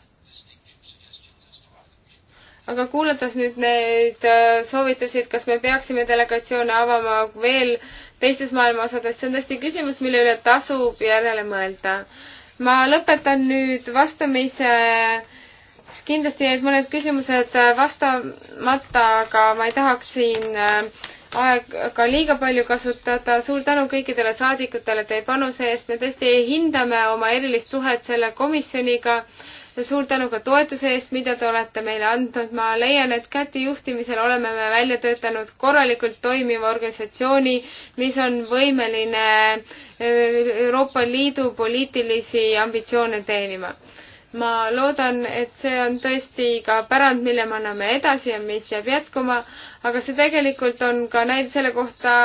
aga kuulates nüüd neid äh, soovitusi, et kas me peaksime delegatsioone avama veel teistes maailma osades, see on tõesti küsimus, mille üle tasub järele mõelda. ma lõpetan nüüd vastamise kindlasti jäid mõned küsimused äh, vastamata, aga ma ei tahaks siin äh, aega liiga palju kasutada. suur tänu kõikidele saadikutele teie panuse eest. me tõesti hindame oma erilist suhet selle komisjoniga suur tänu ka toetuse eest, mida te olete meile andnud. ma leian, et Käti juhtimisel oleme me välja töötanud korralikult toimiva organisatsiooni, mis on võimeline e, Euroopa Liidu poliitilisi ambitsioone teenima. ma loodan, et see on tõesti ka pärand, mille me anname edasi ja mis jääb jätkuma, aga see tegelikult on ka näide selle kohta,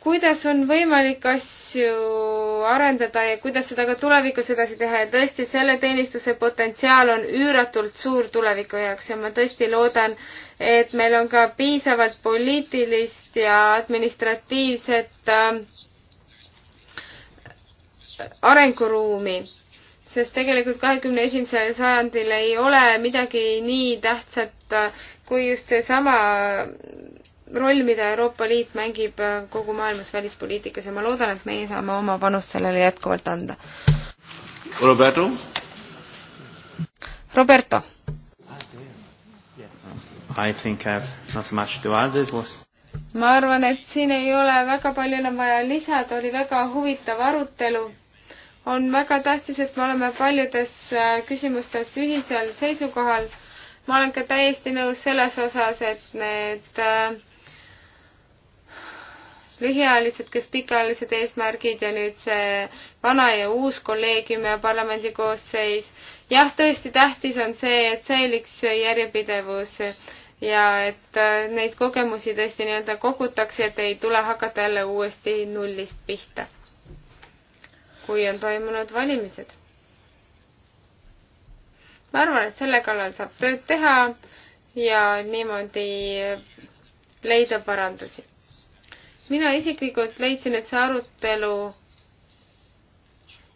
kuidas on võimalik asju arendada ja kuidas seda ka tulevikus edasi teha ja tõesti, selle teenistuse potentsiaal on üüratult suur tuleviku jaoks ja ma tõesti loodan, et meil on ka piisavalt poliitilist ja administratiivset ähm, arenguruumi, sest tegelikult kahekümne esimesel sajandil ei ole midagi nii tähtsat äh, kui just seesama roll, mida Euroopa Liit mängib äh, kogu maailmas välispoliitikas ja ma loodan, et meie saame oma panust sellele jätkuvalt anda. Roberto. Roberto. I think I have not much to add, it was ma arvan, et siin ei ole väga palju enam vaja lisada, oli väga huvitav arutelu. on väga tähtis, et me oleme paljudes äh, küsimustes ühisel seisukohal. ma olen ka täiesti nõus selles osas, et need äh, lühiajalised, kes pikaajalised eesmärgid ja nüüd see vana ja uus kolleegium ja parlamendi koosseis. jah, tõesti tähtis on see, et säiliks järjepidevus ja et äh, neid kogemusi tõesti nii-öelda kogutakse, et ei tule hakata jälle uuesti nullist pihta, kui on toimunud valimised. ma arvan, et selle kallal saab tööd teha ja niimoodi leida parandusi mina isiklikult leidsin, et see arutelu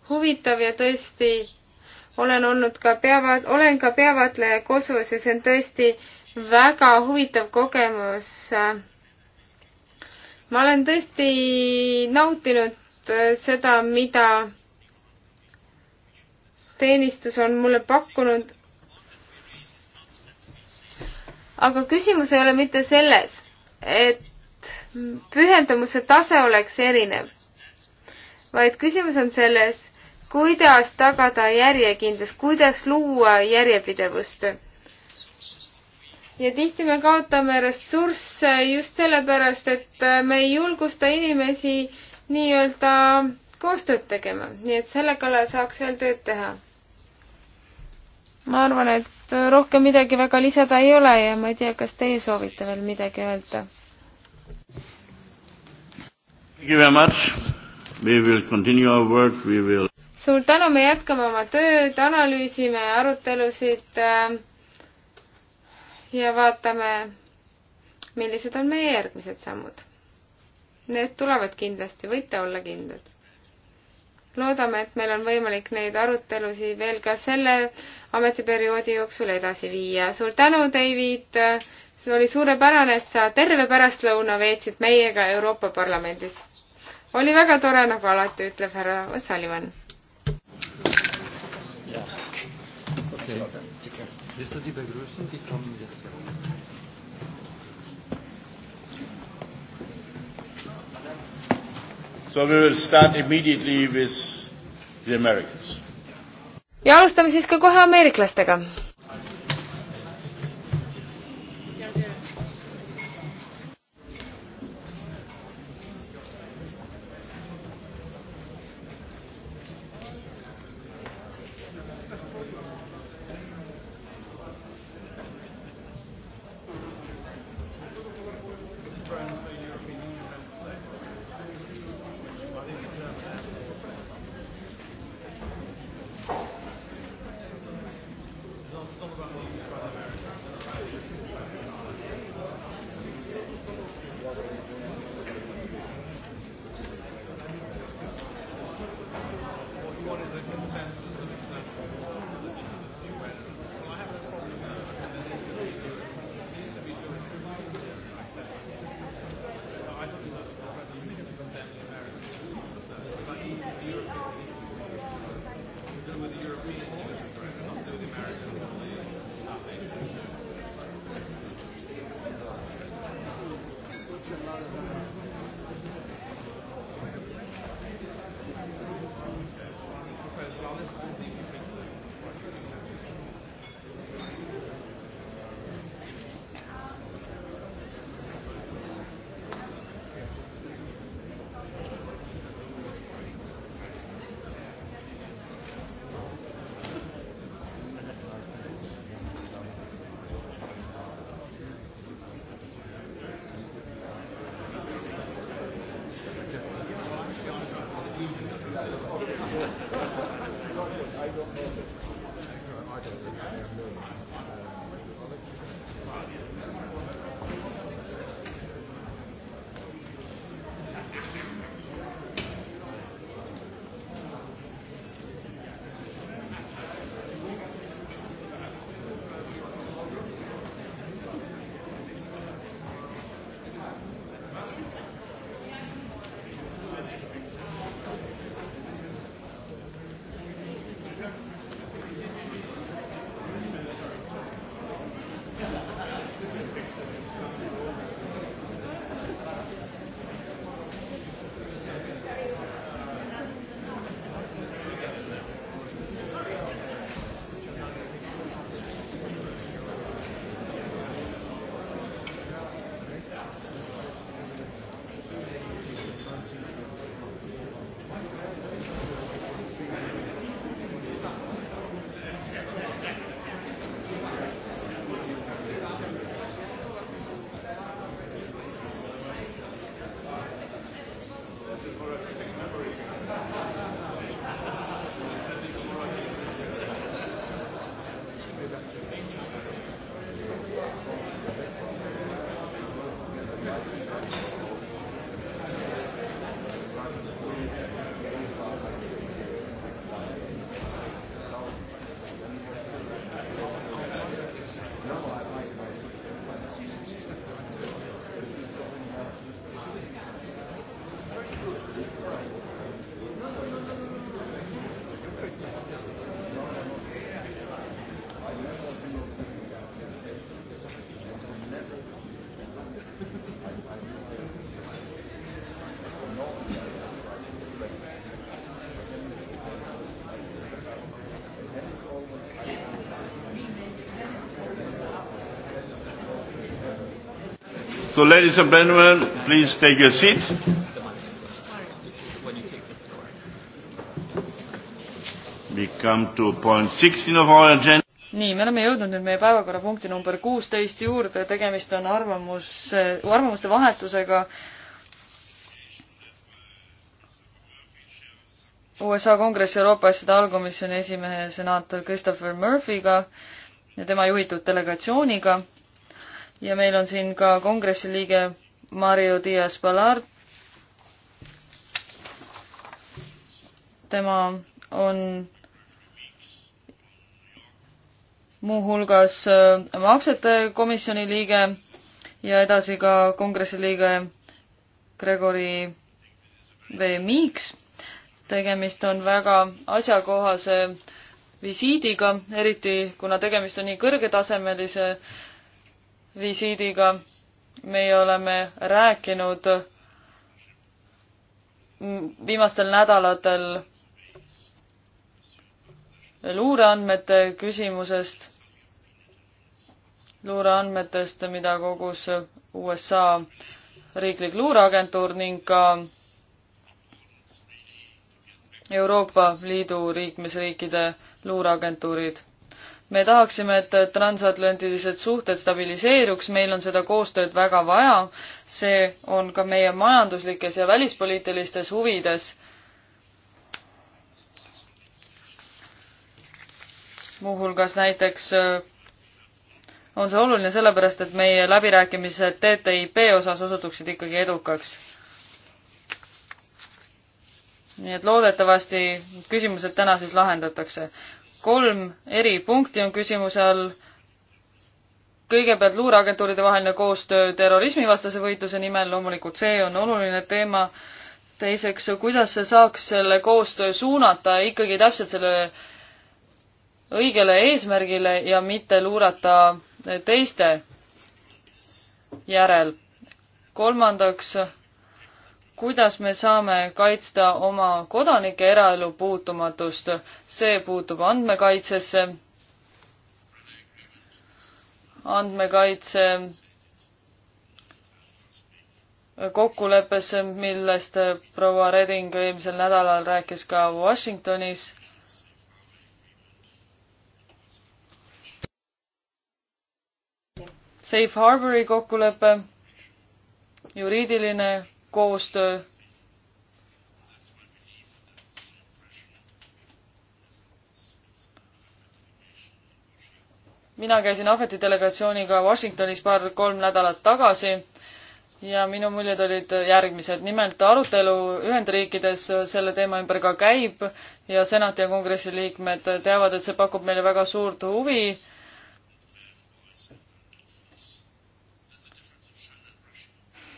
huvitav ja tõesti olen olnud ka peava, olen ka peavaatleja Kosovos ja see on tõesti väga huvitav kogemus. ma olen tõesti nautinud äh, seda, mida teenistus on mulle pakkunud. aga küsimus ei ole mitte selles, et pühendumuse tase oleks erinev, vaid küsimus on selles, kuidas tagada järjekindlus, kuidas luua järjepidevust. ja tihti me kaotame ressursse just sellepärast, et me ei julgusta inimesi nii-öelda koostööd tegema, nii et selle kallal saaks veel tööd teha. ma arvan, et rohkem midagi väga lisada ei ole ja ma ei tea, kas teie soovite veel midagi öelda Will... suur tänu, me jätkame oma tööd, analüüsime arutelusid äh, ja vaatame, millised on meie järgmised sammud. Need tulevad kindlasti, võite olla kindlad. loodame, et meil on võimalik neid arutelusid veel ka selle ametiperioodi jooksul edasi viia. suur tänu, David! see oli suurepärane, et sa terve pärastlõuna veetsid meiega Euroopa Parlamendis oli väga tore, nagu alati, ütleb härra Sullivan. Willst du die begrüßen? Die kommen jetzt herum. So we will start immediately with the Americans. ja alustame siis ka kohe ameeriklastega So, ladies and gentlemen, please take your seat. We come to point 16 of our agenda. nii, me oleme jõudnud nüüd meie päevakorrapunkti number kuusteist juurde, tegemist on arvamus, äh, arvamuste vahetusega USA Kongressi Euroopa asjade allkomisjoni esimehe senaator Christopher Murphy'ga ja tema juhitud delegatsiooniga ja meil on siin ka kongressi liige Mario Diaz-Balart. tema on muuhulgas äh, maksete komisjoni liige ja edasi ka kongressi liige Gregory V. Meeks. tegemist on väga asjakohase visiidiga, eriti kuna tegemist on nii kõrgetasemelise äh, visiidiga. meie oleme rääkinud viimastel nädalatel luureandmete küsimusest, luureandmetest, mida kogus USA riiklik luureagentuur ning ka Euroopa Liidu liikmesriikide luureagentuurid me tahaksime, et transatlantilised suhted stabiliseeruks, meil on seda koostööd väga vaja, see on ka meie majanduslikes ja välispoliitilistes huvides. muuhulgas näiteks äh, on see oluline sellepärast, et meie läbirääkimised TTIP osas osutuksid ikkagi edukaks nii et loodetavasti küsimused täna siis lahendatakse kolm eri punkti on küsimuse all. kõigepealt luureagentuuride vaheline koostöö terrorismivastase võitluse nimel, loomulikult see on oluline teema. teiseks, kuidas saaks selle koostöö suunata ikkagi täpselt selle õigele eesmärgile ja mitte luurata teiste järel. kolmandaks kuidas me saame kaitsta oma kodanike eraelu puutumatust, see puutub andmekaitsesse, andmekaitse kokkuleppesse, millest proua Reding eelmisel nädalal rääkis ka Washingtonis Safe Harbori kokkulepe, juriidiline koostöö. mina käisin Ahveti delegatsiooniga Washingtonis paar-kolm nädalat tagasi ja minu muljed olid järgmised. nimelt arutelu Ühendriikides selle teema ümber ka käib ja senati ja kongressi liikmed teavad, et see pakub meile väga suurt huvi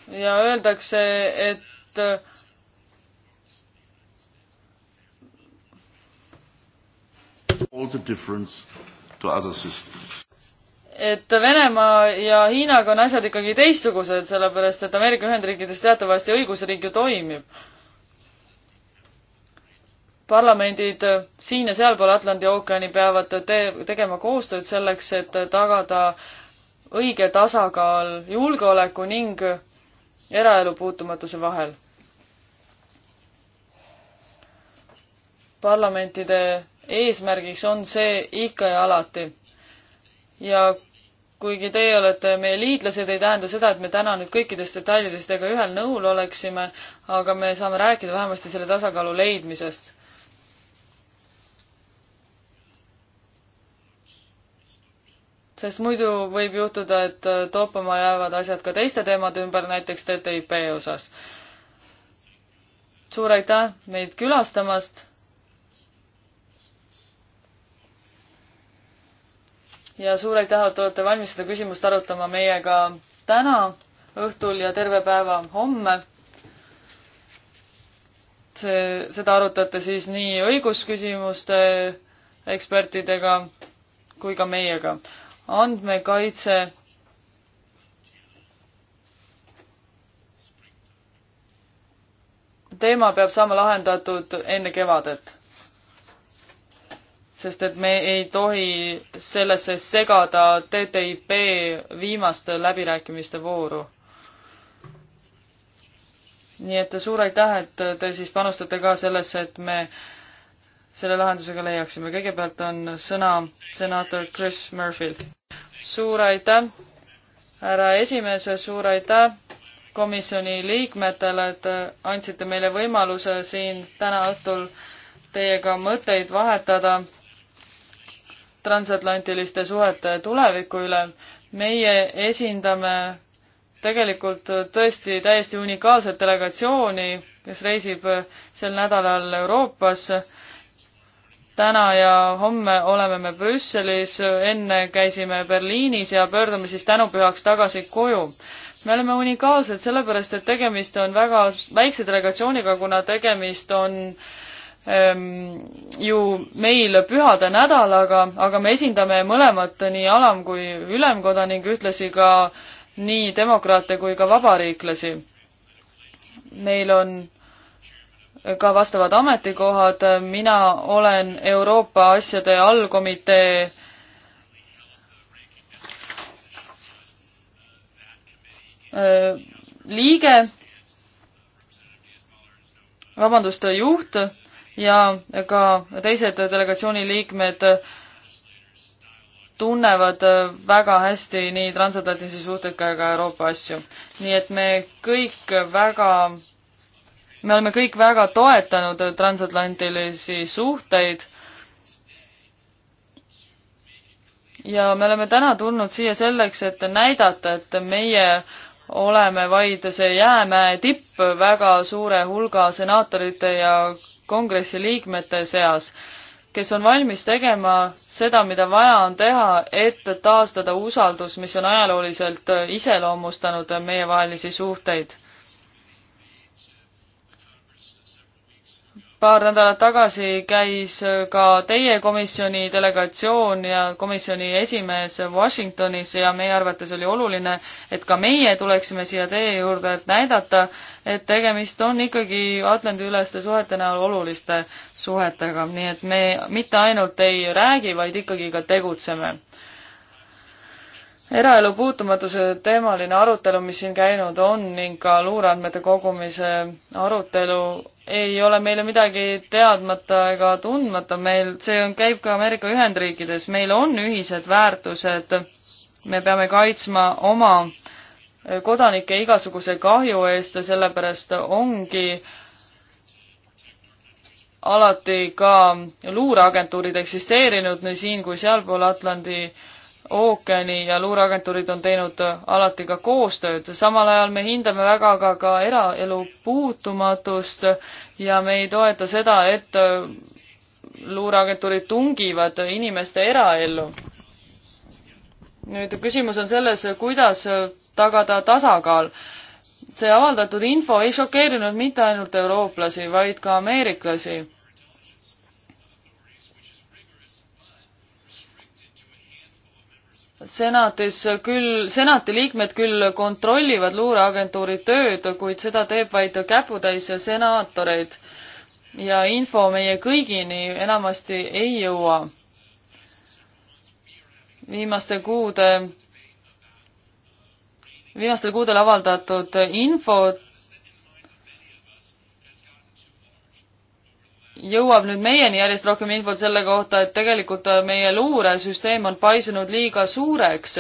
ja öeldakse, et all the difference to other systems et Venemaa ja Hiinaga on asjad ikkagi teistsugused, sellepärast et Ameerika Ühendriikides teatavasti õigusriik ju toimib. parlamendid siin ja sealpool Atlandi ookeani peavad te-, tegema koostööd selleks, et tagada õige tasakaal julgeoleku ning eraelu puutumatuse vahel. parlamentide eesmärgiks on see ikka ja alati. ja kuigi teie olete meie liitlased, ei tähenda seda, et me täna nüüd kõikidest detailidest ega ühel nõul oleksime, aga me saame rääkida vähemasti selle tasakaalu leidmisest sest muidu võib juhtuda, et äh, toppama jäävad asjad ka teiste teemade ümber, näiteks TTIP osas. suur aitäh meid külastamast. ja suur aitäh, et olete valmis seda küsimust arutama meiega täna õhtul ja terve päeva homme. see, seda arutate siis nii õigusküsimuste ekspertidega kui ka meiega andmekaitse teema peab saama lahendatud enne kevadet. sest et me ei tohi sellesse segada TTIP viimaste läbirääkimiste vooru. nii et suur aitäh, et te siis panustate ka sellesse, et me selle lahendusega leiaksime. kõigepealt on sõna senaator Chris Murphy'l suur aitäh, härra esimees, suur aitäh komisjoni liikmetele, et andsite meile võimaluse siin täna õhtul teiega mõtteid vahetada transatlantiliste suhete tuleviku üle. meie esindame tegelikult tõesti täiesti unikaalset delegatsiooni, kes reisib sel nädalal Euroopas täna ja homme oleme me Brüsselis, enne käisime Berliinis ja pöördume siis tänupühaks tagasi koju. me oleme unikaalsed sellepärast, et tegemist on väga väikse delegatsiooniga, kuna tegemist on ähm, ju meil pühade nädalaga, aga me esindame mõlemat, nii alam- kui ülemkoda ning ühtlasi ka nii demokraate kui ka vabariiklasi. meil on ka vastavad ametikohad, mina olen Euroopa asjade allkomitee liige, vabandust, juht ja ka teised delegatsiooni liikmed tunnevad väga hästi nii transatlantilisi suhteid kui ka Euroopa asju. nii et me kõik väga me oleme kõik väga toetanud transatlantilisi suhteid. ja me oleme täna tulnud siia selleks, et näidata, et meie oleme vaid see jäämäe tipp väga suure hulga senaatorite ja kongressi liikmete seas, kes on valmis tegema seda, mida vaja on teha, et taastada usaldus, mis on ajalooliselt iseloomustanud meievahelisi suhteid paar nädalat tagasi käis ka teie komisjoni delegatsioon ja komisjoni esimees Washingtonis ja meie arvates oli oluline, et ka meie tuleksime siia teie juurde, et näidata, et tegemist on ikkagi Atlandi-üleste suhete näol oluliste suhetega, nii et me mitte ainult ei räägi, vaid ikkagi ka tegutseme eraelu puutumatuse teemaline arutelu, mis siin käinud on ning ka luureandmete kogumise arutelu ei ole meile midagi teadmata ega tundmata, meil, see on, käib ka Ameerika Ühendriikides, meil on ühised väärtused, me peame kaitsma oma kodanike igasuguse kahju eest ja sellepärast ongi alati ka luureagentuurid eksisteerinud nii siin kui sealpool Atlandi äh, ookeani ja luureagentuurid on teinud äh, alati ka koostööd, samal ajal me hindame väga ka, ka eraelu puutumatust ja me ei toeta seda, et äh, luureagentuurid tungivad inimeste eraellu. nüüd küsimus on selles, kuidas äh, tagada tasakaal. see avaldatud info ei šokeerinud mitte ainult eurooplasi, vaid ka ameeriklasi senatis küll, senati liikmed küll kontrollivad luureagentuuri tööd, kuid seda teeb vaid käputäis senaatoreid ja info meie kõigini enamasti ei jõua. viimaste kuude, viimastel kuudel avaldatud infot jõuab nüüd meieni järjest rohkem infot selle kohta, et tegelikult meie luuresüsteem on paisunud liiga suureks.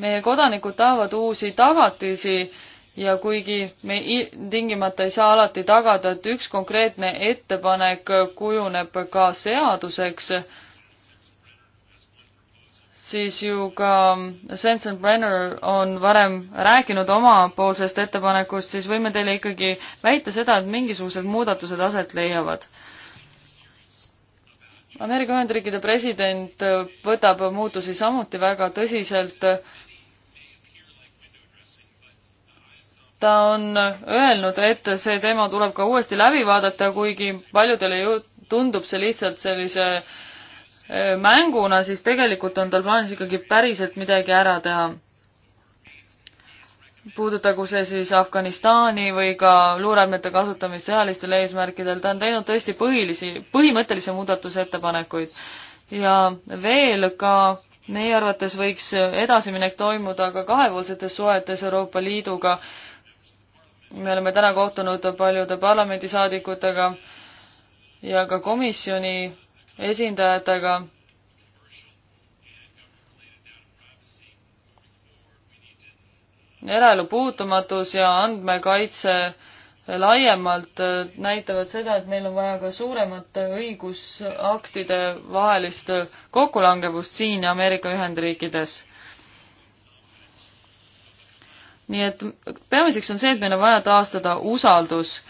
meie kodanikud tahavad uusi tagatisi ja kuigi me tingimata ei saa alati tagada, et üks konkreetne ettepanek kujuneb ka seaduseks, siis ju ka Sensen Brenner on varem rääkinud omapoolsest ettepanekust, siis võime teile ikkagi väita seda, et mingisugused muudatused aset leiavad. Ameerika Ühendriikide president võtab muutusi samuti väga tõsiselt. ta on öelnud, et see teema tuleb ka uuesti läbi vaadata, kuigi paljudele ju tundub see lihtsalt sellise äh, Äh, mänguna, siis tegelikult on tal plaanis ikkagi päriselt midagi ära teha. puudutagu see siis Afganistani või ka luureandmete kasutamist sõjalistel eesmärkidel, ta on teinud tõesti põhilisi, põhimõttelisi muudatusettepanekuid. ja veel ka meie arvates võiks edasiminek toimuda ka kahepoolsetes suhetes Euroopa Liiduga. me oleme täna kohtunud paljude parlamendisaadikutega ja ka komisjoni esindajatega. eraelu puutumatus ja andmekaitse laiemalt äh, näitavad seda, et meil on vaja ka suuremat õigusaktide vahelist kokkulangevust siin ja Ameerika Ühendriikides. nii et peamiseks on see, et meil on vaja taastada usaldus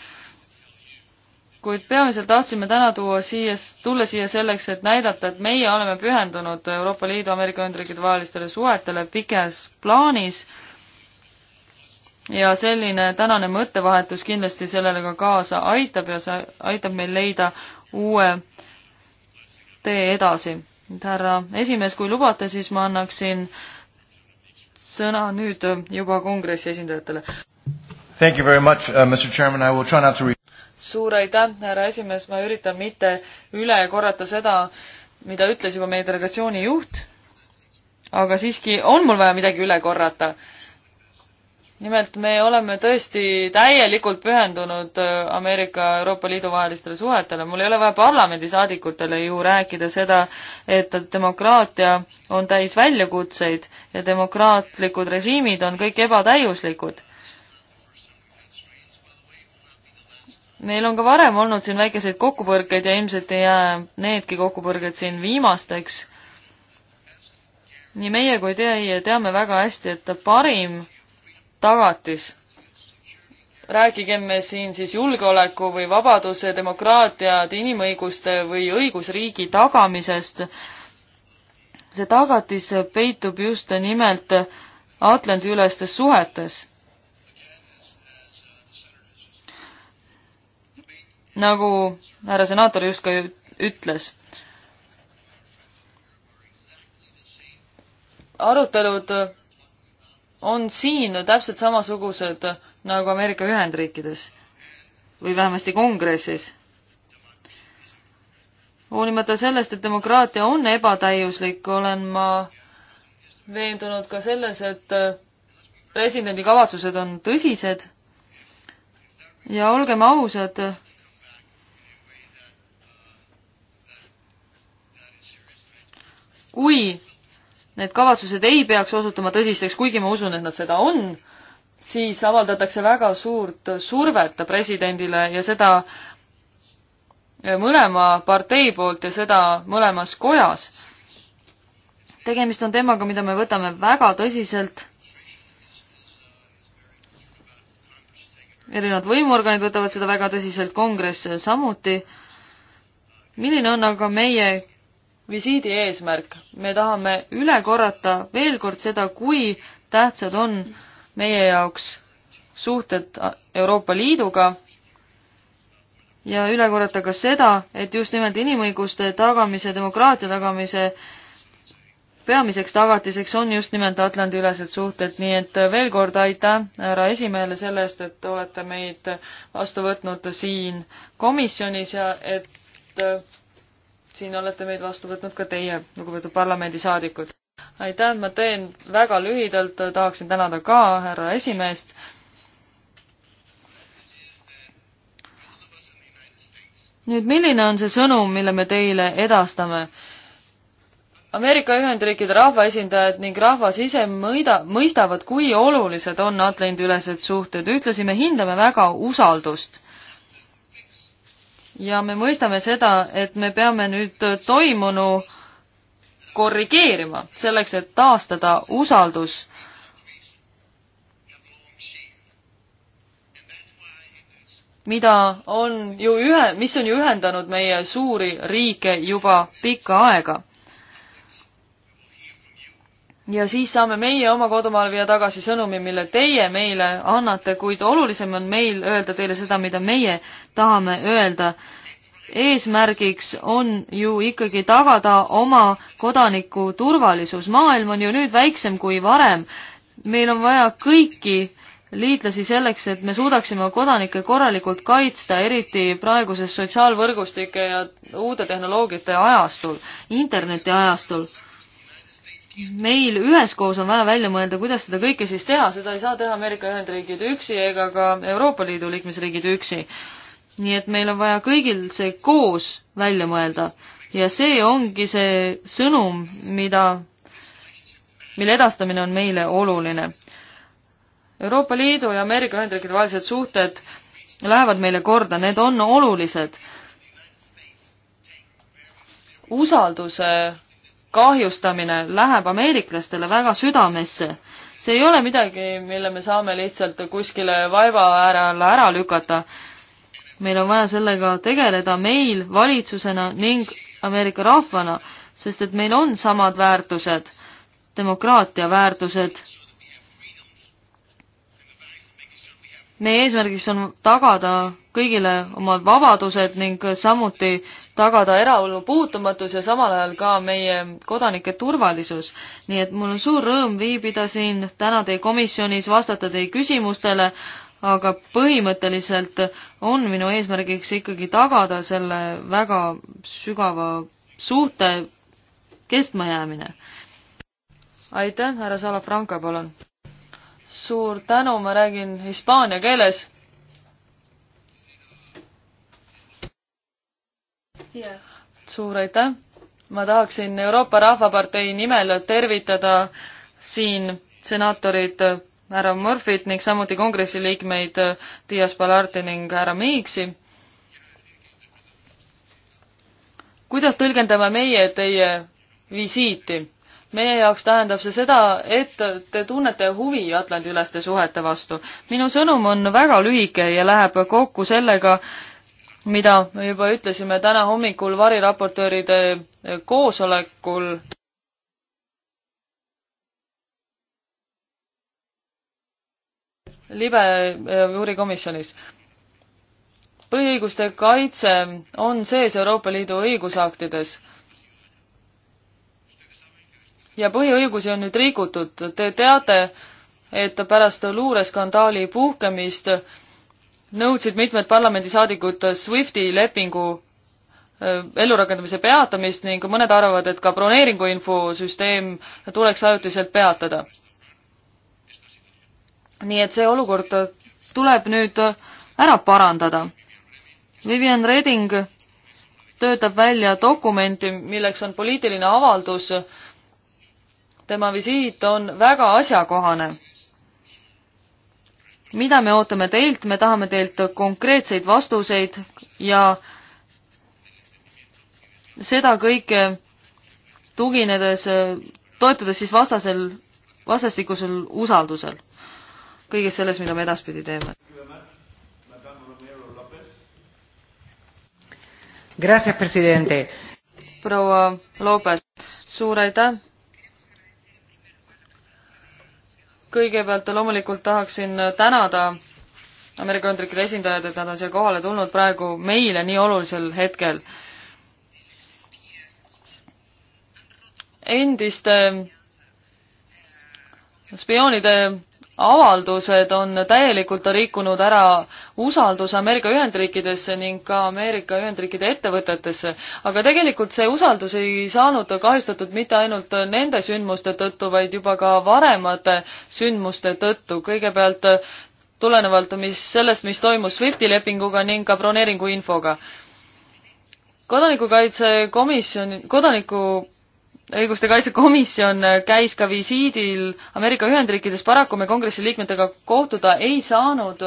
kuid peamiselt tahtsime täna tuua siia, tulla siia selleks, et näidata, et meie oleme pühendunud Euroopa Liidu, Ameerika Ühendriikide vahelistele suhetele pikas plaanis ja selline tänane mõttevahetus kindlasti sellele ka kaasa aitab ja see aitab meil leida uue tee edasi. nüüd härra esimees, kui lubate, siis ma annaksin sõna nüüd juba kongressi esindajatele. Thank you very much uh,, Mr Chairman, I will try not to read suur aitäh, härra esimees, ma üritan mitte üle korrata seda, mida ütles juba meie delegatsiooni juht, aga siiski on mul vaja midagi üle korrata. nimelt me oleme tõesti täielikult pühendunud äh, Ameerika Euroopa Liidu vahelistele suhetele, mul ei ole vaja parlamendisaadikutele ju rääkida seda, et demokraatia on täis väljakutseid ja demokraatlikud režiimid on kõik ebatäiuslikud meil on ka varem olnud siin väikeseid kokkupõrkeid ja ilmselt ei jää needki kokkupõrged siin viimasteks. nii meie kui teie teame väga hästi, et parim tagatis, rääkigem me siin siis julgeoleku või vabaduse, demokraatiad, inimõiguste või õigusriigi tagamisest, see tagatis peitub just nimelt Atlandi-ülestes suhetes nagu härra senaator just ka ütles. arutelud on siin täpselt samasugused nagu Ameerika Ühendriikides või vähemasti kongressis. hoolimata sellest, et demokraatia on ebatäiuslik, olen ma veendunud ka selles, et presidendi kavatsused on tõsised ja olgem ausad, kui need kavatsused ei peaks osutuma tõsisteks, kuigi ma usun, et nad seda on, siis avaldatakse väga suurt survet presidendile ja seda mõlema partei poolt ja seda mõlemas kojas. tegemist on teemaga, mida me võtame väga tõsiselt. erinevad võimuorganid võtavad seda väga tõsiselt, kongress samuti. milline on aga meie visiidi eesmärk. me tahame üle korrata veel kord seda, kui tähtsad on meie jaoks suhted Euroopa Liiduga ja üle korrata ka seda, et just nimelt inimõiguste tagamise, demokraatia tagamise peamiseks tagatiseks on just nimelt Atlandi-ülesed suhted, nii et veel kord aitäh härra esimehele selle eest, et olete meid vastu võtnud siin komisjonis ja et siin olete meid vastu võtnud ka teie, lugupeetud parlamendisaadikud. aitäh, ma teen väga lühidalt, tahaksin tänada ka härra esimeest. nüüd, milline on see sõnum, mille me teile edastame? Ameerika Ühendriikide rahvaesindajad ning rahvas ise mõida, mõistavad, kui olulised on Atlandi-ülesed suhted, ühtlasi me hindame väga usaldust ja me mõistame seda, et me peame nüüd toimunu korrigeerima selleks, et taastada usaldus mida on ju ühe, mis on ju ühendanud meie suuri riike juba pikka aega ja siis saame meie oma kodumaal viia tagasi sõnumi, mille teie meile annate, kuid olulisem on meil öelda teile seda, mida meie tahame öelda. eesmärgiks on ju ikkagi tagada oma kodaniku turvalisus. maailm on ju nüüd väiksem kui varem. meil on vaja kõiki liitlasi selleks, et me suudaksime kodanikke korralikult kaitsta, eriti praeguses sotsiaalvõrgustike ja uute tehnoloogiate ajastul, interneti ajastul meil üheskoos on vaja välja mõelda, kuidas seda kõike siis teha, seda ei saa teha Ameerika Ühendriigid üksi ega ka Euroopa Liidu liikmesriigid üksi. nii et meil on vaja kõigil see koos välja mõelda ja see ongi see sõnum, mida, mille edastamine on meile oluline. Euroopa Liidu ja Ameerika Ühendriikide vahelised suhted lähevad meile korda, need on olulised. usalduse kahjustamine läheb ameeriklastele väga südamesse. see ei ole midagi, mille me saame lihtsalt kuskile vaiba äärele ära lükata. meil on vaja sellega tegeleda meil valitsusena ning Ameerika rahvana, sest et meil on samad väärtused, demokraatia väärtused. meie eesmärgiks on tagada kõigile omad vabadused ning samuti tagada eraolu puutumatus ja samal ajal ka meie kodanike turvalisus. nii et mul on suur rõõm viibida siin täna teie komisjonis, vastata teie küsimustele, aga põhimõtteliselt on minu eesmärgiks ikkagi tagada selle väga sügava suhte kestmajäämine. aitäh, härra Salafranca, palun! suur tänu, ma räägin hispaania keeles suur aitäh! ma tahaksin Euroopa Rahvapartei nimel tervitada siin senaatorid härra Murphyt ning samuti kongressi liikmeid Dias Balarti ning härra Miiksi. kuidas tõlgendame meie teie visiiti? meie jaoks tähendab see seda, et te tunnete huvi Atlandi-üleste suhete vastu. minu sõnum on väga lühike ja läheb kokku sellega, mida me juba ütlesime täna hommikul variraportööride koosolekul. libe juurikomisjonis. Äh, põhiõiguste kaitse on sees Euroopa Liidu õigusaktides. ja põhiõigusi on nüüd rikutud. Te teate, et pärast luureskandaali puhkemist nõudsid mitmed parlamendisaadikud SWIFTi lepingu äh, ellurakendamise peatamist ning mõned arvavad, et ka broneeringu infosüsteem tuleks ajutiselt peatada. nii et see olukord tuleb nüüd ära parandada. Vivian Reding töötab välja dokumenti, milleks on poliitiline avaldus. tema visiit on väga asjakohane mida me ootame teilt, me tahame teilt konkreetseid vastuseid ja seda kõike tuginedes, toetudes siis vastasel, vastastikusel usaldusel. kõiges selles, mida me edaspidi teeme. proua Lopes, suur aitäh! kõigepealt loomulikult tahaksin tänada Ameerika Ühendriikide esindajad, et nad on siia kohale tulnud praegu meile nii olulisel hetkel. endiste spioonide avaldused on täielikult rikkunud ära usaldus Ameerika Ühendriikidesse ning ka Ameerika Ühendriikide ettevõtetesse. aga tegelikult see usaldus ei saanud kahjustatud mitte ainult nende sündmuste tõttu, vaid juba ka varemate sündmuste tõttu. kõigepealt tulenevalt mis, sellest, mis toimus SWIFTi lepinguga ning ka broneeringu infoga. kodanikukaitsekomisjon, kodaniku õiguste kaitsekomisjon käis ka visiidil Ameerika Ühendriikides, paraku me kongressi liikmetega kohtuda ei saanud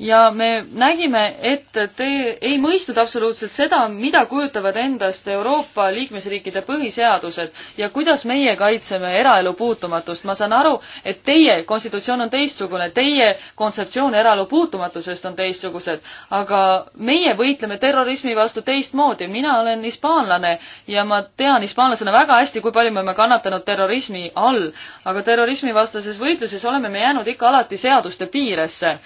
ja me nägime, et te ei mõistnud absoluutselt seda, mida kujutavad endast Euroopa liikmesriikide põhiseadused ja kuidas meie kaitseme eraelu puutumatust. ma saan aru, et teie konstitutsioon on teistsugune, teie kontseptsioon eraelu puutumatusest on teistsugused, aga meie võitleme terrorismi vastu teistmoodi. mina olen hispaanlane ja ma tean hispaanlasena väga hästi, kui palju me oleme kannatanud terrorismi all, aga terrorismivastases võitluses oleme me jäänud ikka alati seaduste piiresse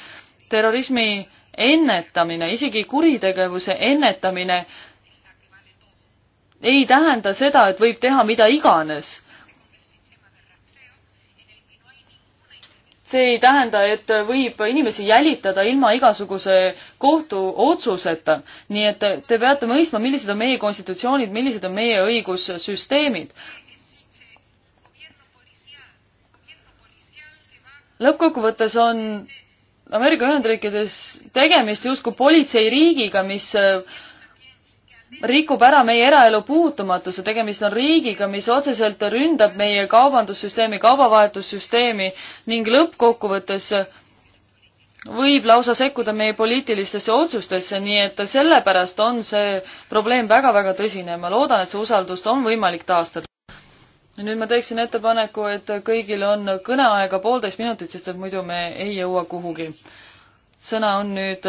terrorismi ennetamine, isegi kuritegevuse ennetamine ei tähenda seda, et võib teha mida iganes. see ei tähenda, et võib inimesi jälitada ilma igasuguse kohtuotsuseta. nii et te peate mõistma, millised on meie konstitutsioonid, millised on meie õigussüsteemid. lõppkokkuvõttes on Ameerika Ühendriikides tegemist justkui politseiriigiga, mis äh, rikub ära meie eraelu puutumatuse, tegemist on riigiga, mis otseselt ründab meie kaubandussüsteemi, kaubavahetussüsteemi ning lõppkokkuvõttes võib lausa sekkuda meie poliitilistesse otsustesse, nii et sellepärast on see probleem väga-väga tõsine. ma loodan, et see usaldust on võimalik taastada nüüd ma teeksin ettepaneku, et kõigil on kõneaega poolteist minutit, sest et muidu me ei jõua kuhugi. sõna on nüüd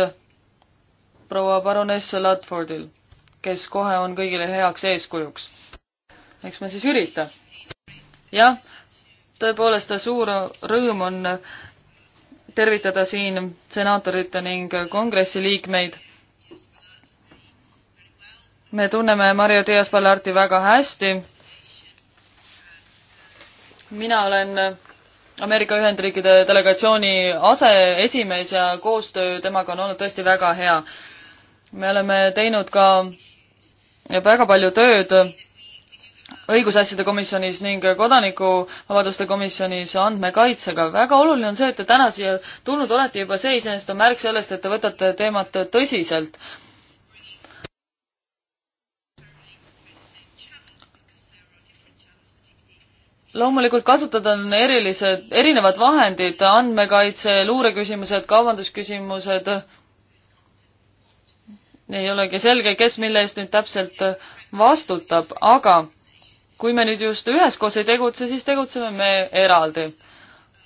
proua baroness Ludfordil, kes kohe on kõigile heaks eeskujuks. eks ma siis ürita. jah, tõepoolest suur rõõm on tervitada siin senaatorite ning kongressi liikmeid me tunneme Mario Dias-Ballarti väga hästi mina olen Ameerika Ühendriikide delegatsiooni aseesimees ja koostöö temaga on olnud tõesti väga hea. me oleme teinud ka väga palju tööd õigusasjade komisjonis ning kodanikuvabaduste komisjonis andmekaitsega. väga oluline on see, et te täna siia tulnud olete, juba see iseenesest on märk sellest, et te võtate teemat tõsiselt loomulikult kasutada on erilised, erinevad vahendid, andmekaitse, luureküsimused, kaubandusküsimused. ei olegi selge, kes mille eest nüüd täpselt vastutab, aga kui me nüüd just üheskoos ei tegutse, siis tegutseme me eraldi.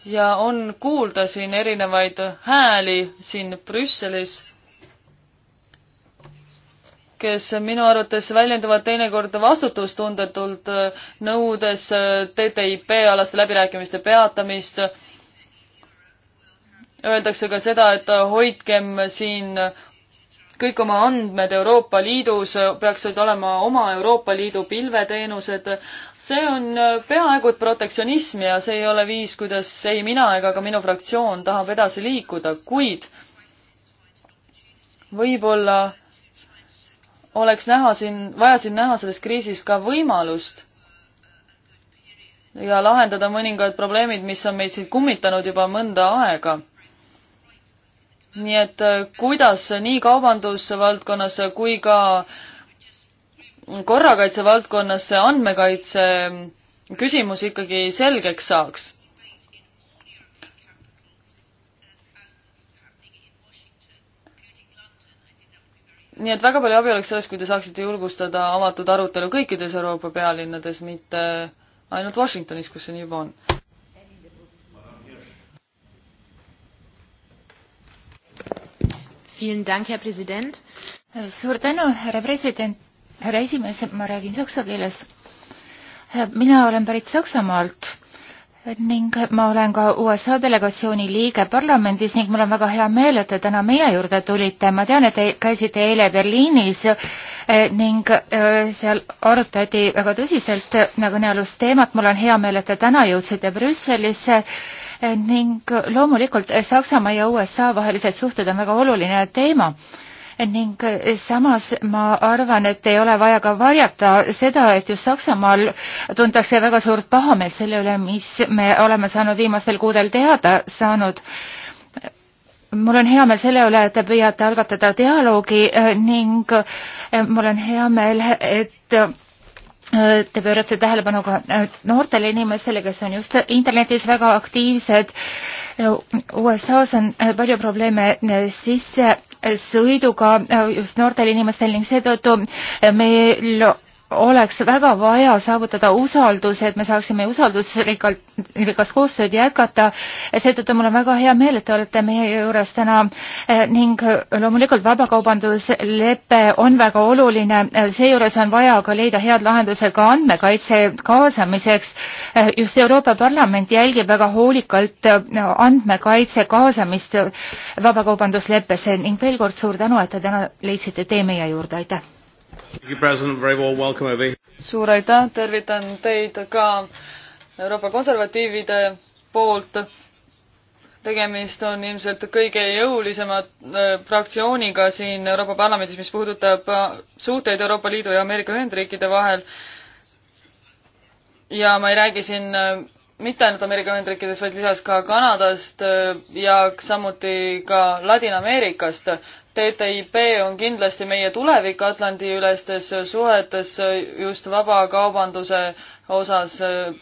ja on kuulda siin erinevaid hääli siin Brüsselis kes minu arvates väljenduvad teinekord vastutustundetult, nõudes TTIP alaste läbirääkimiste peatamist. Öeldakse ka seda, et hoidkem siin kõik oma andmed Euroopa Liidus, peaksid olema oma Euroopa Liidu pilveteenused. see on peaaegu et protektsionism ja see ei ole viis, kuidas ei mina ega ka minu fraktsioon tahab edasi liikuda, kuid võib-olla oleks näha siin, vaja siin näha selles kriisis ka võimalust ja lahendada mõningad probleemid, mis on meid siin kummitanud juba mõnda aega. nii et äh, kuidas nii kaubandusvaldkonnas kui ka korrakaitse valdkonnas see andmekaitse küsimus ikkagi selgeks saaks nii et väga palju abi oleks sellest, kui te saaksite julgustada avatud arutelu kõikides Euroopa pealinnades, mitte ainult Washingtonis, kus see nii juba on. suur tänu, härra president, härra esimees, ma räägin saksa keeles. mina olen pärit Saksamaalt ning ma olen ka USA delegatsiooni liige parlamendis ning mul on väga hea meel, et te täna meie juurde tulite. ma tean, et te käisite eile Berliinis eh, ning eh, seal arutati väga tõsiselt kõnealust nagu teemat. mul on hea meel, et te täna jõudsite Brüsselisse eh, ning loomulikult Saksamaa ja USA vahelised suhted on väga oluline teema ning samas ma arvan, et ei ole vaja ka varjata seda, et just Saksamaal tuntakse väga suurt pahameelt selle üle, mis me oleme saanud viimastel kuudel teada saanud mul on hea meel selle üle, et te püüate algatada dialoogi eh, ning eh, mul on hea meel, et eh, Te pöörate tähelepanu ka noortele inimestele, kes on just internetis väga aktiivsed. USA-s on palju probleeme sisse sõiduga äh, just noortel inimestel ning seetõttu äh, meil oleks väga vaja saavutada usaldus, et me saaksime usaldusrikkalt, rikast koostööd jätkata. seetõttu mul on väga hea meel, et te olete meie juures täna eh, ning loomulikult vabakaubanduslepe on väga oluline, eh, seejuures on vaja ka leida head lahendused ka andmekaitse kaasamiseks. Eh, just Euroopa Parlament jälgib väga hoolikalt andmekaitse kaasamist vabakaubandusleppesse ning veel kord suur tänu, et te täna leidsite tee meie juurde, aitäh! suur aitäh, tervitan teid ka Euroopa konservatiivide poolt. tegemist on ilmselt kõige jõulisema äh, fraktsiooniga siin Euroopa Parlamendis, mis puudutab äh, suhteid Euroopa Liidu ja Ameerika Ühendriikide vahel. ja ma ei räägi siin äh, mitte ainult Ameerika Ühendriikides, vaid lisaks ka Kanadast ja samuti ka Ladina-Ameerikast. TTIP on kindlasti meie tulevik Atlandi-ülestes suhetes just vabakaubanduse osas eh,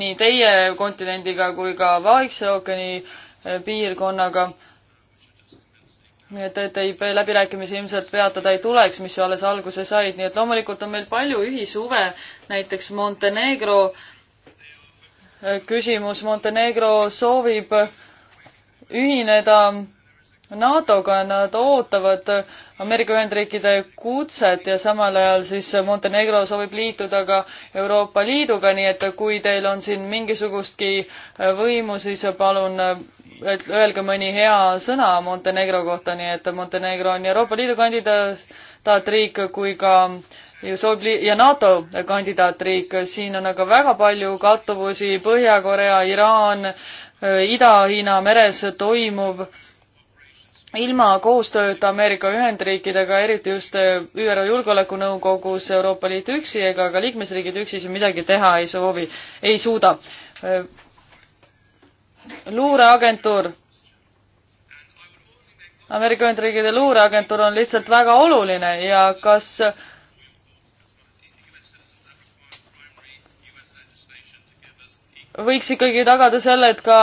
nii teie kontinendiga kui ka Vaikse ookeani eh, piirkonnaga. nii et TTIP läbirääkimisi ilmselt peatada ei tuleks, mis ju alles alguse said, nii et loomulikult on meil palju ühishuve, näiteks Montenegro eh, küsimus, Montenegro soovib ühineda NATO-ga, nad ootavad Ameerika Ühendriikide kutset ja samal ajal siis Montenegro soovib liituda ka Euroopa Liiduga, nii et kui teil on siin mingisugustki võimu, siis palun öelge mõni hea sõna Montenegro kohta, nii et Montenegro on nii Euroopa Liidu kandidaatriik kui ka ju soovib li- ja NATO kandidaatriik, siin on aga väga palju kattuvusi Põhja-Korea, Iraan, Ida-Hiina meres toimuv ilma koostööta Ameerika Ühendriikidega, eriti just äh, ÜRO Julgeolekunõukogus, Euroopa Liit üksi ega ka liikmesriigid üksi siin midagi teha ei soovi, ei suuda. Äh, luureagentuur Ameerika Ühendriikide luureagentuur on lihtsalt väga oluline ja kas võiks ikkagi tagada selle, et ka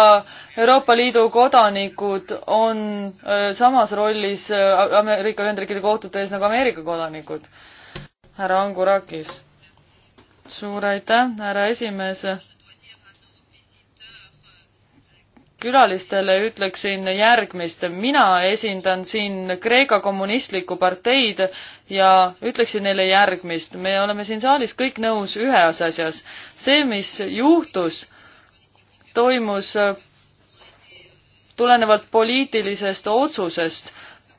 Euroopa Liidu kodanikud on äh, samas rollis äh, Ameerika Ühendriikide kohtute ees nagu Ameerika kodanikud. härra Angurakis. suur aitäh, härra esimees. külalistele ütleksin järgmist. mina esindan siin Kreeka kommunistlikku parteid ja ütleksin neile järgmist. me oleme siin saalis kõik nõus ühes asjas. see, mis juhtus toimus äh, tulenevalt poliitilisest otsusest,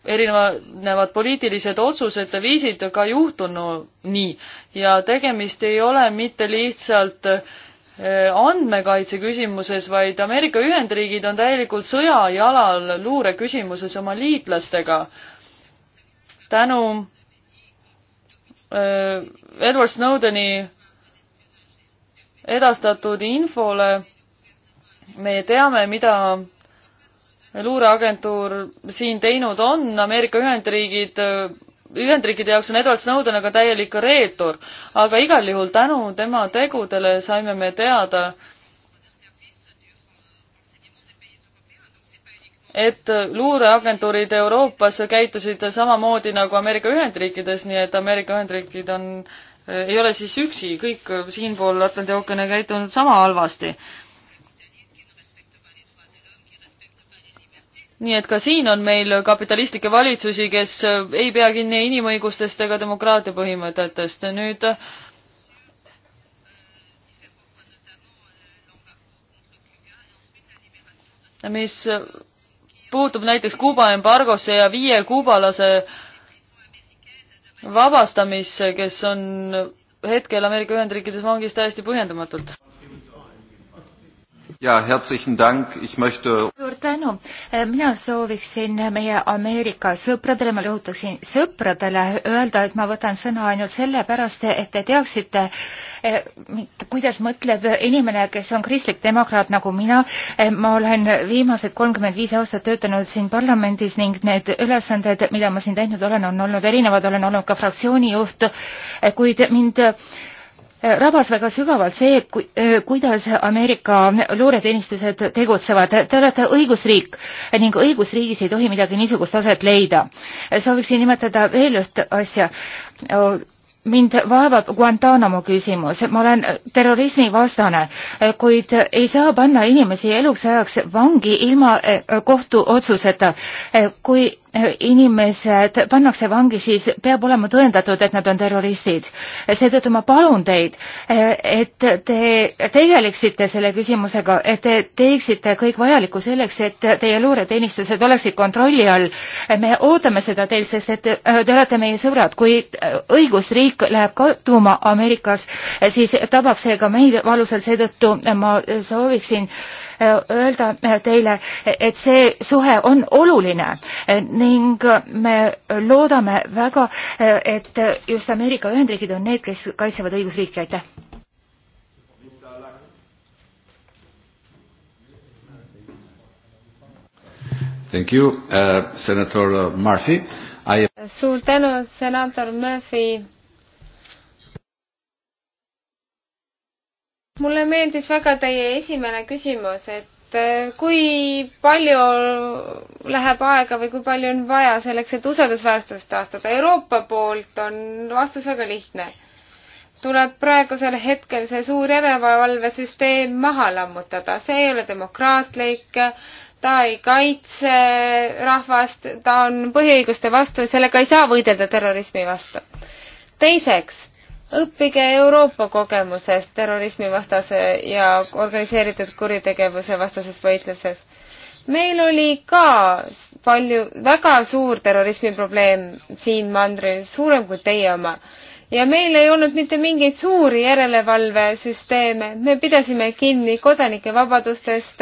erinevad poliitilised otsused viisid ka juhtununi ja tegemist ei ole mitte lihtsalt äh, andmekaitse küsimuses, vaid Ameerika Ühendriigid on täielikult sõjajalal luure küsimuses oma liitlastega. tänu äh, Edward Snowdeni edastatud infole me teame, mida luureagentuur siin teinud on, Ameerika Ühendriigid, Ühendriikide jaoks on Edward Snowden aga täielik reetur. aga igal juhul tänu tema tegudele saime me teada, et luureagentuurid Euroopas käitusid samamoodi nagu Ameerika Ühendriikides, nii et Ameerika Ühendriigid on, ei ole siis üksi, kõik siinpool Atlandi ookeani käitunud sama halvasti nii et ka siin on meil kapitalistlikke valitsusi, kes äh, ei pea kinni inimõigustest ega demokraatia põhimõtetest. nüüd äh, mis puutub näiteks Kuuba embargosse ja viie kuubalase vabastamisse, kes on hetkel Ameerika Ühendriikides vangis täiesti põhjendamatult ja herzlichen Dank, ich möchte. suur tänu, äh, mina sooviksin meie Ameerika sõpradele, ma rõhutaksin sõpradele öelda, et ma võtan sõna ainult sellepärast, et te teaksite, äh, kuidas mõtleb inimene, kes on kristlik demokraat nagu mina. Äh, ma olen viimased kolmkümmend viis aastat töötanud siin parlamendis ning need ülesanded, mida ma siin teinud olen, on olnud erinevad, olen olnud ka fraktsiooni juht, kuid mind Äh, rabas väga sügavalt see, äh, kuidas Ameerika luureteenistused tegutsevad. Te olete õigusriik ning õigusriigis ei tohi midagi niisugust aset leida. Äh, sooviksin nimetada veel üht asja. mind vaevab Guantanamo küsimus. ma olen terrorismivastane, kuid ei saa panna inimesi eluks ajaks vangi ilma kohtuotsuseta. kui inimesed pannakse vangi, siis peab olema tõendatud, et nad on terroristid. seetõttu ma palun teid, et te tegeleksite selle küsimusega, et te teeksite kõik vajalikku selleks, et teie luureteenistused oleksid kontrolli all. me ootame seda teilt, sest et te olete meie sõbrad, kui õigusriik läheb kaduma Ameerikas, siis tabab see ka meid valusalt, seetõttu ma sooviksin äh, öelda teile, et see suhe on oluline ning me loodame väga, et just Ameerika Ühendriigid on need, kes kaitsevad õigusriiki, aitäh! Thank you, uh, Senator Murphy. I... suur tänu, senaator Murphy mulle meeldis väga teie esimene küsimus, et äh, kui palju läheb aega või kui palju on vaja selleks, et usaldusväärsust taastada. Euroopa poolt on vastus väga lihtne. tuleb praegusel hetkel see suur järelevalvesüsteem maha lammutada, see ei ole demokraatlik, ta ei kaitse rahvast, ta on põhiõiguste vastu ja sellega ei saa võidelda terrorismi vastu. teiseks õppige Euroopa kogemusest terrorismivastase ja organiseeritud kuritegevuse vastases võitluses. meil oli ka palju, väga suur terrorismiprobleem siin mandril, suurem kui teie oma. ja meil ei olnud mitte mingeid suuri järelevalvesüsteeme, me pidasime kinni kodanike vabadustest,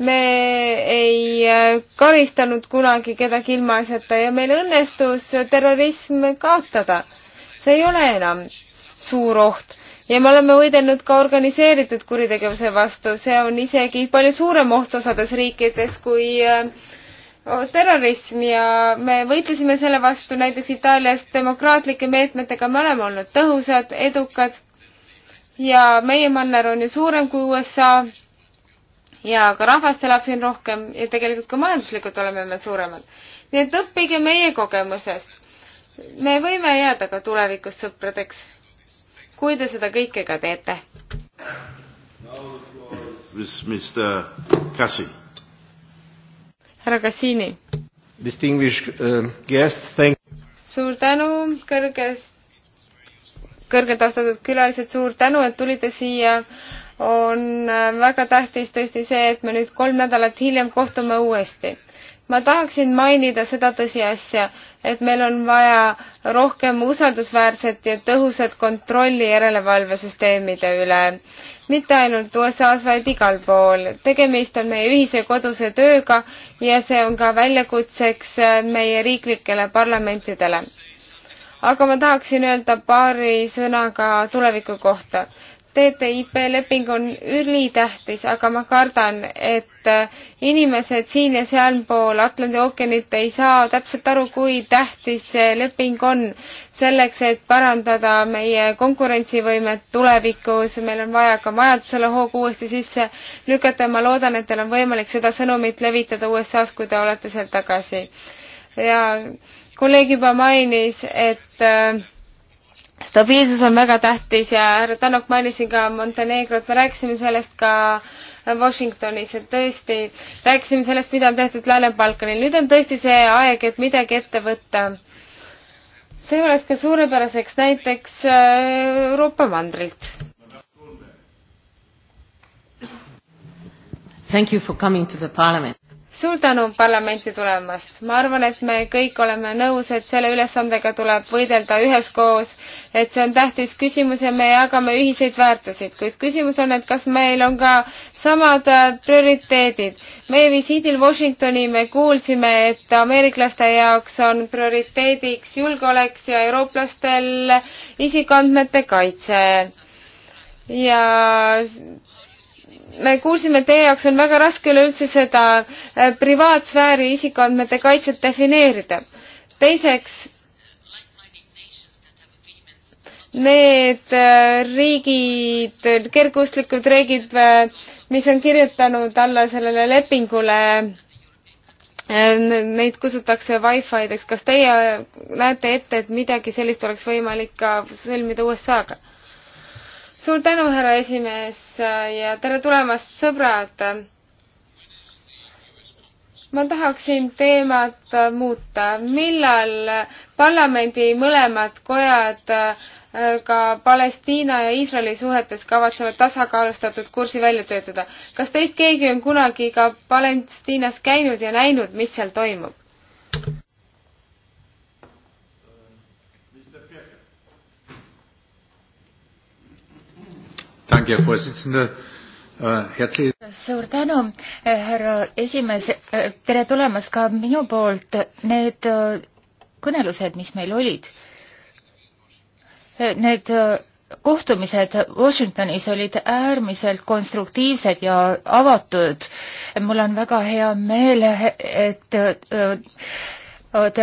me ei äh, karistanud kunagi kedagi ilmaasjata ja meil õnnestus terrorism kaotada see ei ole enam suur oht ja me oleme võidelnud ka organiseeritud kuritegevuse vastu, see on isegi palju suurem oht osades riikides kui äh, terrorism ja me võitlesime selle vastu näiteks Itaalias demokraatlike meetmetega, me oleme olnud tõhusad, edukad ja meie manner on ju suurem kui USA ja ka rahvast elab siin rohkem ja tegelikult ka majanduslikult oleme me suuremad. nii et õppige meie kogemusest me võime jääda ka tulevikus sõpradeks, kui te seda kõike ka teete. härra Kassini. Uh, suur tänu, kõrges, kõrgelt austatud külalised, suur tänu, et tulite siia. on äh, väga tähtis tõesti see, et me nüüd kolm nädalat hiljem kohtume uuesti ma tahaksin mainida seda tõsiasja, et meil on vaja rohkem usaldusväärset ja tõhusat kontrolli järelevalvesüsteemide üle. mitte ainult USA-s, vaid igal pool. tegemist on meie ühise koduse tööga ja see on ka väljakutseks meie riiklikele parlamentidele. aga ma tahaksin öelda paari sõna ka tuleviku kohta. TTIP leping on ülitähtis, aga ma kardan, et inimesed siin ja sealpool Atlandi ookeanit ei saa täpselt aru, kui tähtis see leping on selleks, et parandada meie konkurentsivõimet tulevikus. meil on vaja ka majandusele hoog uuesti sisse lükata ja ma loodan, et teil on võimalik seda sõnumit levitada USA-s, kui te olete seal tagasi. ja kolleeg juba mainis, et äh, stabiilsus on väga tähtis ja härra Tanok mainis siin ka Montenegrot, me rääkisime sellest ka Washingtonis, et tõesti rääkisime sellest, mida on tehtud Lääne-Balkanil. nüüd on tõesti see aeg, et midagi ette võtta. see oleks ka suurepäraseks näiteks äh, Euroopa mandrilt. Thank you for coming to the parliament suur tänu parlamenti tulemast. ma arvan, et me kõik oleme nõus, et selle ülesandega tuleb võidelda üheskoos, et see on tähtis küsimus ja me jagame ühiseid väärtusid, kuid küsimus on, et kas meil on ka samad äh, prioriteedid. meie visiidil Washingtoni me kuulsime, et ameeriklaste jaoks on prioriteediks julgeolek ja eurooplastel isikuandmete kaitse ja me kuulsime, et teie jaoks on väga raske üleüldse seda äh, privaatsfääri isikuandmete kaitset defineerida. teiseks, need äh, riigid, kergustlikud riigid, äh, mis on kirjutanud alla sellele lepingule, neid kutsutakse Wi-Fi-deks. kas teie näete ette, et midagi sellist oleks võimalik ka sõlmida USA-ga? suur tänu, härra esimees ja tere tulemast, sõbrad. ma tahaksin teemat muuta, millal parlamendi mõlemad kojad äh, ka Palestiina ja Iisraeli suhetes kavatsevad tasakaalustatud kursi välja töötada. kas teist keegi on kunagi ka Palestiinas käinud ja näinud, mis seal toimub? Äh, suur tänu, äh, härra esimees, äh, tere tulemast ka minu poolt, need kõnelused, mis meil olid, need kohtumised Washingtonis olid äärmiselt konstruktiivsed ja avatud. mul on väga hea meel, et te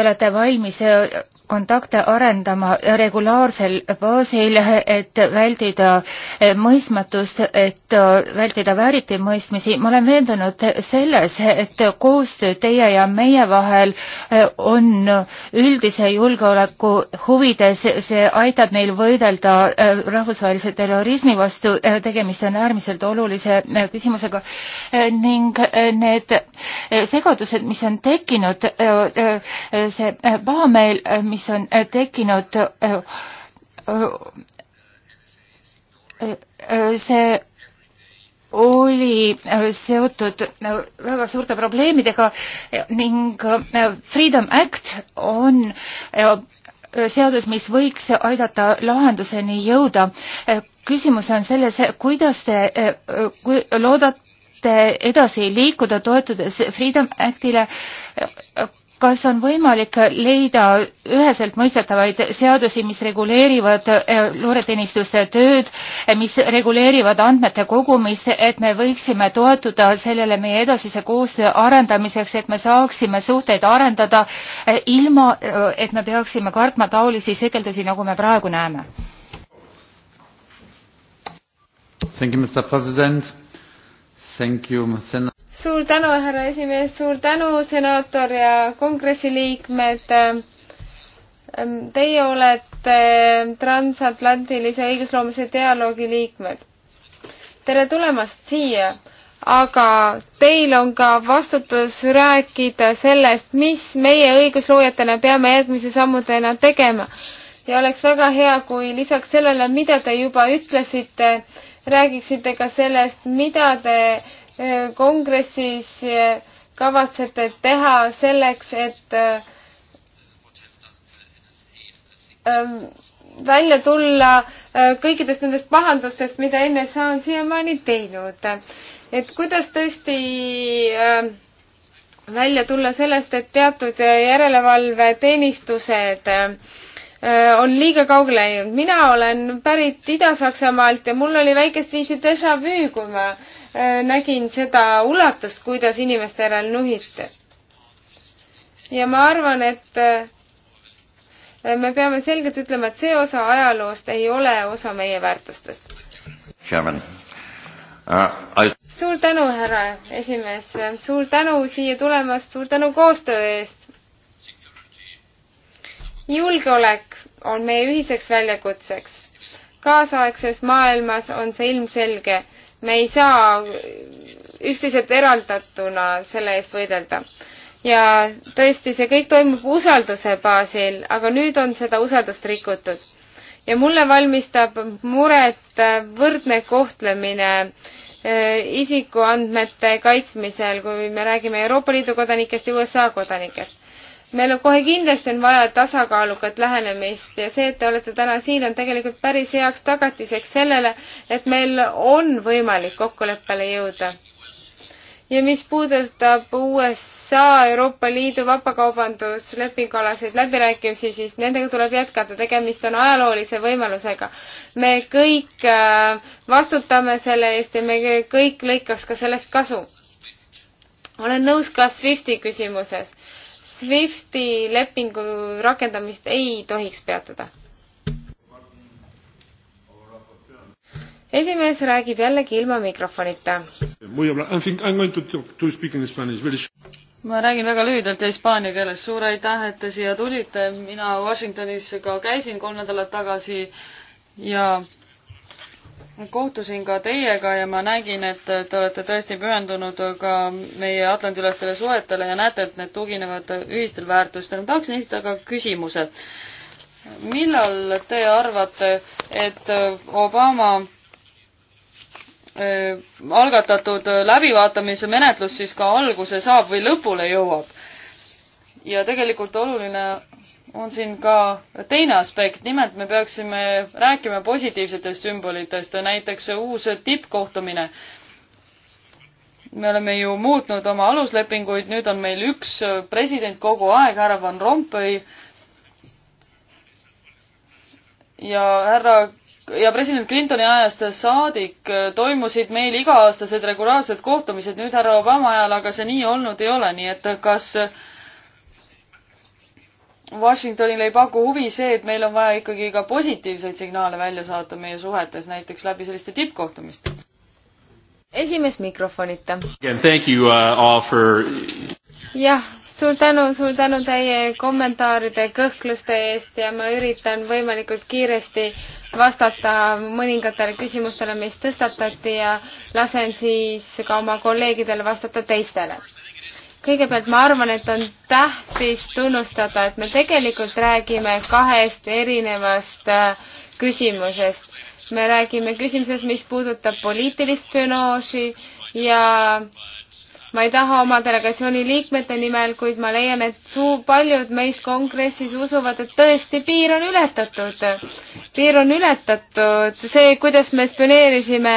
olete valmis kontakte arendama regulaarsel baasil, et vältida eh, mõistmatust, et eh, vältida vääritimõistmisi. ma olen veendunud selles, et koostöö teie ja meie vahel eh, on üldise julgeoleku huvides, see aitab meil võidelda rahvusvahelise terrorismi vastu, tegemist on äärmiselt olulise küsimusega ning need segadused, mis on tekkinud, see pahameel, mis mis on äh, tekkinud, äh, äh, see oli seotud väga suurte probleemidega ning Freedom Act on seadus, mis võiks aidata lahenduseni jõuda. küsimus on selles, kuidas te kui loodate edasi liikuda, toetudes Freedom Actile, kas on võimalik leida üheselt mõistetavaid seadusi, mis reguleerivad eh, luureteenistuste tööd, eh, mis reguleerivad andmete kogumist, et me võiksime toetuda sellele meie edasise koostöö arendamiseks, et me saaksime suhteid arendada eh, ilma, et me peaksime kartma taolisi sekeldusi, nagu me praegu näeme? Thank you, Mr. President. Thank you, Mr suur tänu, härra esimees, suur tänu, senaator ja kongressi liikmed. Ehm, teie olete transatlantilise õigusloomise dialoogi liikmed. tere tulemast siia, aga teil on ka vastutus rääkida sellest, mis meie õigusloojatena peame järgmise sammudena tegema. ja oleks väga hea, kui lisaks sellele, mida te juba ütlesite, räägiksite ka sellest, mida te kongressis kavatsete teha selleks, et ähm, välja tulla äh, kõikidest nendest pahandustest, mida NSA on siiamaani teinud. et kuidas tõesti ähm, välja tulla sellest, et teatud järelevalveteenistused äh, on liiga kaugele läinud. mina olen pärit Ida-Saksamaalt ja mul oli väikest viisi déjà vu, kui ma Äh, nägin seda ulatust, kuidas inimeste järel nuhiti. ja ma arvan, et äh, me peame selgelt ütlema, et see osa ajaloost ei ole osa meie väärtustest. Uh, äh, I... suur tänu, härra esimees, suur tänu siia tulemast, suur tänu koostöö eest. julgeolek on meie ühiseks väljakutseks. kaasaegses maailmas on see ilmselge me ei saa üksteiselt eraldatuna selle eest võidelda. ja tõesti, see kõik toimub usalduse baasil, aga nüüd on seda usaldust rikutud. ja mulle valmistab muret võrdne kohtlemine eh, isikuandmete kaitsmisel, kui me räägime Euroopa Liidu kodanikest ja USA kodanikest meil on kohe kindlasti on vaja tasakaalukat lähenemist ja see, et te olete täna siin, on tegelikult päris heaks tagatiseks sellele, et meil on võimalik kokkuleppele jõuda. ja mis puudutab USA Euroopa Liidu vabakaubanduslepingualaseid läbirääkimisi, siis nendega tuleb jätkata, tegemist on ajaloolise võimalusega. me kõik äh, vastutame selle eest ja me kõik lõikaks ka sellest kasu. olen nõus ka SWIFTi küsimuses SWIFTi lepingu rakendamist ei tohiks peatada. esimees räägib jällegi ilma mikrofonita. ma räägin väga lühidalt ja hispaania keeles. suur aitäh, et te siia tulite. mina Washingtonis ka käisin kolm nädalat tagasi ja kohtusin ka teiega ja ma nägin, et te olete tõesti pühendunud ka meie Atlandi-ülestele suhetele ja näete, et need tuginevad ühistel väärtustel. ma tahaksin esitada ka küsimuse. millal te arvate, et Obama äh, algatatud läbivaatamise menetlus siis ka alguse saab või lõpule jõuab? ja tegelikult oluline on siin ka teine aspekt, nimelt me peaksime rääkima positiivsetest sümbolitest, näiteks uus tippkohtumine. me oleme ju muutnud oma aluslepinguid, nüüd on meil üks president kogu aeg, härra Van Rompuy. ja härra ja president Clintoni ajast saadik toimusid meil iga-aastased regulaarsed kohtumised, nüüd härra Obama ajal aga see nii olnud ei ole, nii et kas äh, Washingtonile ei paku huvi see, et meil on vaja ikkagi ka positiivseid signaale välja saata meie suhetes, näiteks läbi selliste tippkohtumiste. esimees mikrofonita. Uh, jah, suur tänu, suur tänu teie kommentaaride, kõhkluste eest ja ma üritan võimalikult kiiresti vastata mõningatele küsimustele, mis tõstatati ja lasen siis ka oma kolleegidel vastata teistele kõigepealt ma arvan, et on tähtis tunnustada, et me tegelikult räägime kahest erinevast äh, küsimusest. me räägime küsimusest, mis puudutab poliitilist spionaaži ja ma ei taha oma delegatsiooni liikmete nimel, kuid ma leian, et suu-, paljud meist kongressis usuvad, et tõesti piir on ületatud. piir on ületatud, see, kuidas me spioneerisime,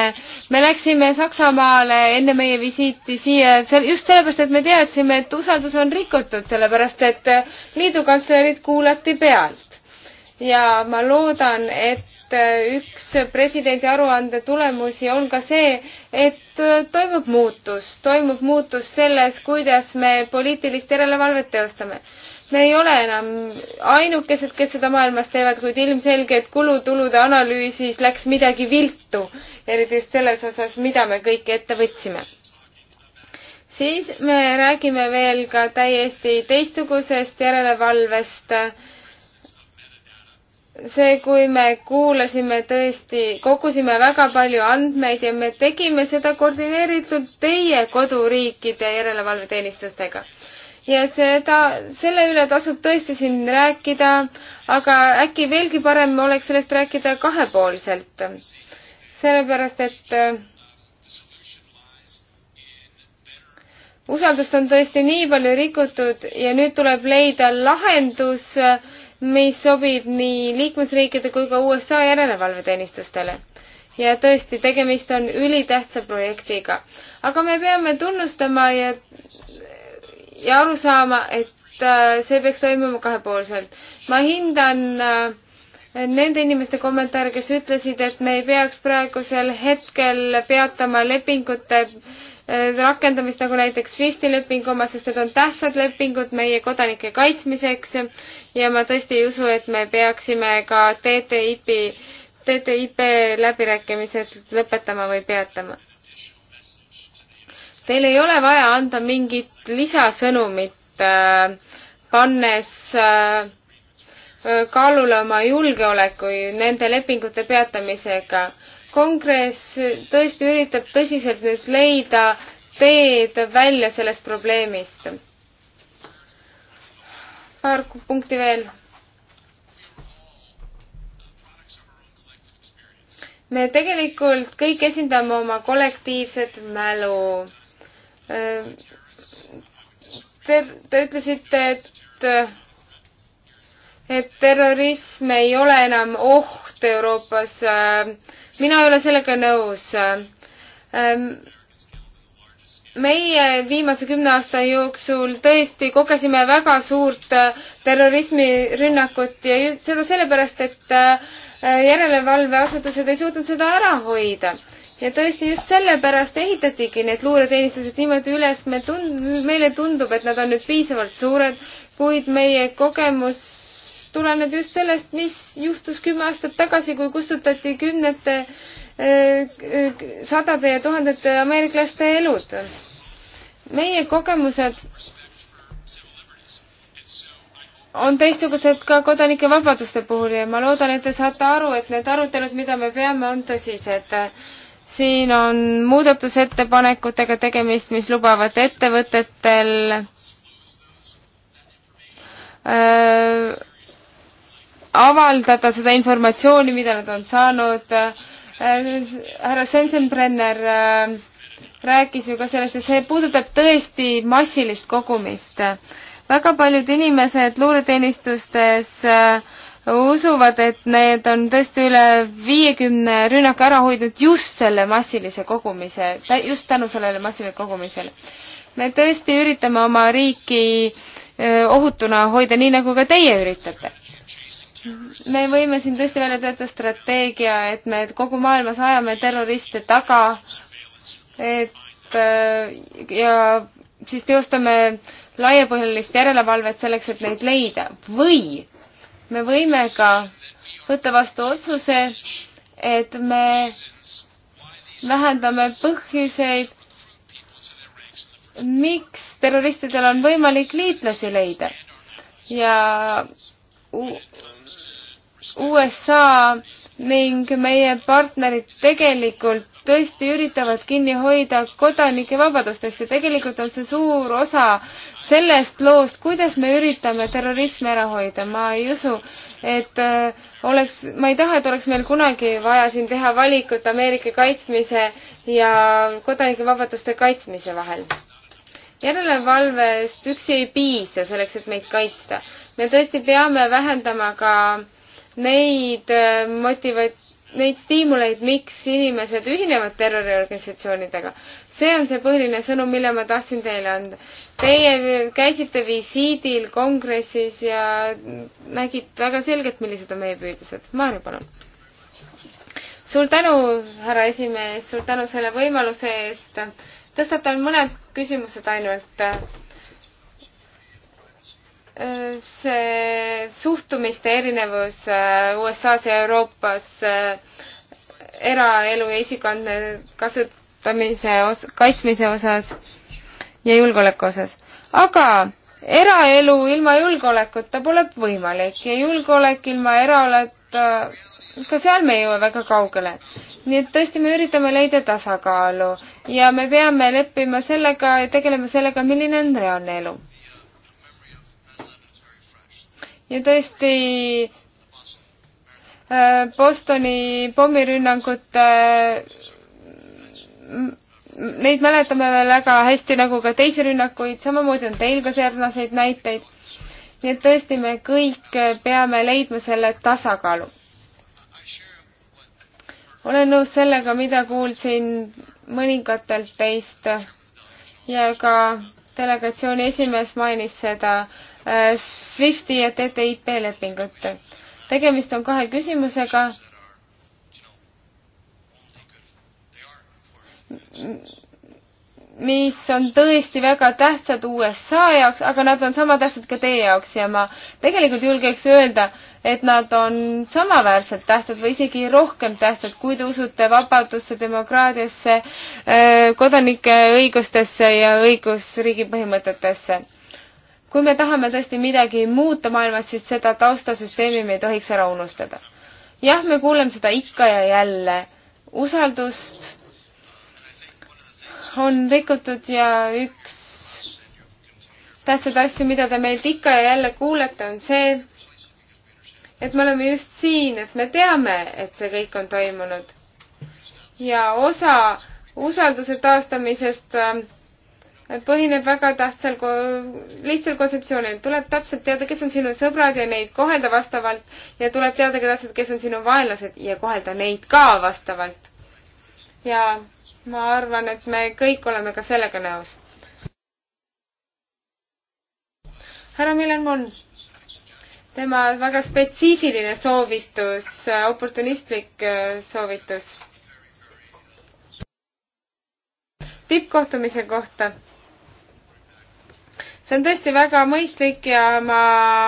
me läksime Saksamaale enne meie visiiti siia seal just sellepärast, et me teadsime, et usaldus on rikutud, sellepärast et liidukantslerid kuulati pealt ja ma loodan, et et äh, üks presidendi aruande tulemusi on ka see, et äh, toimub muutus, toimub muutus selles, kuidas me poliitilist järelevalvet teostame. me ei ole enam ainukesed, kes seda maailmas teevad, kuid ilmselge, et kulutulude analüüsis läks midagi viltu, eriti just selles osas, mida me kõik ette võtsime siis me räägime veel ka täiesti teistsugusest järelevalvest äh, see, kui me kuulasime tõesti, kogusime väga palju andmeid ja me tegime seda koordineeritult teie koduriikide järelevalveteenistustega. ja seda, selle üle tasub tõesti siin rääkida, aga äkki veelgi parem oleks sellest rääkida kahepoolselt. sellepärast, et eh, usaldust on tõesti nii palju rikutud ja nüüd tuleb leida lahendus äh, mis sobib nii liikmesriikide kui ka USA järelevalveteenistustele. ja tõesti, tegemist on ülitähtsa projektiga. aga me peame tunnustama ja, ja aru saama, et äh, see peaks toimuma kahepoolselt. ma hindan äh, nende inimeste kommentaare, kes ütlesid, et me ei peaks praegusel hetkel peatama lepingute Äh, rakendamist, nagu näiteks SWIFTi leping oma, sest need on tähtsad lepingud meie kodanike kaitsmiseks ja ma tõesti ei usu, et me peaksime ka TTIP-i, TTIP läbirääkimised lõpetama või peatama. Teil ei ole vaja anda mingit lisasõnumit äh,, pannes äh, kaalule oma julgeoleku nende lepingute peatamisega kongress tõesti üritab tõsiselt nüüd leida teed välja sellest probleemist. paar punkti veel. me tegelikult kõik esindame oma kollektiivset mälu. Te, te ütlesite, et, et terrorism ei ole enam oht Euroopas äh, mina ei ole sellega nõus. Ähm, meie viimase kümne aasta jooksul tõesti kogesime väga suurt äh, terrorismirünnakut ja seda sellepärast, et äh, järelevalveasutused ei suutnud seda ära hoida. ja tõesti just sellepärast ehitatigi need luureteenistused niimoodi üles, me tund-, meile tundub, et nad on nüüd piisavalt suured, kuid meie kogemus tuleneb just sellest, mis juhtus kümme aastat tagasi, kui kustutati kümnete, eh, eh, sadade ja tuhandete ameeriklaste elud. meie kogemused on teistsugused ka kodanike vabaduste puhul ja ma loodan, et te saate aru, et need arutelud, mida me peame, on tõsised. siin on muudatusettepanekutega tegemist, mis lubavad ettevõtetel öö, eh, avaldada seda informatsiooni, mida nad on saanud. härra Sensenbrenner äh, rääkis ju ka sellest ja see puudutab tõesti massilist kogumist. väga paljud inimesed luureteenistustes äh, usuvad, et need on tõesti üle viiekümne rünnaku ära hoidnud just selle massilise kogumise, just tänu sellele massilisele kogumisele. me tõesti üritame oma riiki äh, ohutuna hoida, nii nagu ka teie üritate me võime siin tõesti välja töötada strateegia, et me kogu maailmas ajame terroriste taga, et äh, ja siis teostame laiapõhjalist järelevalvet selleks, et neid leida või me võime ka võtta vastu otsuse, et me vähendame põhjuseid, miks terroristidel on võimalik liitlasi leida ja USA ning meie partnerid tegelikult tõesti üritavad kinni hoida kodanike vabadustest ja tegelikult on see suur osa sellest loost, kuidas me üritame terrorismi ära hoida. ma ei usu, et äh, oleks, ma ei taha, et oleks meil kunagi vaja siin teha valikut Ameerika kaitsmise ja kodanike vabaduste kaitsmise vahel järelevalvest üksi ei piisa selleks, et meid kaitsta. me tõesti peame vähendama ka neid äh, motivat-, neid stiimuleid, miks inimesed ühinevad terroriorganisatsioonidega. see on see põhiline sõnum, mille ma tahtsin teile anda. Teie käisite visiidil kongressis ja nägite väga selgelt, millised on meie püüdlused. Maarja, palun. suur tänu, härra esimees, suur tänu selle võimaluse eest. tõstatan mõned küsimused ainult see suhtumiste erinevus äh, USA-s ja Euroopas äh, eraelu ja isikuandmete kasutamise os-, kaitsmise osas ja julgeoleku osas. aga eraelu ilma julgeolekuta pole võimalik ja julgeolek ilma eraoleta, ka seal me ei jõua väga kaugele. nii et tõesti, me üritame leida tasakaalu ja me peame leppima sellega ja tegelema sellega, milline on reaalne elu ja tõesti äh, Bostoni pommirünnakute äh, neid mäletame veel väga hästi nagu ka teisi rünnakuid, samamoodi on teil ka sarnaseid näiteid. nii et tõesti, me kõik peame leidma selle tasakaalu. olen nõus sellega, mida kuulsin mõningatelt teist ja ka delegatsiooni esimees mainis seda, Äh, SWIFTi ja TTIP lepingut. tegemist on kahe küsimusega, mis on tõesti väga tähtsad USA jaoks, aga nad on sama tähtsad ka teie jaoks ja ma tegelikult julgeks öelda, et nad on samaväärselt tähtsad või isegi rohkem tähtsad, kui te usute vabadusse, demokraatiasse, äh, kodanike õigustesse ja õigusriigi põhimõtetesse kui me tahame tõesti midagi muuta maailmas, siis seda taustasüsteemi me ei tohiks ära unustada. jah, me kuuleme seda ikka ja jälle. usaldust on rikutud ja üks tähtsaid asju, mida te meilt ikka ja jälle kuulete, on see, et me oleme just siin, et me teame, et see kõik on toimunud. ja osa usalduse taastamisest äh, põhineb väga tähtsal, lihtsal kontseptsioonil. tuleb täpselt teada, kes on sinu sõbrad ja neid kohelda vastavalt ja tuleb teada ka täpselt, kes on sinu vaenlased ja kohelda neid ka vastavalt. ja ma arvan, et me kõik oleme ka sellega nõus. härra Milan-Mon, tema väga spetsiifiline soovitus, oportunistlik äh, soovitus tippkohtumise kohta see on tõesti väga mõistlik ja ma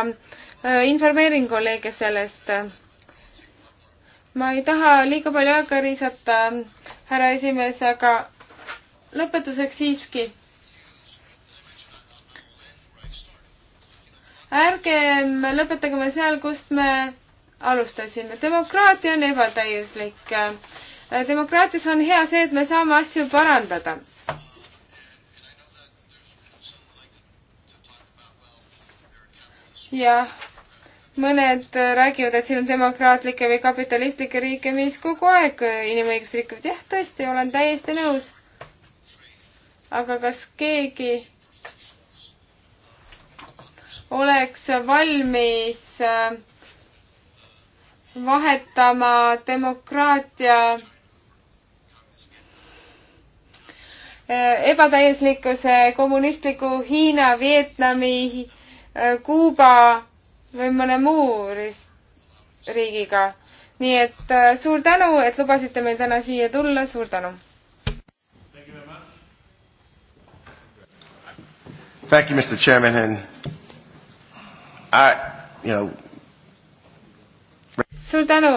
äh, informeerin kolleege sellest. ma ei taha liiga palju aega riisata, härra esimees, aga lõpetuseks siiski. ärgem lõpetagem seal, kust me alustasime. demokraatia on ebatäiuslik. demokraatias on hea see, et me saame asju parandada jah, mõned räägivad, et siin on demokraatlikke või kapitalistlikke riike, mis kogu aeg inimõigusi rikuvad. jah, tõesti, olen täiesti nõus. aga kas keegi oleks valmis äh, vahetama demokraatia äh, ebatäiuslikkuse kommunistliku Hiina, Vietnami Äh, Kuuba või mõne muu riigiga. nii et äh, suur tänu, et lubasite meil täna siia tulla, suur tänu! Thank you, Mr. Chairman, and I, you know. suur tänu.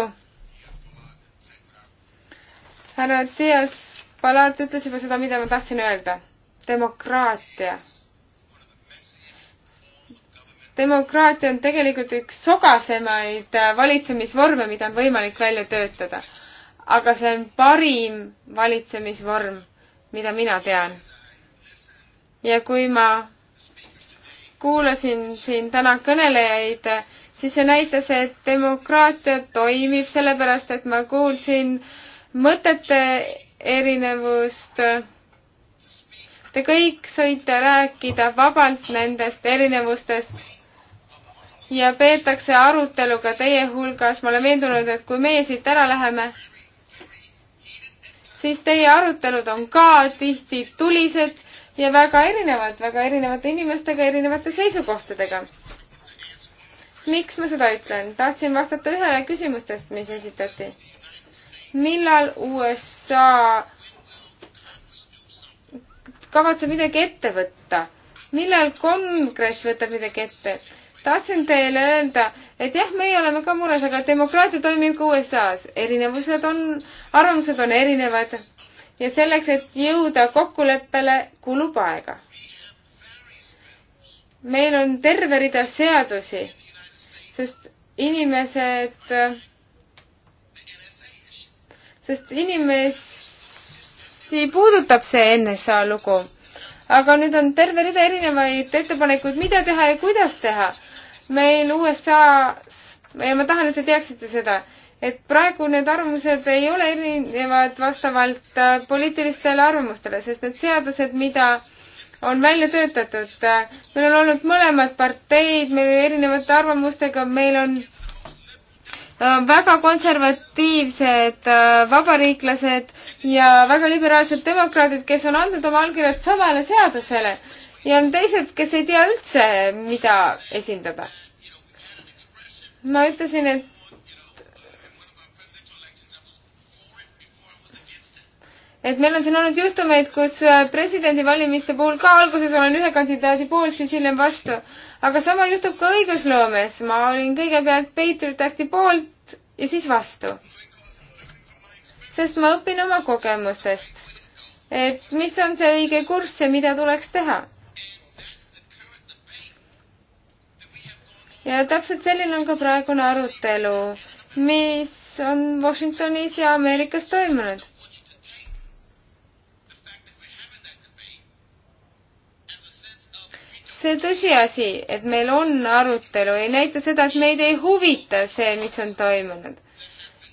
härra Dias Palat ütles juba seda, mida ma tahtsin öelda. demokraatia demokraatia on tegelikult üks sogasemaid äh, valitsemisvorme, mida on võimalik välja töötada. aga see on parim valitsemisvorm, mida mina tean. ja kui ma kuulasin siin täna kõnelejaid, siis see näitas, et demokraatia toimib, sellepärast et ma kuulsin mõtete erinevust Te kõik sõite rääkida vabalt nendest erinevustest ja peetakse arutelu ka teie hulgas. ma olen veendunud, et kui meie siit ära läheme, siis teie arutelud on ka tihti tulised ja väga erinevad, väga erinevate inimestega, erinevate seisukohtadega. miks ma seda ütlen? tahtsin vastata ühele küsimustest, mis esitati. millal USA kavatseb midagi ette võtta? millal kongress võtab midagi ette? tahtsin teile öelda, et jah, meie oleme ka mures, aga demokraatia toimib ka USA-s. erinevused on, arvamused on erinevad ja selleks, et jõuda kokkuleppele, kulub aega. meil on terve rida seadusi, sest inimesed, sest inimesi puudutab see NSA lugu aga nüüd on terve rida erinevaid ettepanekuid, mida teha ja kuidas teha meil USA-s ja ma tahan, et te teaksite seda, et praegu need arvamused ei ole erinevad vastavalt äh, poliitilistele arvamustele, sest need seadused, mida on välja töötatud, äh, meil on olnud mõlemad parteid, meil on erinevate arvamustega, meil on äh, väga konservatiivsed vabariiklased ja väga liberaalsed demokraadid, kes on andnud oma allkirjad samale seadusele ja on teised, kes ei tea üldse, mida esindada. ma ütlesin, et et meil on siin olnud juhtumeid, kus äh, presidendivalimiste puhul ka alguses olen ühe kandidaadi poolt, siis hiljem vastu. aga sama juhtub ka õigusloomes. ma olin kõigepealt Patriot Acti poolt ja siis vastu. sest ma õpin oma kogemustest, et mis on see õige kurss ja mida tuleks teha ja täpselt selline on ka praegune arutelu, mis on Washingtonis ja Ameerikas toimunud. see tõsiasi, et meil on arutelu, ei näita seda, et meid ei huvita see, mis on toimunud.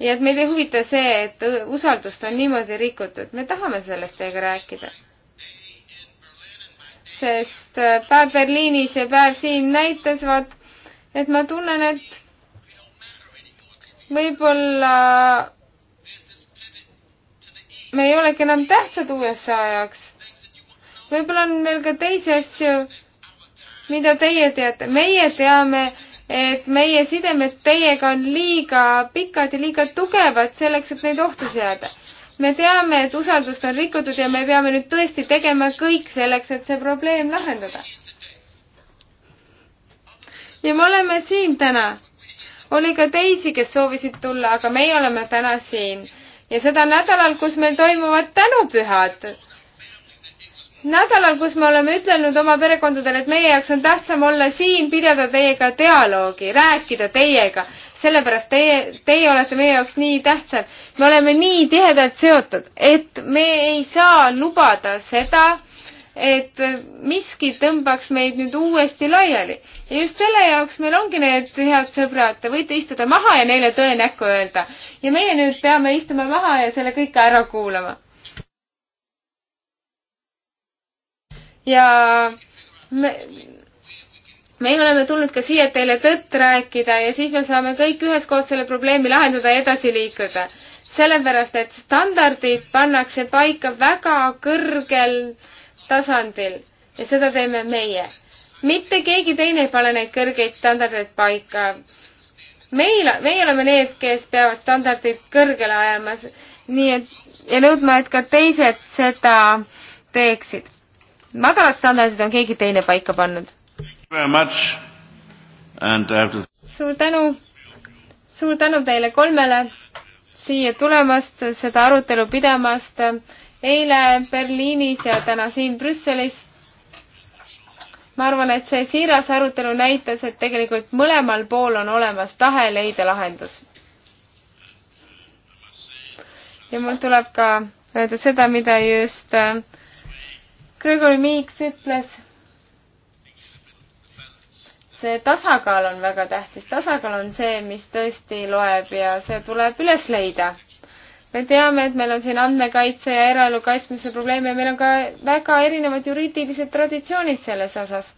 ja et meid ei huvita see, et usaldust on niimoodi rikutud. me tahame sellest teiega rääkida sest äh, päev Berliinis ja päev siin näitavad, et ma tunnen, et võib-olla me ei olegi enam tähtsad USA jaoks. võib-olla on veel ka teisi asju, mida teie teate. meie teame, et meie sidemed teiega on liiga pikad ja liiga tugevad selleks, et neid ohtu seada. me teame, et usaldust on rikutud ja me peame nüüd tõesti tegema kõik selleks, et see probleem lahendada ja me oleme siin täna. oli ka teisi, kes soovisid tulla, aga meie oleme täna siin ja seda nädalal, kus meil toimuvad tänupühad. nädalal, kus me oleme ütelnud oma perekondadele, et meie jaoks on tähtsam olla siin, pidada teiega dialoogi, rääkida teiega, sellepärast teie, teie olete meie jaoks nii tähtsad. me oleme nii tihedalt seotud, et me ei saa lubada seda, et miski tõmbaks meid nüüd uuesti laiali. ja just selle jaoks meil ongi need head sõbrad, te võite istuda maha ja neile tõe näkku öelda. ja meie nüüd peame istuma maha ja selle kõik ära kuulama. ja me, meie oleme tulnud ka siia, et teile tõtt rääkida ja siis me saame kõik üheskoos selle probleemi lahendada ja edasi liikuda. sellepärast, et standardid pannakse paika väga kõrgel äh, tasandil ja seda teeme meie. mitte keegi teine ei pane neid kõrgeid standardeid paika. meil, meie oleme need, kes peavad standardid kõrgele ajama, nii et ja nõudma, et ka teised seda teeksid. madalad standardid on keegi teine paika pannud. To... Uh, suur tänu, suur tänu teile kolmele siia tulemast, seda arutelu pidamast eile Berliinis ja täna siin Brüsselis. ma arvan, et see siiras arutelu näitas, et tegelikult mõlemal pool on olemas tahe leida lahendus. ja mul tuleb ka öelda seda, mida just äh, Gregory Meeks ütles. see tasakaal on väga tähtis, tasakaal on see, mis tõesti loeb ja see tuleb üles leida me teame, et meil on siin andmekaitse ja eraelu kaitsmise probleeme ja meil on ka väga erinevad juriidilised traditsioonid selles osas.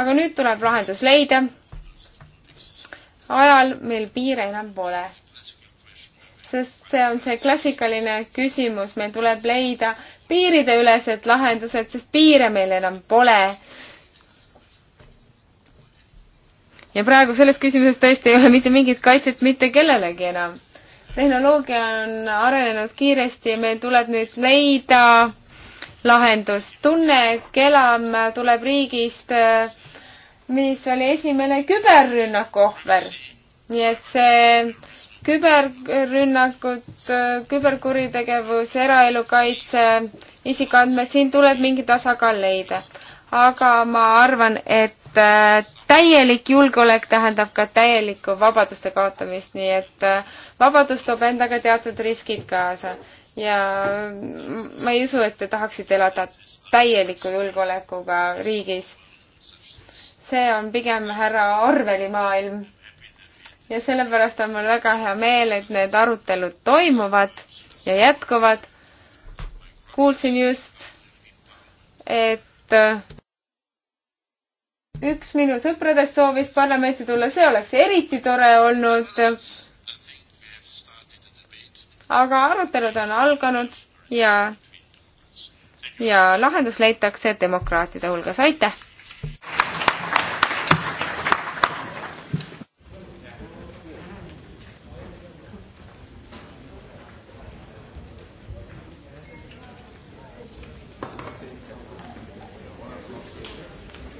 aga nüüd tuleb lahendus leida ajal, mil piire enam pole. sest see on see klassikaline küsimus, meil tuleb leida piirideülesed lahendused, sest piire meil enam pole. ja praegu selles küsimuses tõesti ei ole mitte mingit kaitset mitte kellelegi enam tehnoloogia on arenenud kiiresti ja meil tuleb nüüd leida lahendus. tunne, et Kelam tuleb riigist, mis oli esimene küberrünnaku ohver. nii et see küberrünnakud, küberkuritegevus, eraelu kaitse, isikuandmed, siin tuleb mingi tasakaal leida aga ma arvan, et äh, täielik julgeolek tähendab ka täielikku vabaduste kaotamist, nii et äh, vabadus toob endaga teatud riskid kaasa ja mm, ma ei usu, et te tahaksite elada täieliku julgeolekuga riigis. see on pigem härra Orwelli maailm. ja sellepärast on mul väga hea meel, et need arutelud toimuvad ja jätkuvad. kuulsin just, et äh, üks minu sõpradest soovis parlamenti tulla, see oleks eriti tore olnud. aga arutelud on alganud ja, ja lahendus leitakse demokraatide hulgas, aitäh!